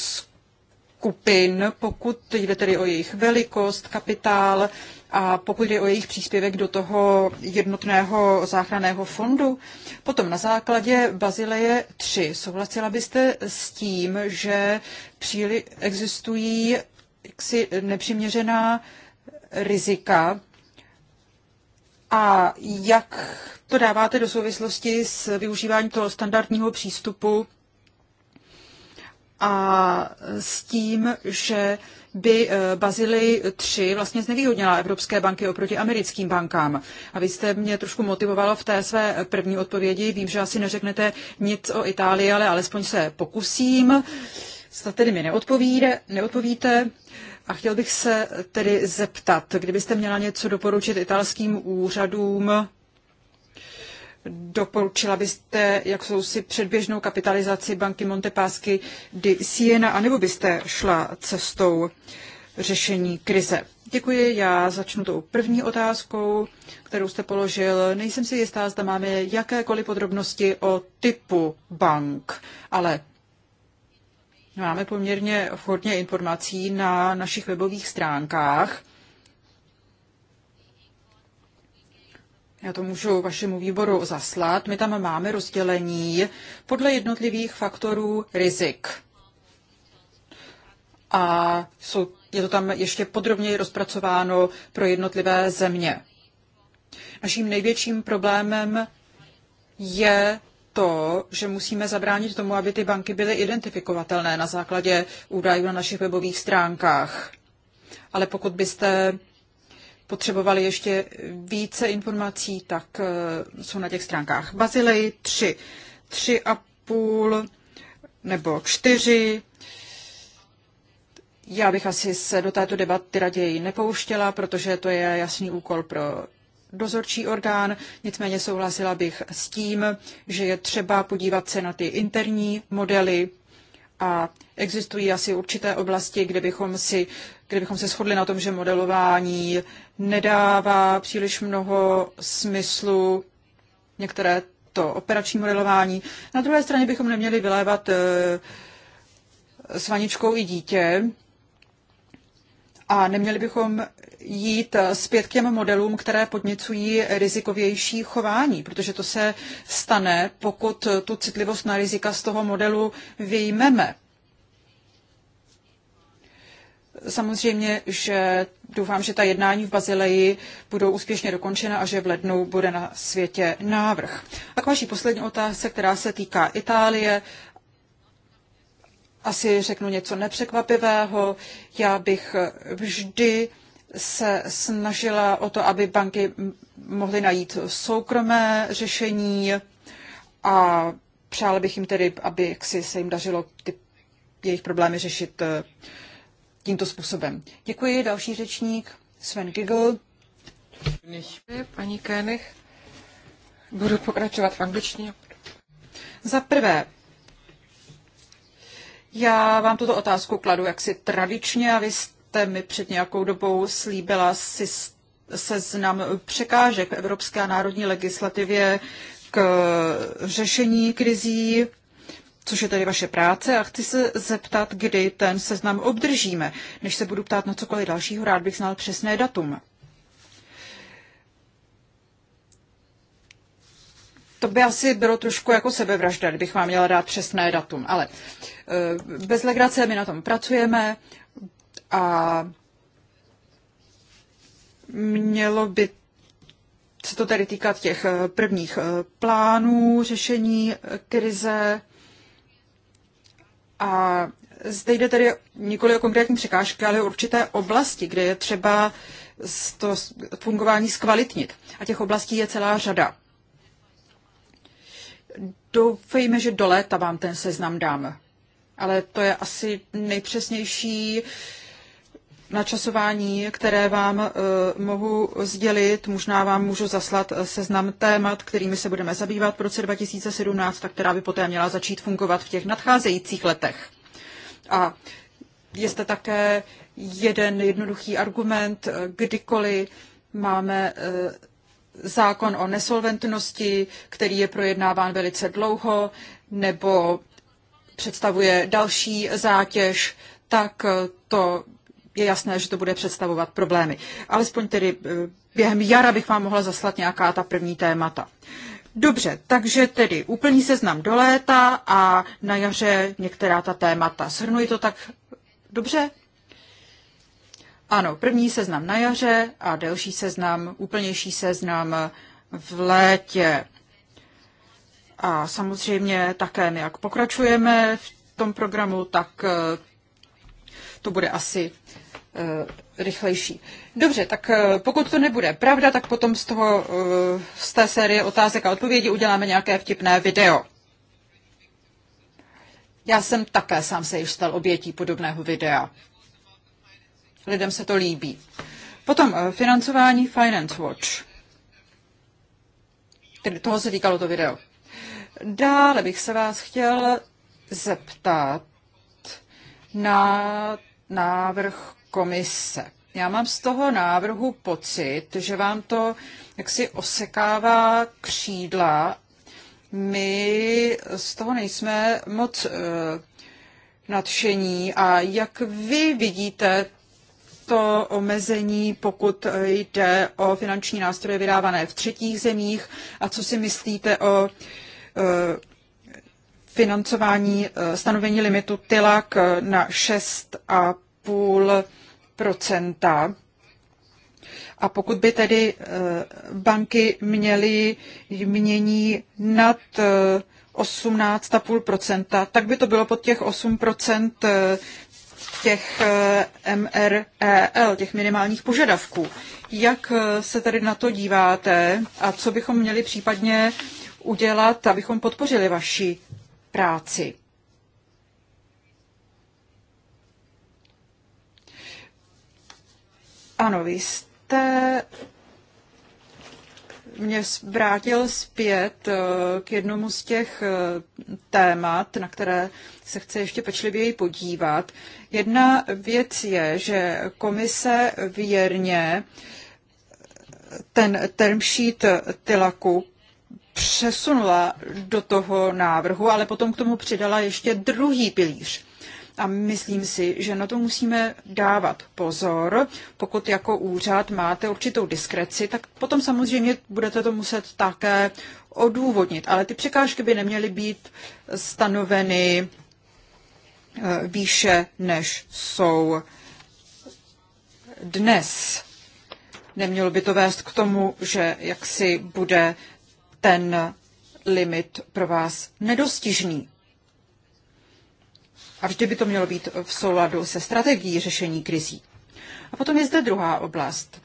skupin, pokud jde tedy o jejich velikost, kapitál a pokud jde o jejich příspěvek do toho jednotného záchranného fondu. Potom na základě Bazileje 3 souhlasila byste s tím, že příli existují jaksi nepřiměřená rizika a jak to dáváte do souvislosti s využíváním toho standardního přístupu a s tím, že by eh, bazily 3 vlastně znevýhodnila evropské banky oproti americkým bankám. A vy jste mě trošku motivovalo v té své první odpovědi. Vím, že asi neřeknete nic o Itálii, ale alespoň se pokusím. Zda tedy mi neodpovíde, neodpovíte. A chtěl bych se tedy zeptat, kdybyste měla něco doporučit italským úřadům, Doporučila byste, jak jsou si předběžnou kapitalizaci banky Montepásky di Siena, anebo byste šla cestou řešení krize? Děkuji, já začnu tou první otázkou, kterou jste položil. Nejsem si jistá, zda máme jakékoliv podrobnosti o typu bank, ale máme poměrně hodně informací na našich webových stránkách já to můžu vašemu výboru zaslat. My tam máme rozdělení podle jednotlivých faktorů rizik. A jsou, je to tam ještě podrobněji rozpracováno pro jednotlivé země. Naším největším problémem je to, že musíme zabránit tomu, aby ty banky byly identifikovatelné na základě údajů na našich webových stránkách. Ale pokud byste potřebovali ještě více informací, tak eh, jsou na těch stránkách Bazilej 3, 3 a půl nebo 4. Já bych asi se do této debaty raději nepouštěla, protože to je jasný úkol pro dozorčí orgán, nicméně souhlasila bych s tím, že je třeba podívat se na ty interní modely a existují asi určité oblasti, kde bychom si kdybychom se shodli na tom, že modelování nedává příliš mnoho smyslu, některé to operační modelování. Na druhé straně bychom neměli vylévat eh, s vaničkou i dítě a neměli bychom jít eh, zpět k těm modelům, které podněcují rizikovější chování, protože to se stane, pokud tu citlivost na rizika z toho modelu vyjmeme. Samozřejmě, že doufám, že ta jednání v Bazileji budou úspěšně dokončena a že v lednu bude na světě návrh. A k vaší poslední otázce, která se týká Itálie, asi řeknu něco nepřekvapivého. Já bych vždy se snažila o to, aby banky mohly najít soukromé řešení a přála bych jim tedy, aby jaksi se jim dařilo ty jejich problémy řešit eh, tímto způsobem. Děkuji, další řečník, Sven Gigl. Paní Kénich, budu pokračovat v angličtině. Za prvé, já vám tuto otázku kladu jaksi tradičně a vy jste mi před nějakou dobou slíbila seznam překážek v Evropské národní legislativě k řešení krizí což je tedy vaše práce a chci se zeptat, kdy ten seznam obdržíme. Než se budu ptát na cokoliv dalšího, rád bych znal přesné datum. To by asi bylo trošku jako sebevražda, kdybych vám měla dát přesné datum, ale eh, bez legrace my na tom pracujeme a mělo by se to tedy týkat těch eh, prvních eh, plánů řešení krize. A zde jde tedy nikoli o konkrétní překážky, ale o určité oblasti, kde je třeba to fungování zkvalitnit. A těch oblastí je celá řada. Doufejme, že do léta vám ten seznam dám. Ale to je asi nejpřesnější uh, načasování, které vám eh, mohu sdělit. Možná vám můžu zaslat eh, seznam témat, kterými se budeme zabývat v roce 2017, tak která by poté měla začít fungovat v těch nadcházejících letech. A je zde také jeden jednoduchý argument, kdykoliv máme eh, zákon o nesolventnosti, který je projednáván velice dlouho, nebo představuje další zátěž, tak to je jasné, že to bude představovat problémy. Alespoň tedy eh, během jara bych vám mohla zaslat nějaká ta první témata. Dobře, takže tedy úplný seznam do léta a na jaře některá ta témata. Shrnuji to tak dobře? Ano, první seznam na jaře a delší seznam, úplnější seznam v létě. A samozřejmě také my, jak pokračujeme v tom programu, tak eh, to bude asi Eh, rychlejší. Dobře, tak eh, pokud to nebude pravda, tak potom z, toho, eh, z té série otázek a odpovědí uděláme nějaké vtipné video. Já jsem také sám se již stal obětí podobného videa. Lidem se to líbí. Potom financování Finance Watch. Tedy toho se týkalo to video. Dále bych se vás chtěl zeptat na návrh komise. Já mám z toho návrhu pocit, že vám to jaksi osekává křídla. My z toho nejsme moc e, nadšení a jak vy vidíte to omezení, pokud jde o finanční nástroje vydávané v třetích zemích a co si myslíte o e, financování eh, stanovení limitu TILAK na a a pokud by tedy eh, banky měly mění nad 18,5%, eh, tak by to bylo pod těch 8% eh, těch MREL, těch minimálních požadavků. Jak se tedy na to díváte a co bychom měli případně udělat, abychom podpořili vaši práci? Ano, vy jste mě vrátil zpět eh, k jednomu z těch eh, témat, na které se chce ještě pečlivěji podívat. Jedna věc je, že komise věrně ten term sheet Tilaku přesunula do toho návrhu, ale potom k tomu přidala ještě druhý pilíř. A myslím si, že na to musíme dávat pozor. Pokud jako úřad máte určitou diskreci, tak potom samozřejmě budete to muset také odůvodnit. Ale ty překážky by neměly být stanoveny eh, výše, než jsou dnes. Nemělo by to vést k tomu, že jaksi bude ten limit pro vás nedostižný. A vždy by to mělo být v souladu se strategií řešení krizí. A potom je zde druhá oblast.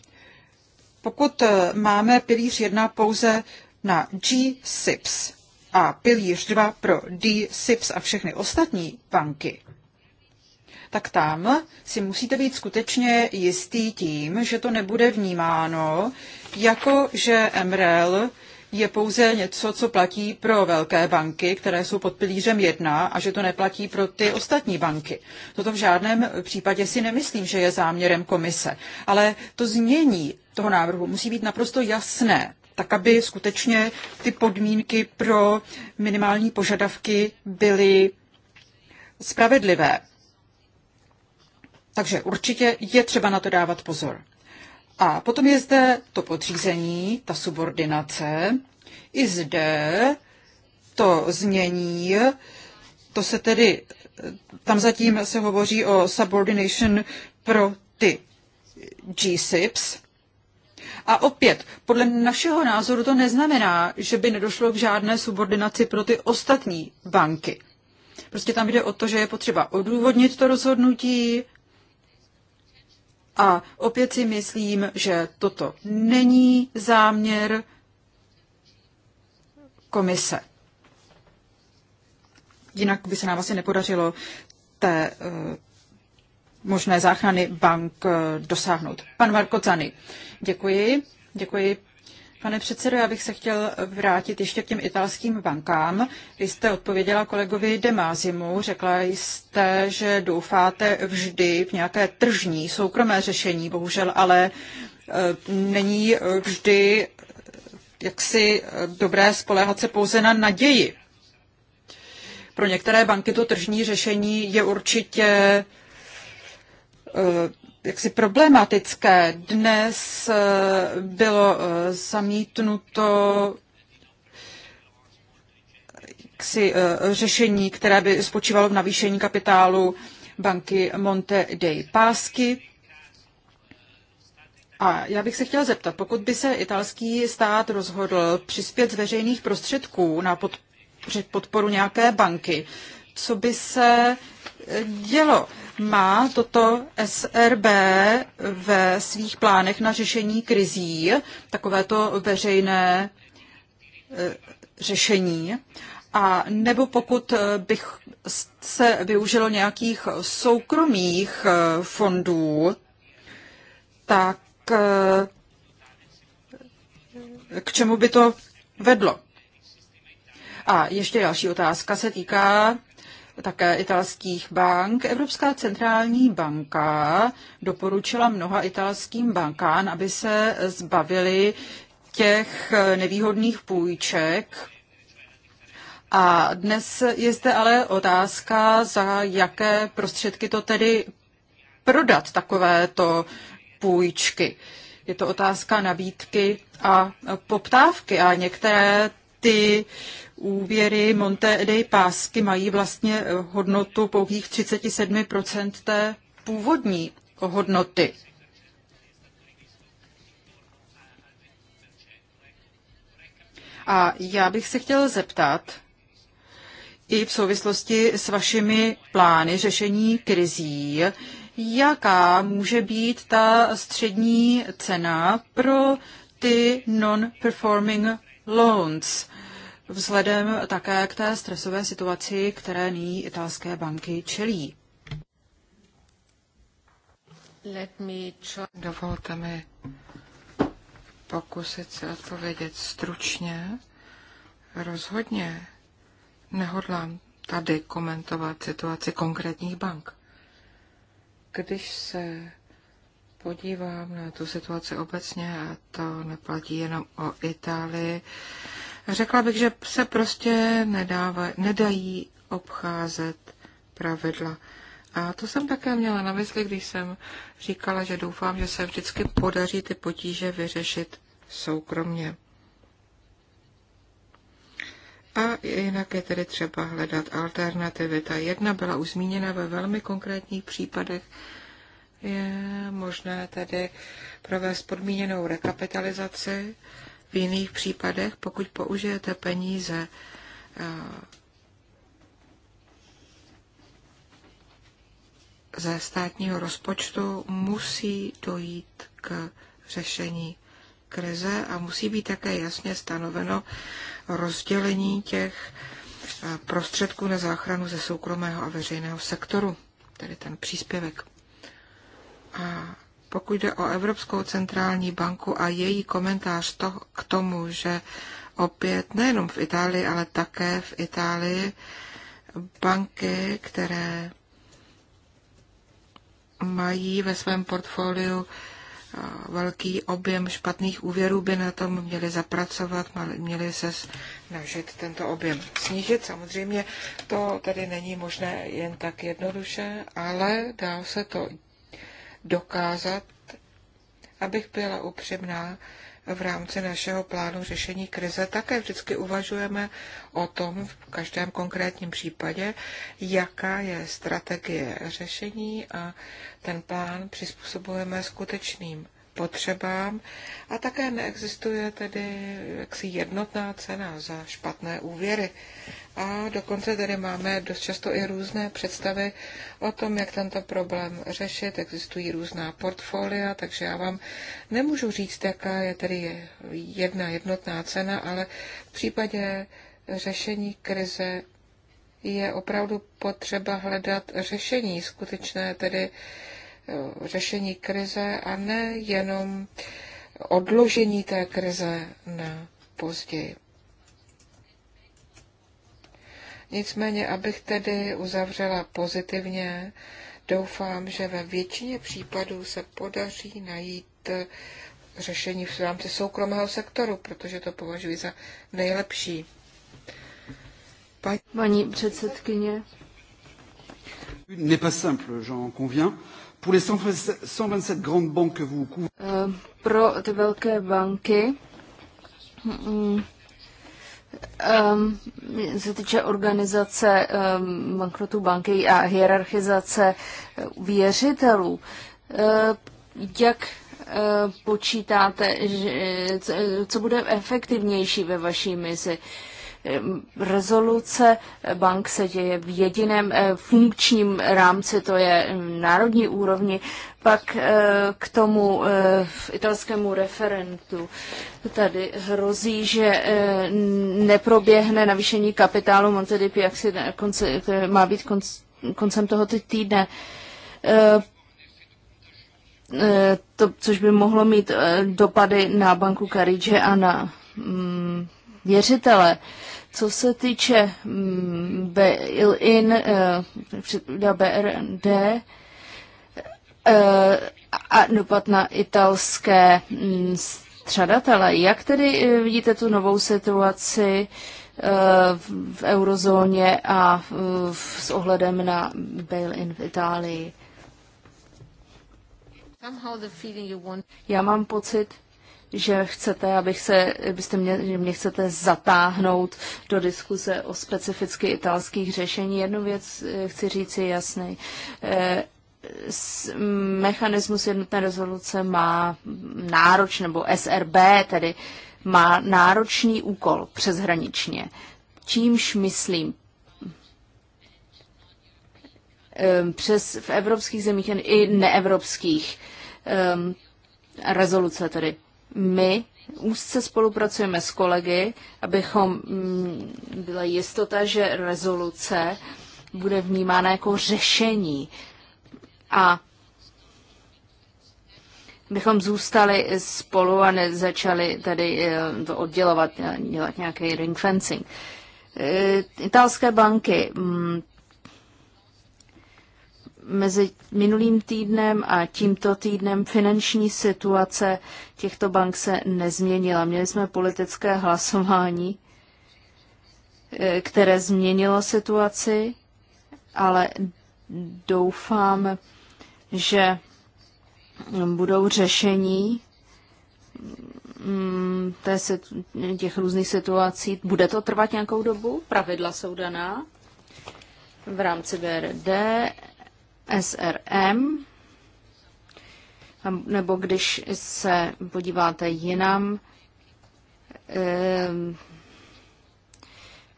Pokud eh, máme pilíř 1 pouze na G-SIPS a pilíř 2 pro D-SIPS a všechny ostatní banky, tak tam si musíte být skutečně jistý tím, že to nebude vnímáno jako, že MREL je pouze něco, co platí pro velké banky, které jsou pod pilířem jedna a že to neplatí pro ty ostatní banky. Toto v žádném případě si nemyslím, že je záměrem komise. Ale to změní toho návrhu musí být naprosto jasné, tak aby skutečně ty podmínky pro minimální požadavky byly spravedlivé. Takže určitě je třeba na to dávat pozor. A potom je zde to podřízení, ta subordinace. I zde to změní, to se tedy, tam zatím se hovoří o subordination pro ty G-SIPs. A opět, podle našeho názoru to neznamená, že by nedošlo k žádné subordinaci pro ty ostatní banky. Prostě tam jde o to, že je potřeba odůvodnit to rozhodnutí, a opět si myslím, že toto není záměr komise. Jinak by se nám asi nepodařilo té eh, možné záchrany bank eh, dosáhnout. Pan Marko Cany, děkuji. Děkuji, Pane předsedo, já bych se chtěl vrátit ještě k těm italským bankám. Vy jste odpověděla kolegovi Demázimu, řekla jste, že doufáte vždy v nějaké tržní, soukromé řešení, bohužel, ale e, není vždy e, jaksi e, dobré spoléhat se pouze na naději. Pro některé banky to tržní řešení je určitě jaksi problematické. Dnes eh, bylo eh, zamítnuto jaksi eh, řešení, které by spočívalo v navýšení kapitálu banky Monte dei Paschi. A já bych se chtěla zeptat, pokud by se italský stát rozhodl přispět z veřejných prostředků na podporu nějaké banky, co by se dělo? má toto SRB ve svých plánech na řešení krizí, takovéto veřejné eh, řešení. A nebo pokud eh, bych se využilo nějakých soukromých eh, fondů, tak k čemu by to vedlo? A ještě další otázka se týká také italských bank. Evropská centrální banka doporučila mnoha italským bankám, aby se zbavili těch nevýhodných půjček, a dnes je zde ale otázka, za jaké prostředky to tedy prodat takovéto půjčky. Je to otázka nabídky a poptávky a některé ty úvěry Monte dei Pásky mají vlastně eh, hodnotu pouhých 37% té původní hodnoty. A já bych se chtěl zeptat, i v souvislosti s vašimi plány řešení krizí, jaká může být ta střední cena pro ty non-performing loans vzhledem také k té stresové situaci, které nyní italské banky čelí. Let me Dovolte mi pokusit se odpovědět stručně. Rozhodně nehodlám tady komentovat situaci konkrétních bank. Když se podívám na tu situaci obecně, a to neplatí jenom o Itálii, Řekla bych, že se prostě nedává, nedají obcházet pravidla. A to jsem také měla na mysli, když jsem říkala, že doufám, že se vždycky podaří ty potíže vyřešit soukromně. A jinak je tedy třeba hledat alternativy. Ta jedna byla už zmíněna ve velmi konkrétních případech. Je možné tedy provést podmíněnou rekapitalizaci v jiných případech, pokud použijete peníze eh, ze státního rozpočtu, musí dojít k řešení krize a musí být také jasně stanoveno rozdělení těch eh, prostředků na záchranu ze soukromého a veřejného sektoru, tedy ten příspěvek. A pokud jde o Evropskou centrální banku a její komentář to, k tomu, že opět nejenom v Itálii, ale také v Itálii banky, které mají ve svém portfoliu eh, velký objem špatných úvěrů, by na tom měli zapracovat, měli se snažit tento objem snížit. Samozřejmě to tady není možné jen tak jednoduše, ale dá se to dokázat, abych byla upřímná, v rámci našeho plánu řešení krize také vždycky uvažujeme o tom v každém konkrétním případě, jaká je strategie řešení a ten plán přizpůsobujeme skutečným potřebám a také neexistuje tedy jaksi jednotná cena za špatné úvěry. A dokonce tedy máme dost často i různé představy o tom, jak tento problém řešit. Existují různá portfolia, takže já vám nemůžu říct, jaká je tedy jedna jednotná cena, ale v případě řešení krize je opravdu potřeba hledat řešení skutečné, tedy Eh, řešení krize a ne jenom odložení té krize na později. Nicméně, abych tedy uzavřela pozitivně, doufám, že ve většině případů se podaří najít eh, řešení v rámci soukromého sektoru, protože to považuji za nejlepší. Paní, předsedkyně. N'est simple, j'en conviens. 127 grandes banques vous couvrez. Eh, pro ty velké banky, um, se týče organizace um, bankrotu banky a hierarchizace eh, věřitelů, uh, jak počítáte, že, co bude efektivnější ve vaší misi? Uh, Rezoluce bank se děje v jediném eh, funkčním rámci, to je národní úrovni, pak eh, k tomu eh, italskému referentu. Tady hrozí, že neproběhne navýšení kapitálu jak si konce, má být koncem tohoto týdne to, což by mohlo mít dopady na banku Carige a na mm, věřitele. Co se týče mm, bail-in, BRD, eh, eh, a dopad na italské mm, střadatele. Jak tedy eh, vidíte tu novou situaci v eurozóně a s ohledem na bail-in v Itálii? Já mám pocit, že chcete, abych se, byste mě, že mě chcete zatáhnout do diskuze o specificky italských řešení. Jednu věc eh, chci říci jasný. Eh, mm, mechanismus jednotné rezoluce má nároč, nebo SRB tedy, má náročný úkol přeshraničně. Čímž myslím, ehm, přes v evropských zemích i neevropských um, rezoluce tedy my úzce spolupracujeme s kolegy, abychom mm, byla jistota, že rezoluce bude vnímána jako řešení a bychom zůstali spolu a nezačali tady eh, to oddělovat, dělat nějaký ring fencing. Eh, italské banky, mm, mezi minulým týdnem a tímto týdnem finanční situace těchto bank se nezměnila. Měli jsme politické hlasování, eh, které změnilo situaci, ale doufám, že budou řešení mm, těch různých situací. Bude to trvat nějakou dobu? Pravidla jsou daná v rámci BRD SRM, nebo když se podíváte jinam, ehm,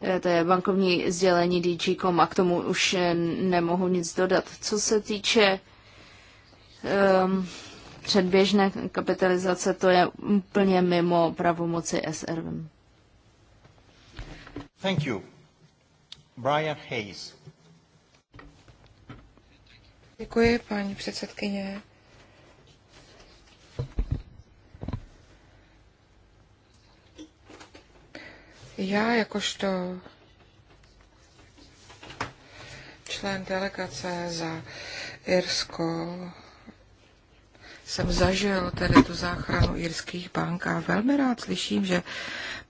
e, to je bankovní sdělení DG.com a k tomu už e, nemohu nic dodat. Co se týče ehm, předběžné kapitalizace, to je úplně mimo pravomoci SRM. Thank you. Brian Hayes. Děkuji, paní předsedkyně. Já jakožto člen delegace za Irsko jsem zažil tedy tu záchranu irských bank a velmi rád slyším, že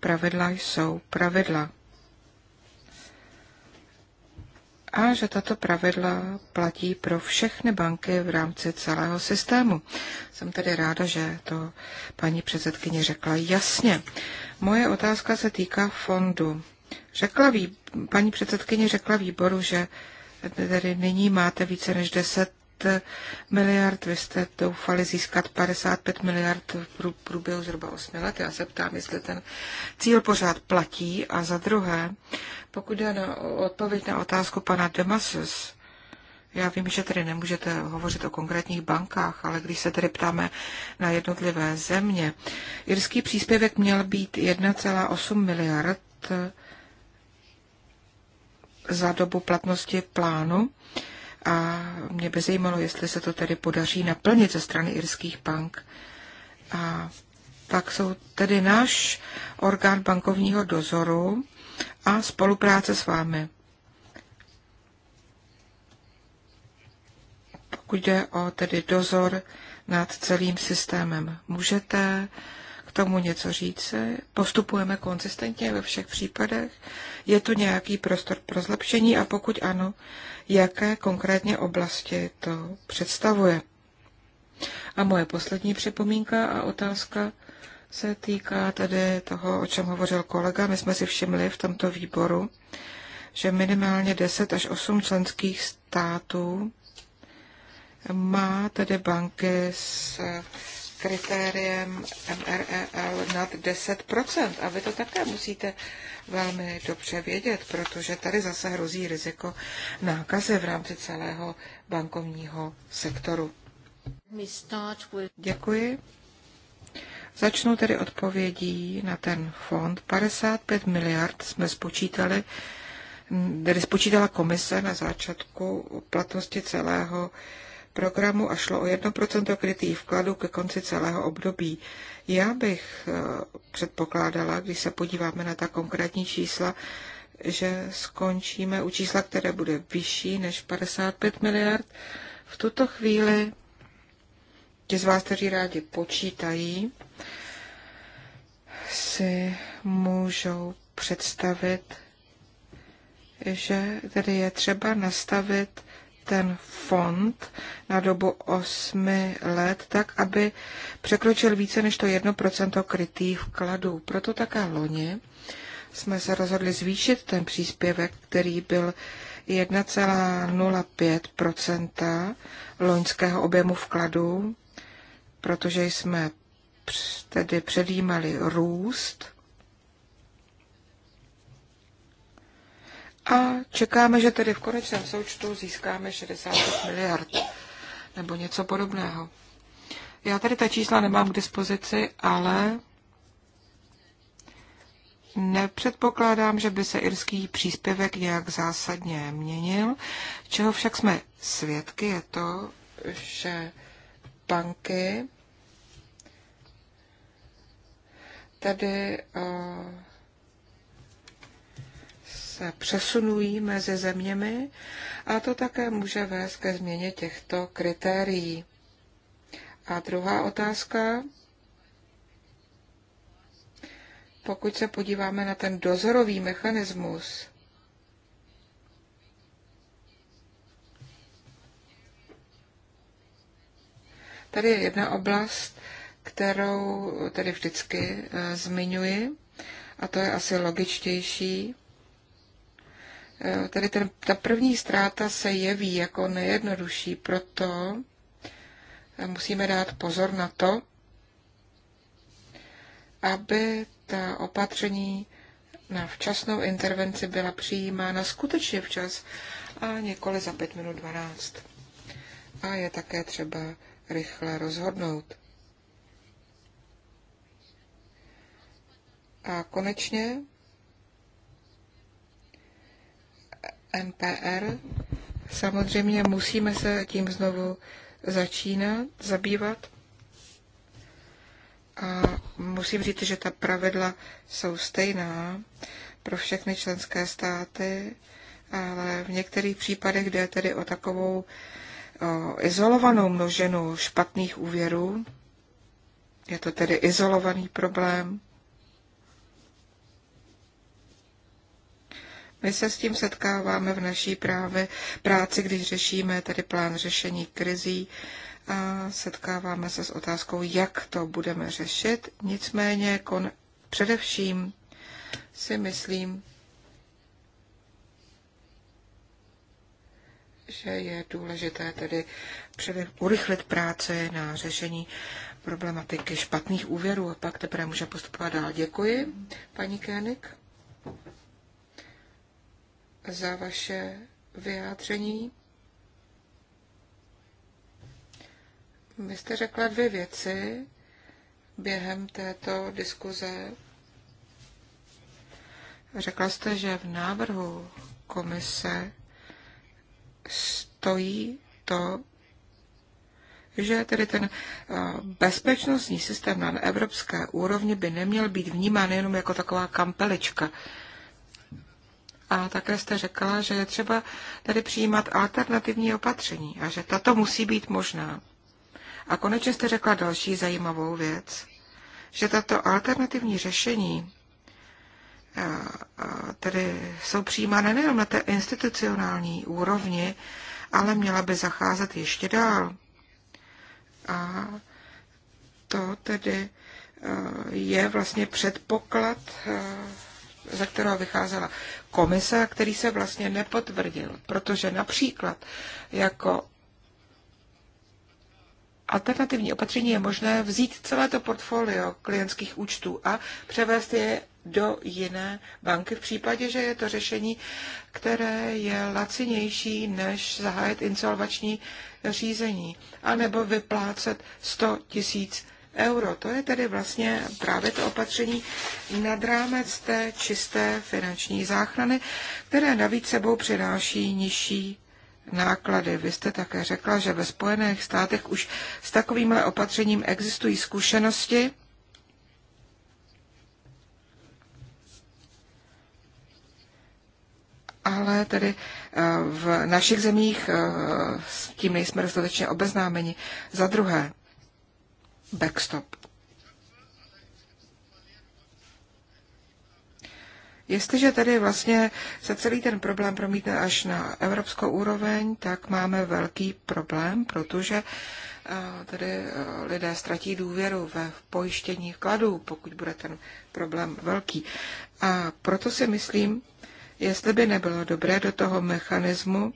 pravidla jsou pravidla. a že tato pravidla platí pro všechny banky v rámci celého systému. Jsem tedy ráda, že to paní předsedkyně řekla jasně. Moje otázka se týká fondu. Řekla vý, paní předsedkyně řekla výboru, že tedy nyní máte více než 10 miliard, vy jste doufali získat 55 miliard v průběhu zhruba 8 let. Já se ptám, jestli ten cíl pořád platí. A za druhé, pokud je na odpověď na otázku pana Demasus, já vím, že tady nemůžete hovořit o konkrétních bankách, ale když se tedy ptáme na jednotlivé země, jirský příspěvek měl být 1,8 miliard za dobu platnosti plánu a mě by zajímalo, jestli se to tedy podaří naplnit ze strany irských bank. A pak jsou tedy náš orgán bankovního dozoru a spolupráce s vámi. Pokud jde o tedy dozor nad celým systémem, můžete tomu něco říci. Postupujeme konzistentně ve všech případech. Je tu nějaký prostor pro zlepšení a pokud ano, jaké konkrétně oblasti to představuje. A moje poslední připomínka a otázka se týká tedy toho, o čem hovořil kolega. My jsme si všimli v tomto výboru, že minimálně 10 až 8 členských států má tedy banky s kritériem MREL nad 10%. A vy to také musíte velmi dobře vědět, protože tady zase hrozí riziko nákaze v rámci celého bankovního sektoru. Děkuji. Začnu tedy odpovědí na ten fond. 55 miliard jsme spočítali, tedy spočítala komise na začátku platnosti celého programu a šlo o 1% krytý vkladu ke konci celého období. Já bych eh, předpokládala, když se podíváme na ta konkrétní čísla, že skončíme u čísla, které bude vyšší než 55 miliard. V tuto chvíli ti z vás, kteří rádi počítají, si můžou představit, že tedy je třeba nastavit ten fond na dobu 8 let tak, aby překročil více než to 1% krytých vkladů. Proto také loni jsme se rozhodli zvýšit ten příspěvek, který byl 1,05% loňského objemu vkladů, protože jsme tedy předjímali růst a čekáme, že tedy v konečném součtu získáme 65 miliard nebo něco podobného. Já tady ta čísla nemám k dispozici, ale nepředpokládám, že by se irský příspěvek nějak zásadně měnil. Čeho však jsme svědky je to, že banky tady uh, se přesunují mezi zeměmi a to také může vést ke změně těchto kritérií. A druhá otázka. Pokud se podíváme na ten dozorový mechanismus, tady je jedna oblast, kterou tady vždycky eh, zmiňuji, a to je asi logičtější. Eh, tedy ten, ta první ztráta se jeví jako nejjednodušší, proto eh, musíme dát pozor na to, aby ta opatření na včasnou intervenci byla přijímána skutečně včas a nikoli za 5 minut 12. A je také třeba rychle rozhodnout. A konečně NPR. Samozřejmě musíme se tím znovu začínat, zabývat. A musím říct, že ta pravidla jsou stejná pro všechny členské státy, ale v některých případech jde tedy o takovou o izolovanou množinu špatných úvěrů. Je to tedy izolovaný problém. My se s tím setkáváme v naší právě práci, když řešíme tedy plán řešení krizí a setkáváme se s otázkou, jak to budeme řešit. Nicméně kon, především si myslím, že je důležité tedy předev, urychlit práce na řešení problematiky špatných úvěrů a pak teprve může postupovat dál. Děkuji, paní Kénik za vaše vyjádření. Vy jste řekla dvě věci během této diskuze. Řekla jste, že v návrhu komise stojí to, že tedy ten eh, bezpečnostní systém na evropské úrovni by neměl být vnímán jenom jako taková kampelička, a také jste řekla, že je třeba tady přijímat alternativní opatření a že tato musí být možná. A konečně jste řekla další zajímavou věc, že tato alternativní řešení eh, eh, tedy jsou přijímána nejen na té institucionální úrovni, ale měla by zacházet ještě dál. A to tedy eh, je vlastně předpoklad ze kterého vycházela komise a který se vlastně nepotvrdil, protože například jako alternativní opatření je možné vzít celé to portfolio klientských účtů a převést je do jiné banky v případě, že je to řešení, které je lacinější než zahájit insolvační řízení, anebo vyplácet 100 000 euro. To je tedy vlastně právě to opatření nad rámec té čisté finanční záchrany, které navíc sebou přináší nižší náklady. Vy jste také řekla, že ve Spojených státech už s takovýmhle opatřením existují zkušenosti. ale tedy eh, v našich zemích eh, s tím nejsme dostatečně obeznámeni. Za druhé, backstop. Jestliže tedy vlastně se celý ten problém promítne až na evropskou úroveň, tak máme velký problém, protože eh, tedy eh, lidé ztratí důvěru ve pojištění vkladů, pokud bude ten problém velký. A proto si myslím, jestli by nebylo dobré do toho mechanismu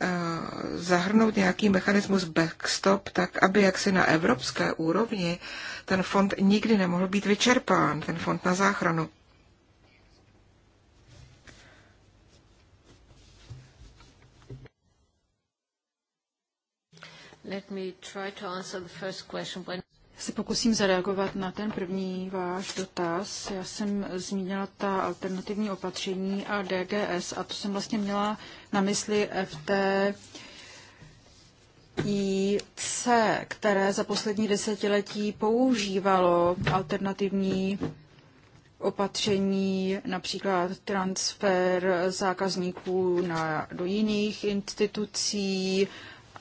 Eh, zahrnout nějaký mechanismus backstop, tak aby jaksi na evropské úrovni ten fond nikdy nemohl být vyčerpán, ten fond na záchranu. Let me try to answer the first question. When se pokusím zareagovat na ten první váš dotaz. Já jsem zmínila ta alternativní opatření a DGS a to jsem vlastně měla na mysli FT IC, které za poslední desetiletí používalo alternativní opatření, například transfer zákazníků na, do jiných institucí,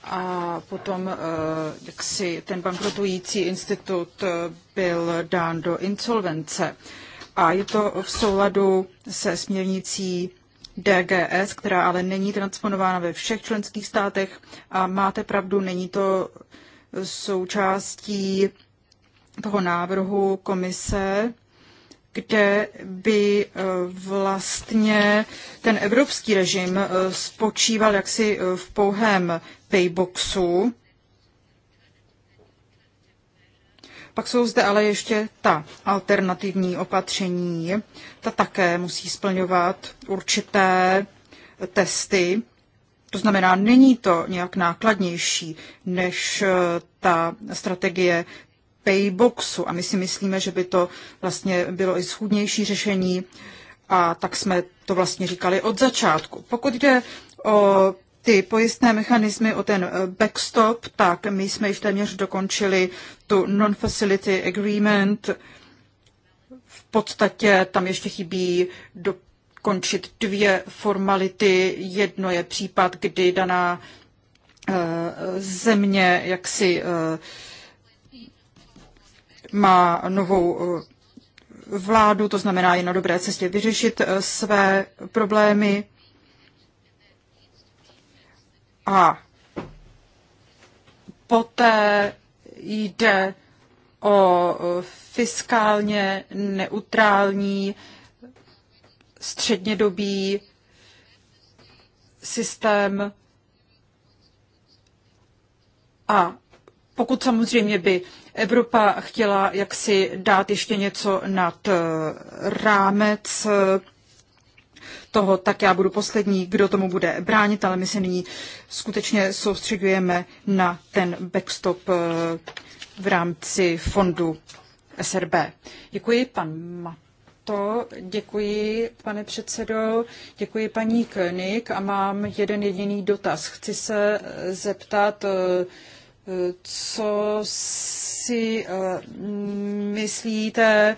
a potom eh, jaksi ten bankrotující institut eh, byl dán do insolvence. A je to v souladu se směrnicí DGS, která ale není transponována ve všech členských státech. A máte pravdu, není to součástí toho návrhu komise, kde by e, vlastně ten evropský režim e, spočíval jaksi e, v pouhém payboxu. Pak jsou zde ale ještě ta alternativní opatření. Ta také musí splňovat určité testy. To znamená, není to nějak nákladnější než ta strategie payboxu. A my si myslíme, že by to vlastně bylo i schudnější řešení a tak jsme to vlastně říkali od začátku. Pokud jde o ty pojistné mechanismy, o ten eh, backstop, tak my jsme již téměř dokončili tu non-facility agreement. V podstatě tam ještě chybí dokončit dvě formality. Jedno je případ, kdy daná eh, země jaksi si eh, má novou eh, vládu, to znamená je na dobré cestě vyřešit eh, své problémy. A poté jde o eh, fiskálně neutrální střednědobý systém a pokud samozřejmě by Evropa chtěla jaksi dát ještě něco nad eh, rámec eh, toho, tak já budu poslední, kdo tomu bude bránit, ale my se nyní skutečně soustředujeme na ten backstop eh, v rámci fondu SRB. Děkuji, pan Mato, děkuji, pane předsedo, děkuji paní König a mám jeden jediný dotaz. Chci se zeptat, co si eh, myslíte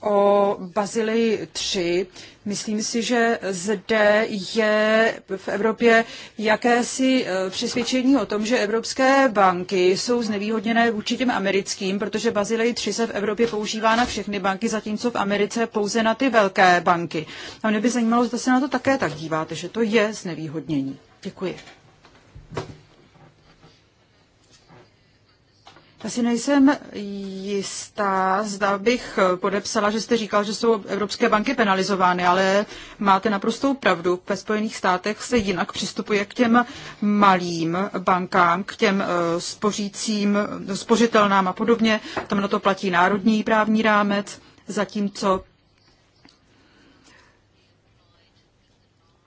o Bazilii 3. Myslím si, že zde je v Evropě jakési eh, přesvědčení o tom, že evropské banky jsou znevýhodněné vůči těm americkým, protože Bazilej 3 se v Evropě používá na všechny banky, zatímco v Americe pouze na ty velké banky. A mě by zajímalo, zda se na to také tak díváte, že to je znevýhodnění. Děkuji. Já si nejsem jistá, zda bych podepsala, že jste říkal, že jsou evropské banky penalizovány, ale máte naprostou pravdu. Ve Spojených státech se jinak přistupuje k těm malým bankám, k těm eh, spořícím, spořitelnám a podobně. Tam na to platí národní právní rámec, zatímco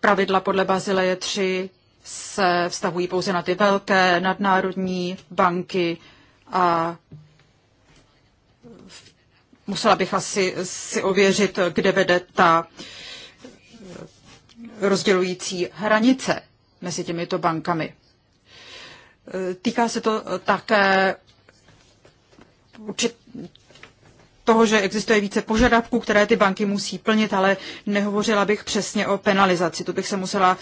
pravidla podle Bazileje 3 se vztahují pouze na ty velké nadnárodní banky, a musela bych asi si ověřit, kde vede ta rozdělující hranice mezi těmito bankami. Týká se to také určit toho, že existuje více požadavků, které ty banky musí plnit, ale nehovořila bych přesně o penalizaci. To bych se musela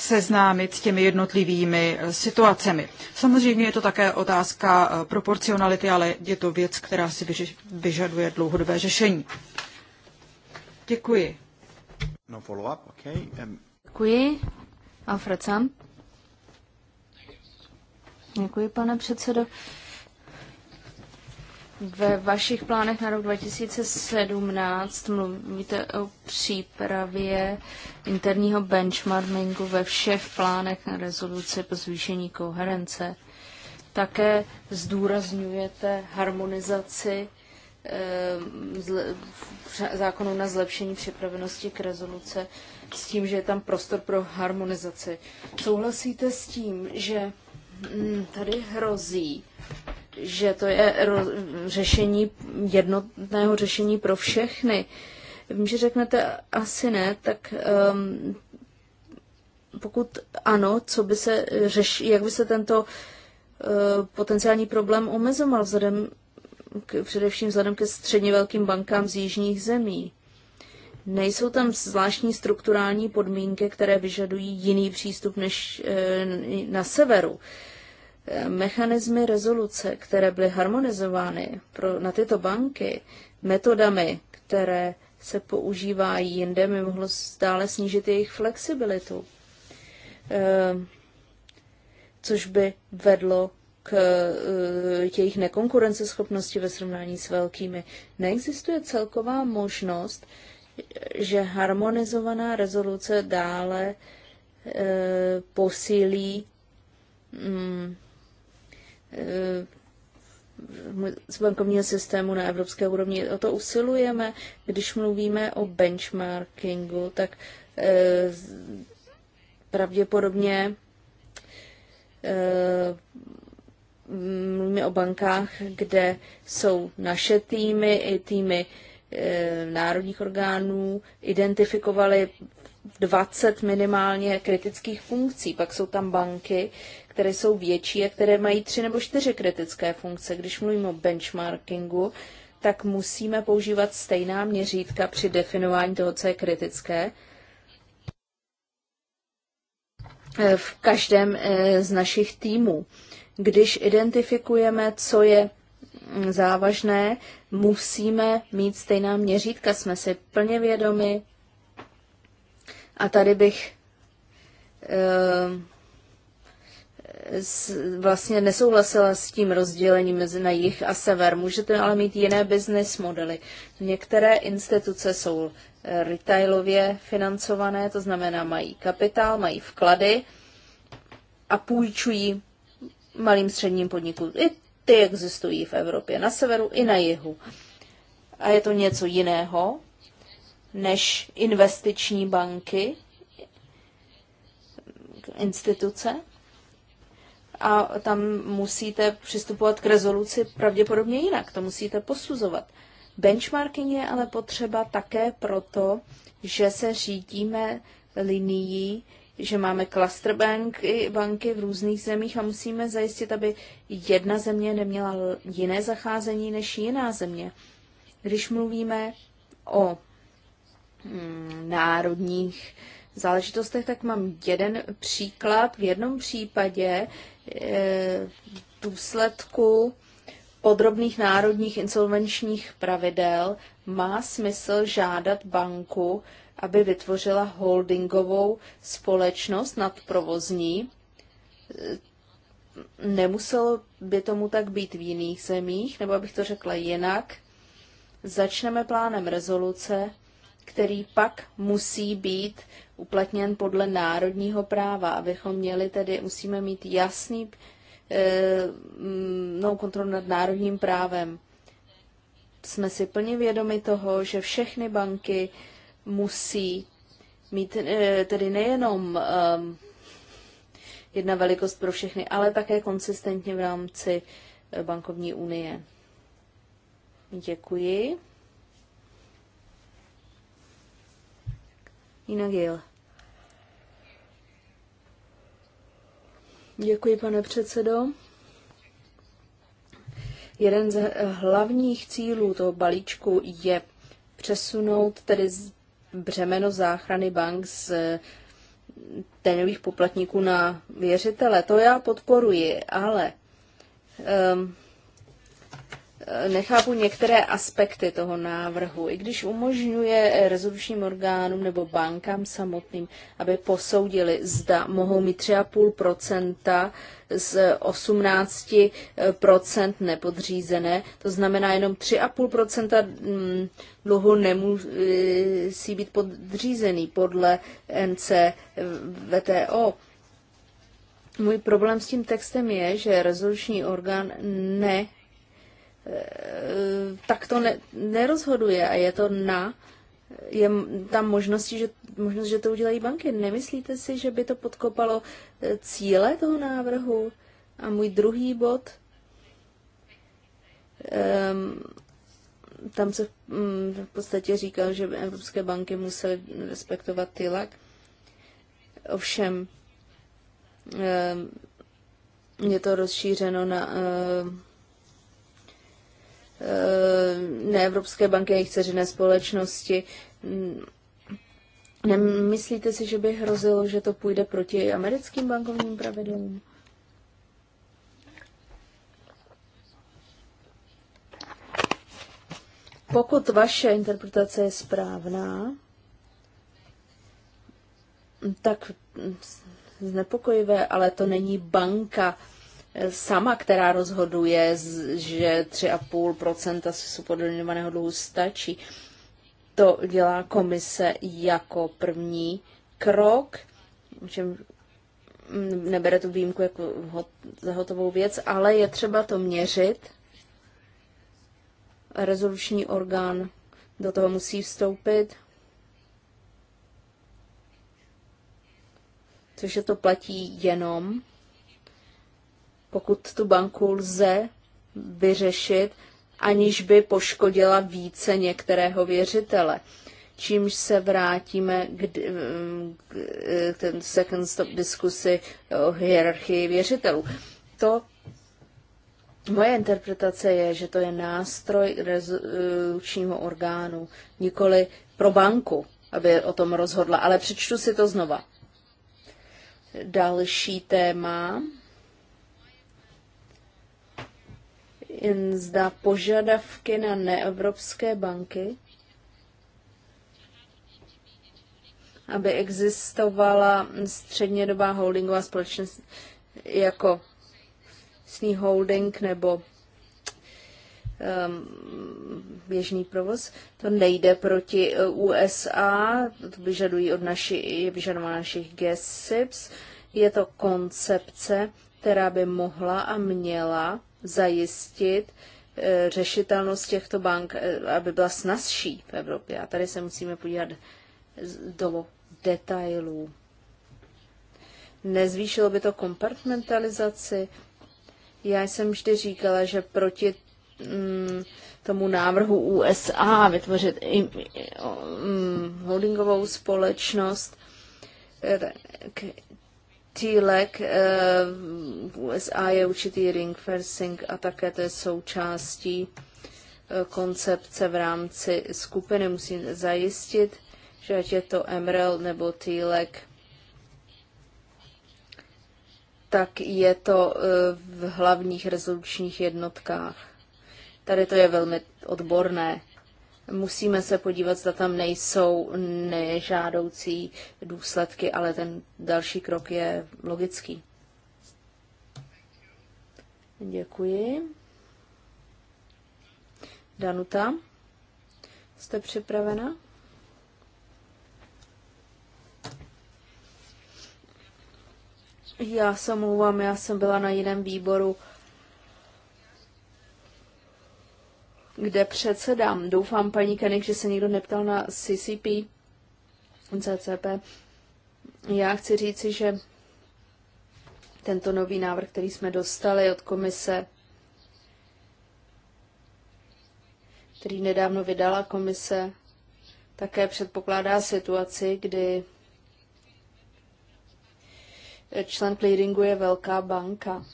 seznámit s těmi jednotlivými eh, situacemi. Samozřejmě je to také otázka eh, proporcionality, ale je to věc, která si vyžaduje dlouhodobé řešení. Děkuji. No follow-up, okay. Um... Děkuji. Alfred Sam. Děkuji, pane předsedo. Ve vašich plánech na rok 2017 mluvíte o přípravě interního benchmarkingu ve všech plánech na rezoluce po zvýšení koherence. Také zdůrazňujete harmonizaci eh, zákonů na zlepšení připravenosti k rezoluce s tím, že je tam prostor pro harmonizaci. Souhlasíte s tím, že hm, tady hrozí, že to je řešení, jednotného řešení pro všechny. Vím, že řeknete asi ne, tak um, pokud ano, co by se řeši, jak by se tento uh, potenciální problém omezoval vzhledem k, především vzhledem ke středně velkým bankám z jižních zemí. Nejsou tam zvláštní strukturální podmínky, které vyžadují jiný přístup než eh, na severu mechanismy rezoluce, které byly harmonizovány pro, na tyto banky metodami, které se používají jinde, by mohlo stále snížit jejich flexibilitu, eh, což by vedlo k eh, jejich nekonkurenceschopnosti ve srovnání s velkými. Neexistuje celková možnost, že harmonizovaná rezoluce dále eh, posílí mm, z eh, bankovního systému na evropské úrovni. O to usilujeme, když mluvíme o benchmarkingu, tak eh, pravděpodobně eh, mluvíme o bankách, kde jsou naše týmy i týmy národních orgánů, identifikovali 20 minimálně kritických funkcí. Pak jsou tam banky, které jsou větší a které mají tři nebo čtyři kritické funkce. Když mluvím o benchmarkingu, tak musíme používat stejná měřítka při definování toho, co je kritické. Eh, v každém eh, z našich týmů. Když identifikujeme, co je mm, závažné, musíme mít stejná měřítka. Jsme si plně vědomi a tady bych eh, vlastně nesouhlasila s tím rozdělením mezi na jich a sever. Můžete ale mít jiné business modely. Některé instituce jsou eh, retailově financované, to znamená mají kapitál, mají vklady a půjčují malým středním podnikům. I ty existují v Evropě, na severu i na jihu. A je to něco jiného, než investiční banky, instituce. A tam musíte přistupovat k rezoluci pravděpodobně jinak, to musíte posuzovat. Benchmarking je ale potřeba také proto, že se řídíme linií, že máme cluster banky, banky v různých zemích a musíme zajistit, aby jedna země neměla jiné zacházení než jiná země. Když mluvíme o Mm, národních záležitostech, tak mám jeden příklad. V jednom případě eh, v důsledku podrobných národních insolvenčních pravidel má smysl žádat banku, aby vytvořila holdingovou společnost nad provozní. Nemuselo by tomu tak být v jiných zemích, nebo abych to řekla jinak. Začneme plánem rezoluce který pak musí být uplatněn podle národního práva. Abychom měli tedy, musíme mít jasný e, no, kontrol nad národním právem. Jsme si plně vědomi toho, že všechny banky musí mít e, tedy nejenom e, jedna velikost pro všechny, ale také konsistentně v rámci eh, bankovní unie. Děkuji. Ina Gill. Děkuji, pane předsedo. Jeden z hlavních cílů toho balíčku je přesunout tedy břemeno záchrany bank z daňových poplatníků na věřitele. To já podporuji, ale um, nechápu některé aspekty toho návrhu, i když umožňuje rezolučním orgánům nebo bankám samotným, aby posoudili, zda mohou mít 3,5 z 18 nepodřízené, to znamená jenom 3,5 mm, dluhu nemusí být podřízený podle NCVTO. Můj problém s tím textem je, že rezoluční orgán ne Eh, tak to ne, nerozhoduje a je to na, je tam možnosti, že, možnost, že to udělají banky. Nemyslíte si, že by to podkopalo eh, cíle toho návrhu? A můj druhý bod, um, tam se mm, v podstatě říkal, že evropské banky musely respektovat TILAK. Ovšem, ehm, je to rozšířeno na ehm, Eh, neevropské banky a jejich ceřinné společnosti. Mm, nemyslíte si, že by hrozilo, že to půjde proti americkým bankovním pravidlům? Pokud vaše interpretace je správná, tak mm, znepokojivé, ale to není banka sama, která rozhoduje, že 3,5% subordinovaného dluhu stačí. To dělá komise jako první krok, že nebere tu výjimku jako hot, za hotovou věc, ale je třeba to měřit. Rezoluční orgán do toho musí vstoupit. Což je to platí jenom pokud tu banku lze vyřešit, aniž by poškodila více některého věřitele. Čímž se vrátíme k, k, k ten second stop diskusi o hierarchii věřitelů. To Moje interpretace je, že to je nástroj rezolučního orgánu, nikoli pro banku, aby o tom rozhodla, ale přečtu si to znova. Další téma zda požadavky na neevropské banky, aby existovala střednědobá holdingová společnost jako sní holding nebo um, běžný provoz. To nejde proti e, USA, to vyžadují od naši, je vyžadováno našich GESIPS. Je to koncepce, která by mohla a měla zajistit eh, řešitelnost těchto bank, eh, aby byla snazší v Evropě. A tady se musíme podívat do detailů. Nezvýšilo by to kompartmentalizaci? Já jsem vždy říkala, že proti mm, tomu návrhu USA vytvořit mm, holdingovou společnost, eh, cílek eh, v USA je určitý ring fencing a také to je součástí eh, koncepce v rámci skupiny. Musím zajistit, že ať je to Emerald nebo Týlek, tak je to eh, v hlavních rezolučních jednotkách. Tady to je velmi odborné. Musíme se podívat, zda tam nejsou nežádoucí důsledky, ale ten další krok je logický. Děkuji. Danuta, jste připravena? Já se mluvám, já jsem byla na jiném výboru kde předsedám. Doufám, paní Kenik, že se někdo neptal na CCP, CCP. Já chci říci, že tento nový návrh, který jsme dostali od komise, který nedávno vydala komise, také předpokládá situaci, kdy člen clearingu je velká banka.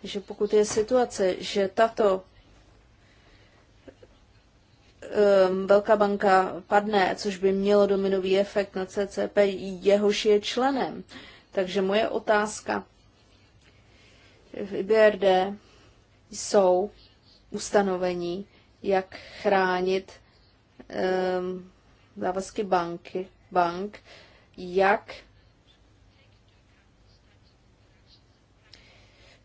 Takže pokud je situace, že tato um, velká banka padne, což by mělo dominový efekt na CCP, jehož je členem. Takže moje otázka v IBRD jsou ustanovení, jak chránit um, závazky banky, bank, jak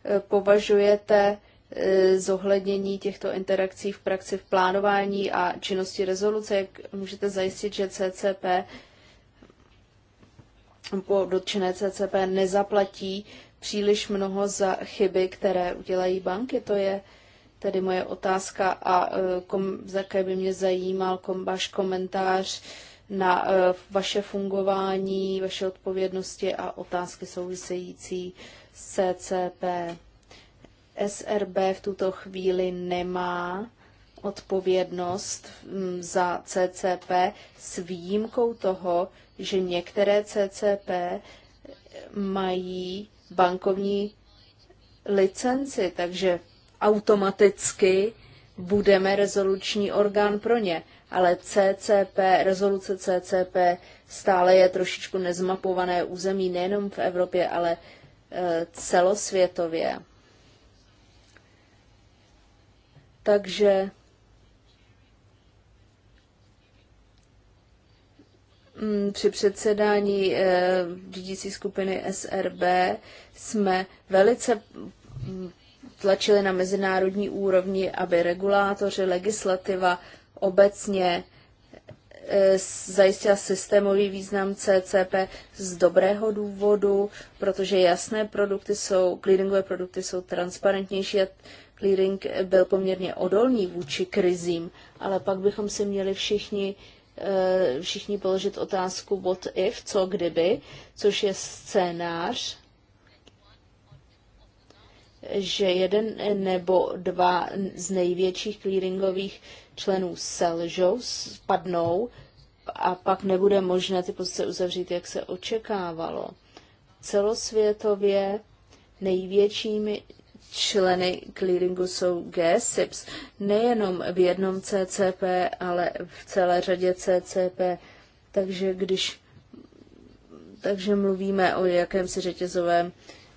eh, považujete Eh, zohlednění těchto interakcí v praxi v plánování a činnosti rezoluce, jak můžete zajistit, že CCP po dotčené CCP nezaplatí příliš mnoho za chyby, které udělají banky. To je tedy moje otázka a eh, kom, také by mě zajímal kom, váš komentář na eh, vaše fungování, vaše odpovědnosti a otázky související s CCP. SRB v tuto chvíli nemá odpovědnost mm, za CCP s výjimkou toho, že některé CCP mají bankovní licenci, takže automaticky budeme rezoluční orgán pro ně. Ale CCP, rezoluce CCP stále je trošičku nezmapované území nejenom v Evropě, ale e, celosvětově. Takže mm, při předsedání eh, řídící skupiny SRB jsme velice tlačili na mezinárodní úrovni, aby regulátoři, legislativa obecně eh, zajistila systémový význam CCP z dobrého důvodu, protože jasné produkty jsou, clearingové produkty jsou transparentnější a clearing byl poměrně odolný vůči krizím, ale pak bychom si měli všichni eh, všichni položit otázku what if, co kdyby, což je scénář, že jeden nebo dva z největších clearingových členů selžou, spadnou a pak nebude možné ty pozice uzavřít, jak se očekávalo. Celosvětově největšími členy clearingu jsou GSIPS, nejenom v jednom CCP, ale v celé řadě CCP. Takže když takže mluvíme o jakémsi řetězovém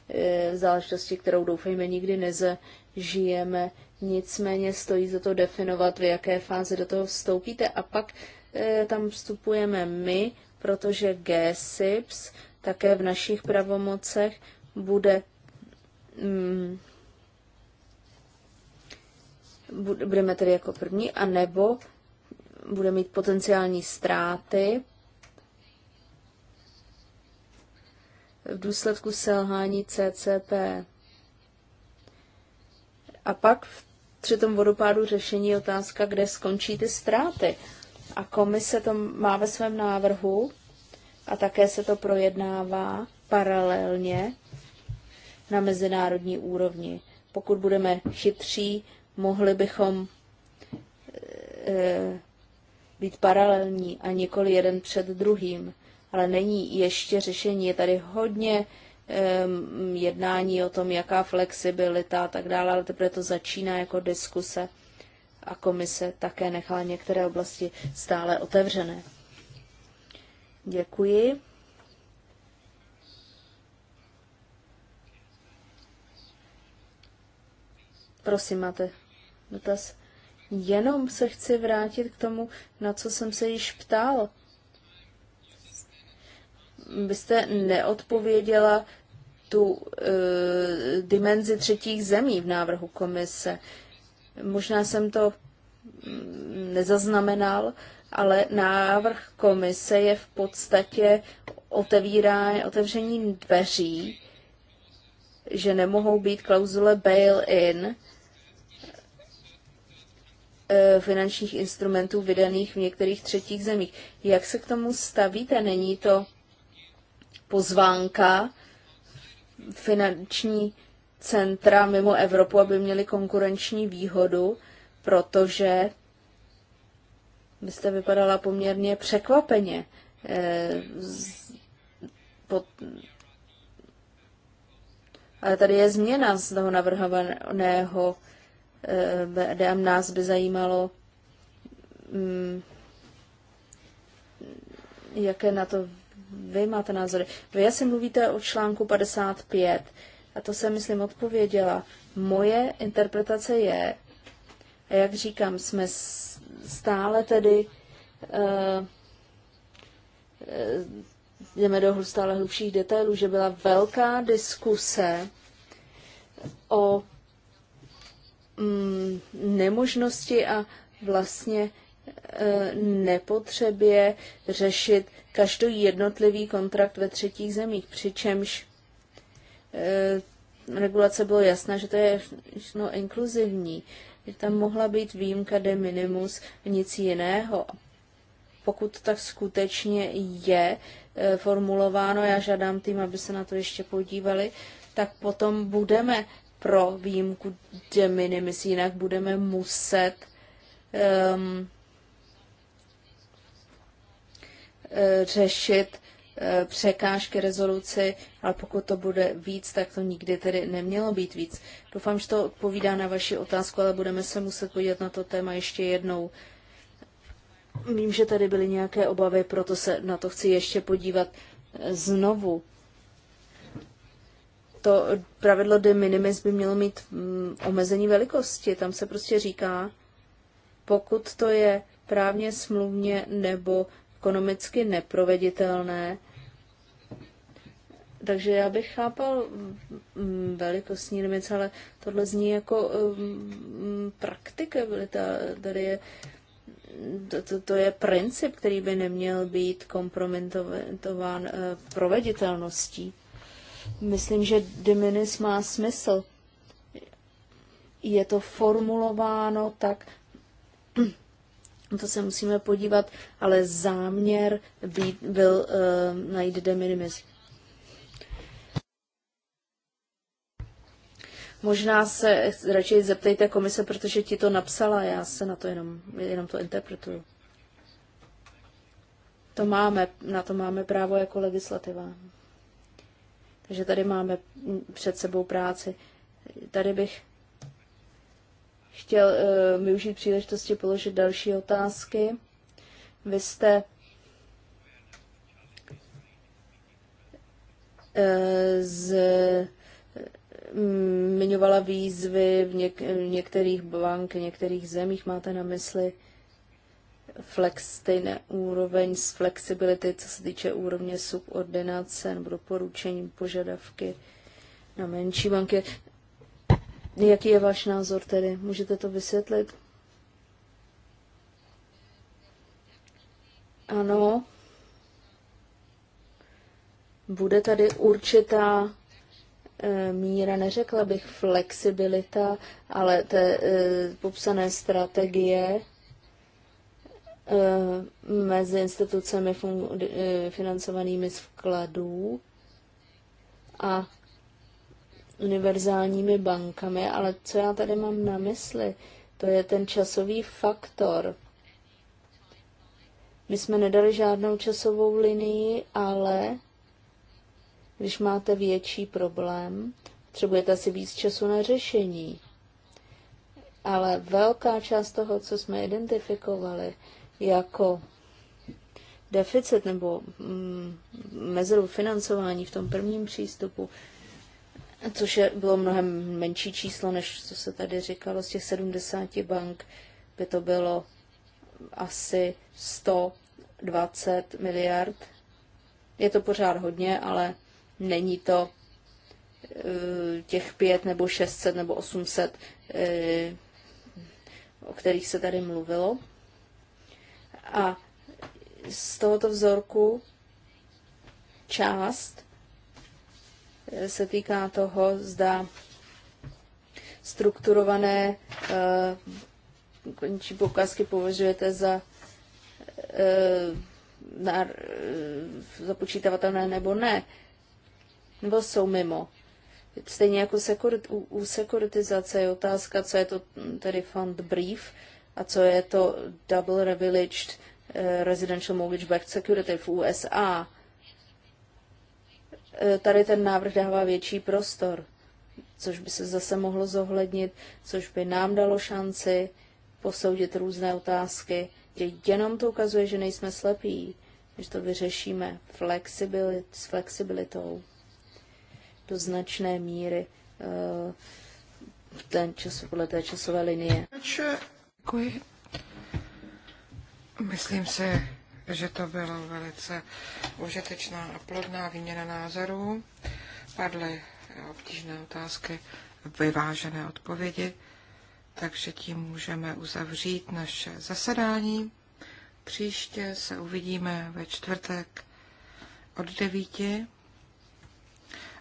e, záležitosti, kterou doufejme nikdy nezažijeme. Nicméně stojí za to definovat, v jaké fázi do toho vstoupíte a pak e, tam vstupujeme my, protože GSIPS také v našich pravomocech bude mm, budeme tedy jako první, a nebo bude mít potenciální ztráty v důsledku selhání CCP. A pak při tom vodopádu řešení otázka, kde skončí ty ztráty. A komise to má ve svém návrhu a také se to projednává paralelně na mezinárodní úrovni. Pokud budeme chytří, mohli bychom e, být paralelní a nikoli jeden před druhým. Ale není ještě řešení. Je tady hodně e, jednání o tom, jaká flexibilita a tak dále, ale teprve to začíná jako diskuse a komise také nechala některé oblasti stále otevřené. Děkuji. Prosím, máte dotaz. Jenom se chci vrátit k tomu, na co jsem se již ptal. Byste neodpověděla tu e, dimenzi třetích zemí v návrhu komise. Možná jsem to mm, nezaznamenal, ale návrh komise je v podstatě otevírá, otevření dveří, že nemohou být klauzule bail-in, Eh, finančních instrumentů vydaných v některých třetích zemích. Jak se k tomu stavíte? Není to pozvánka finanční centra mimo Evropu, aby měli konkurenční výhodu, protože byste vypadala poměrně překvapeně eh, Ale tady je změna z toho navrhovaného BDM eh, nás by zajímalo, mm, jaké na to vy máte názory. Vy asi mluvíte o článku 55 a to jsem, myslím, odpověděla. Moje interpretace je, a jak říkám, jsme stále tedy uh, jdeme do stále hlubších detailů, že byla velká diskuse o Mm, nemožnosti a vlastně e, nepotřebě řešit každý jednotlivý kontrakt ve třetích zemích, přičemž e, regulace bylo jasná, že to je no, inkluzivní, že tam mohla být výjimka de minimus, nic jiného. Pokud to tak skutečně je e, formulováno, já žádám tým, aby se na to ještě podívali, tak potom budeme pro výjimku de minimis, jinak budeme muset um, eh, řešit eh, překážky rezoluci, ale pokud to bude víc, tak to nikdy tedy nemělo být víc. Doufám, že to odpovídá na vaši otázku, ale budeme se muset podívat na to téma ještě jednou. Vím, že tady byly nějaké obavy, proto se na to chci ještě podívat eh, znovu to pravidlo de minimis by mělo mít mm, omezení velikosti. Tam se prostě říká, pokud to je právně smluvně nebo ekonomicky neproveditelné, takže já bych chápal mm, velikostní limit, ale tohle zní jako um, praktika. Tady je, to, to, to je princip, který by neměl být kompromitován uh, proveditelností. Myslím, že diminis má smysl. Je to formulováno tak, to se musíme podívat, ale záměr být, byl uh, najít de minimis. Možná se radši zeptejte komise, protože ti to napsala, já se na to jenom, jenom to interpretuju. To máme, na to máme právo jako legislativa. Takže tady máme mm, před sebou práci. Tady bych chtěl uh, využít příležitosti položit další otázky. Vy jste uh, z mm, zmiňovala výzvy v, něk- v některých bank, v některých zemích. Máte na mysli flex stejné úroveň z flexibility, co se týče úrovně subordinace nebo doporučení požadavky na menší banky. Jaký je váš názor tedy? Můžete to vysvětlit? Ano. Bude tady určitá eh, míra, neřekla bych flexibilita, ale té eh, popsané strategie Eh, mezi institucemi eh, financovanými z vkladů a univerzálními bankami, ale co já tady mám na mysli, to je ten časový faktor. My jsme nedali žádnou časovou linii, ale když máte větší problém, potřebujete si víc času na řešení. Ale velká část toho, co jsme identifikovali, jako deficit nebo mm, mezeru financování v tom prvním přístupu, což je, bylo mnohem menší číslo, než co se tady říkalo, z těch 70 bank by to bylo asi 120 miliard. Je to pořád hodně, ale není to eh, těch pět nebo 600 nebo 800, eh, o kterých se tady mluvilo. A z tohoto vzorku část eh, se týká toho, zda strukturované eh, končí poukázky považujete za eh, na, započítavatelné nebo ne, nebo jsou mimo. Stejně jako sekurit, u, u sekuritizace je otázka, co je to hm, tedy fund brief, a co je to Double Revillaged eh, Residential Mortgage Backed Security v USA. Eh, tady ten návrh dává větší prostor, což by se zase mohlo zohlednit, což by nám dalo šanci posoudit různé otázky, že jenom to ukazuje, že nejsme slepí, že to vyřešíme flexibilit, s flexibilitou do značné míry eh, ten čas, podle té časové linie. Děkuji. Myslím si, že to byla velice užitečná a plodná výměna názorů. Padly obtížné otázky, vyvážené odpovědi, takže tím můžeme uzavřít naše zasedání. Příště se uvidíme ve čtvrtek od 9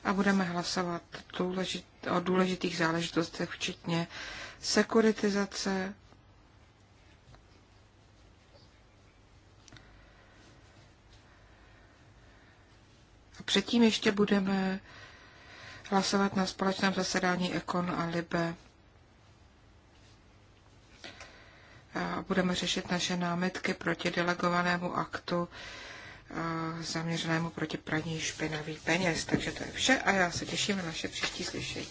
a budeme hlasovat důležit, o důležitých záležitostech, včetně sekuritizace Předtím ještě budeme hlasovat na společném zasedání Ekon a Libe. A budeme řešit naše námitky proti delegovanému aktu zaměřenému proti praní špinavých peněz. Takže to je vše a já se těším na naše příští slyšení.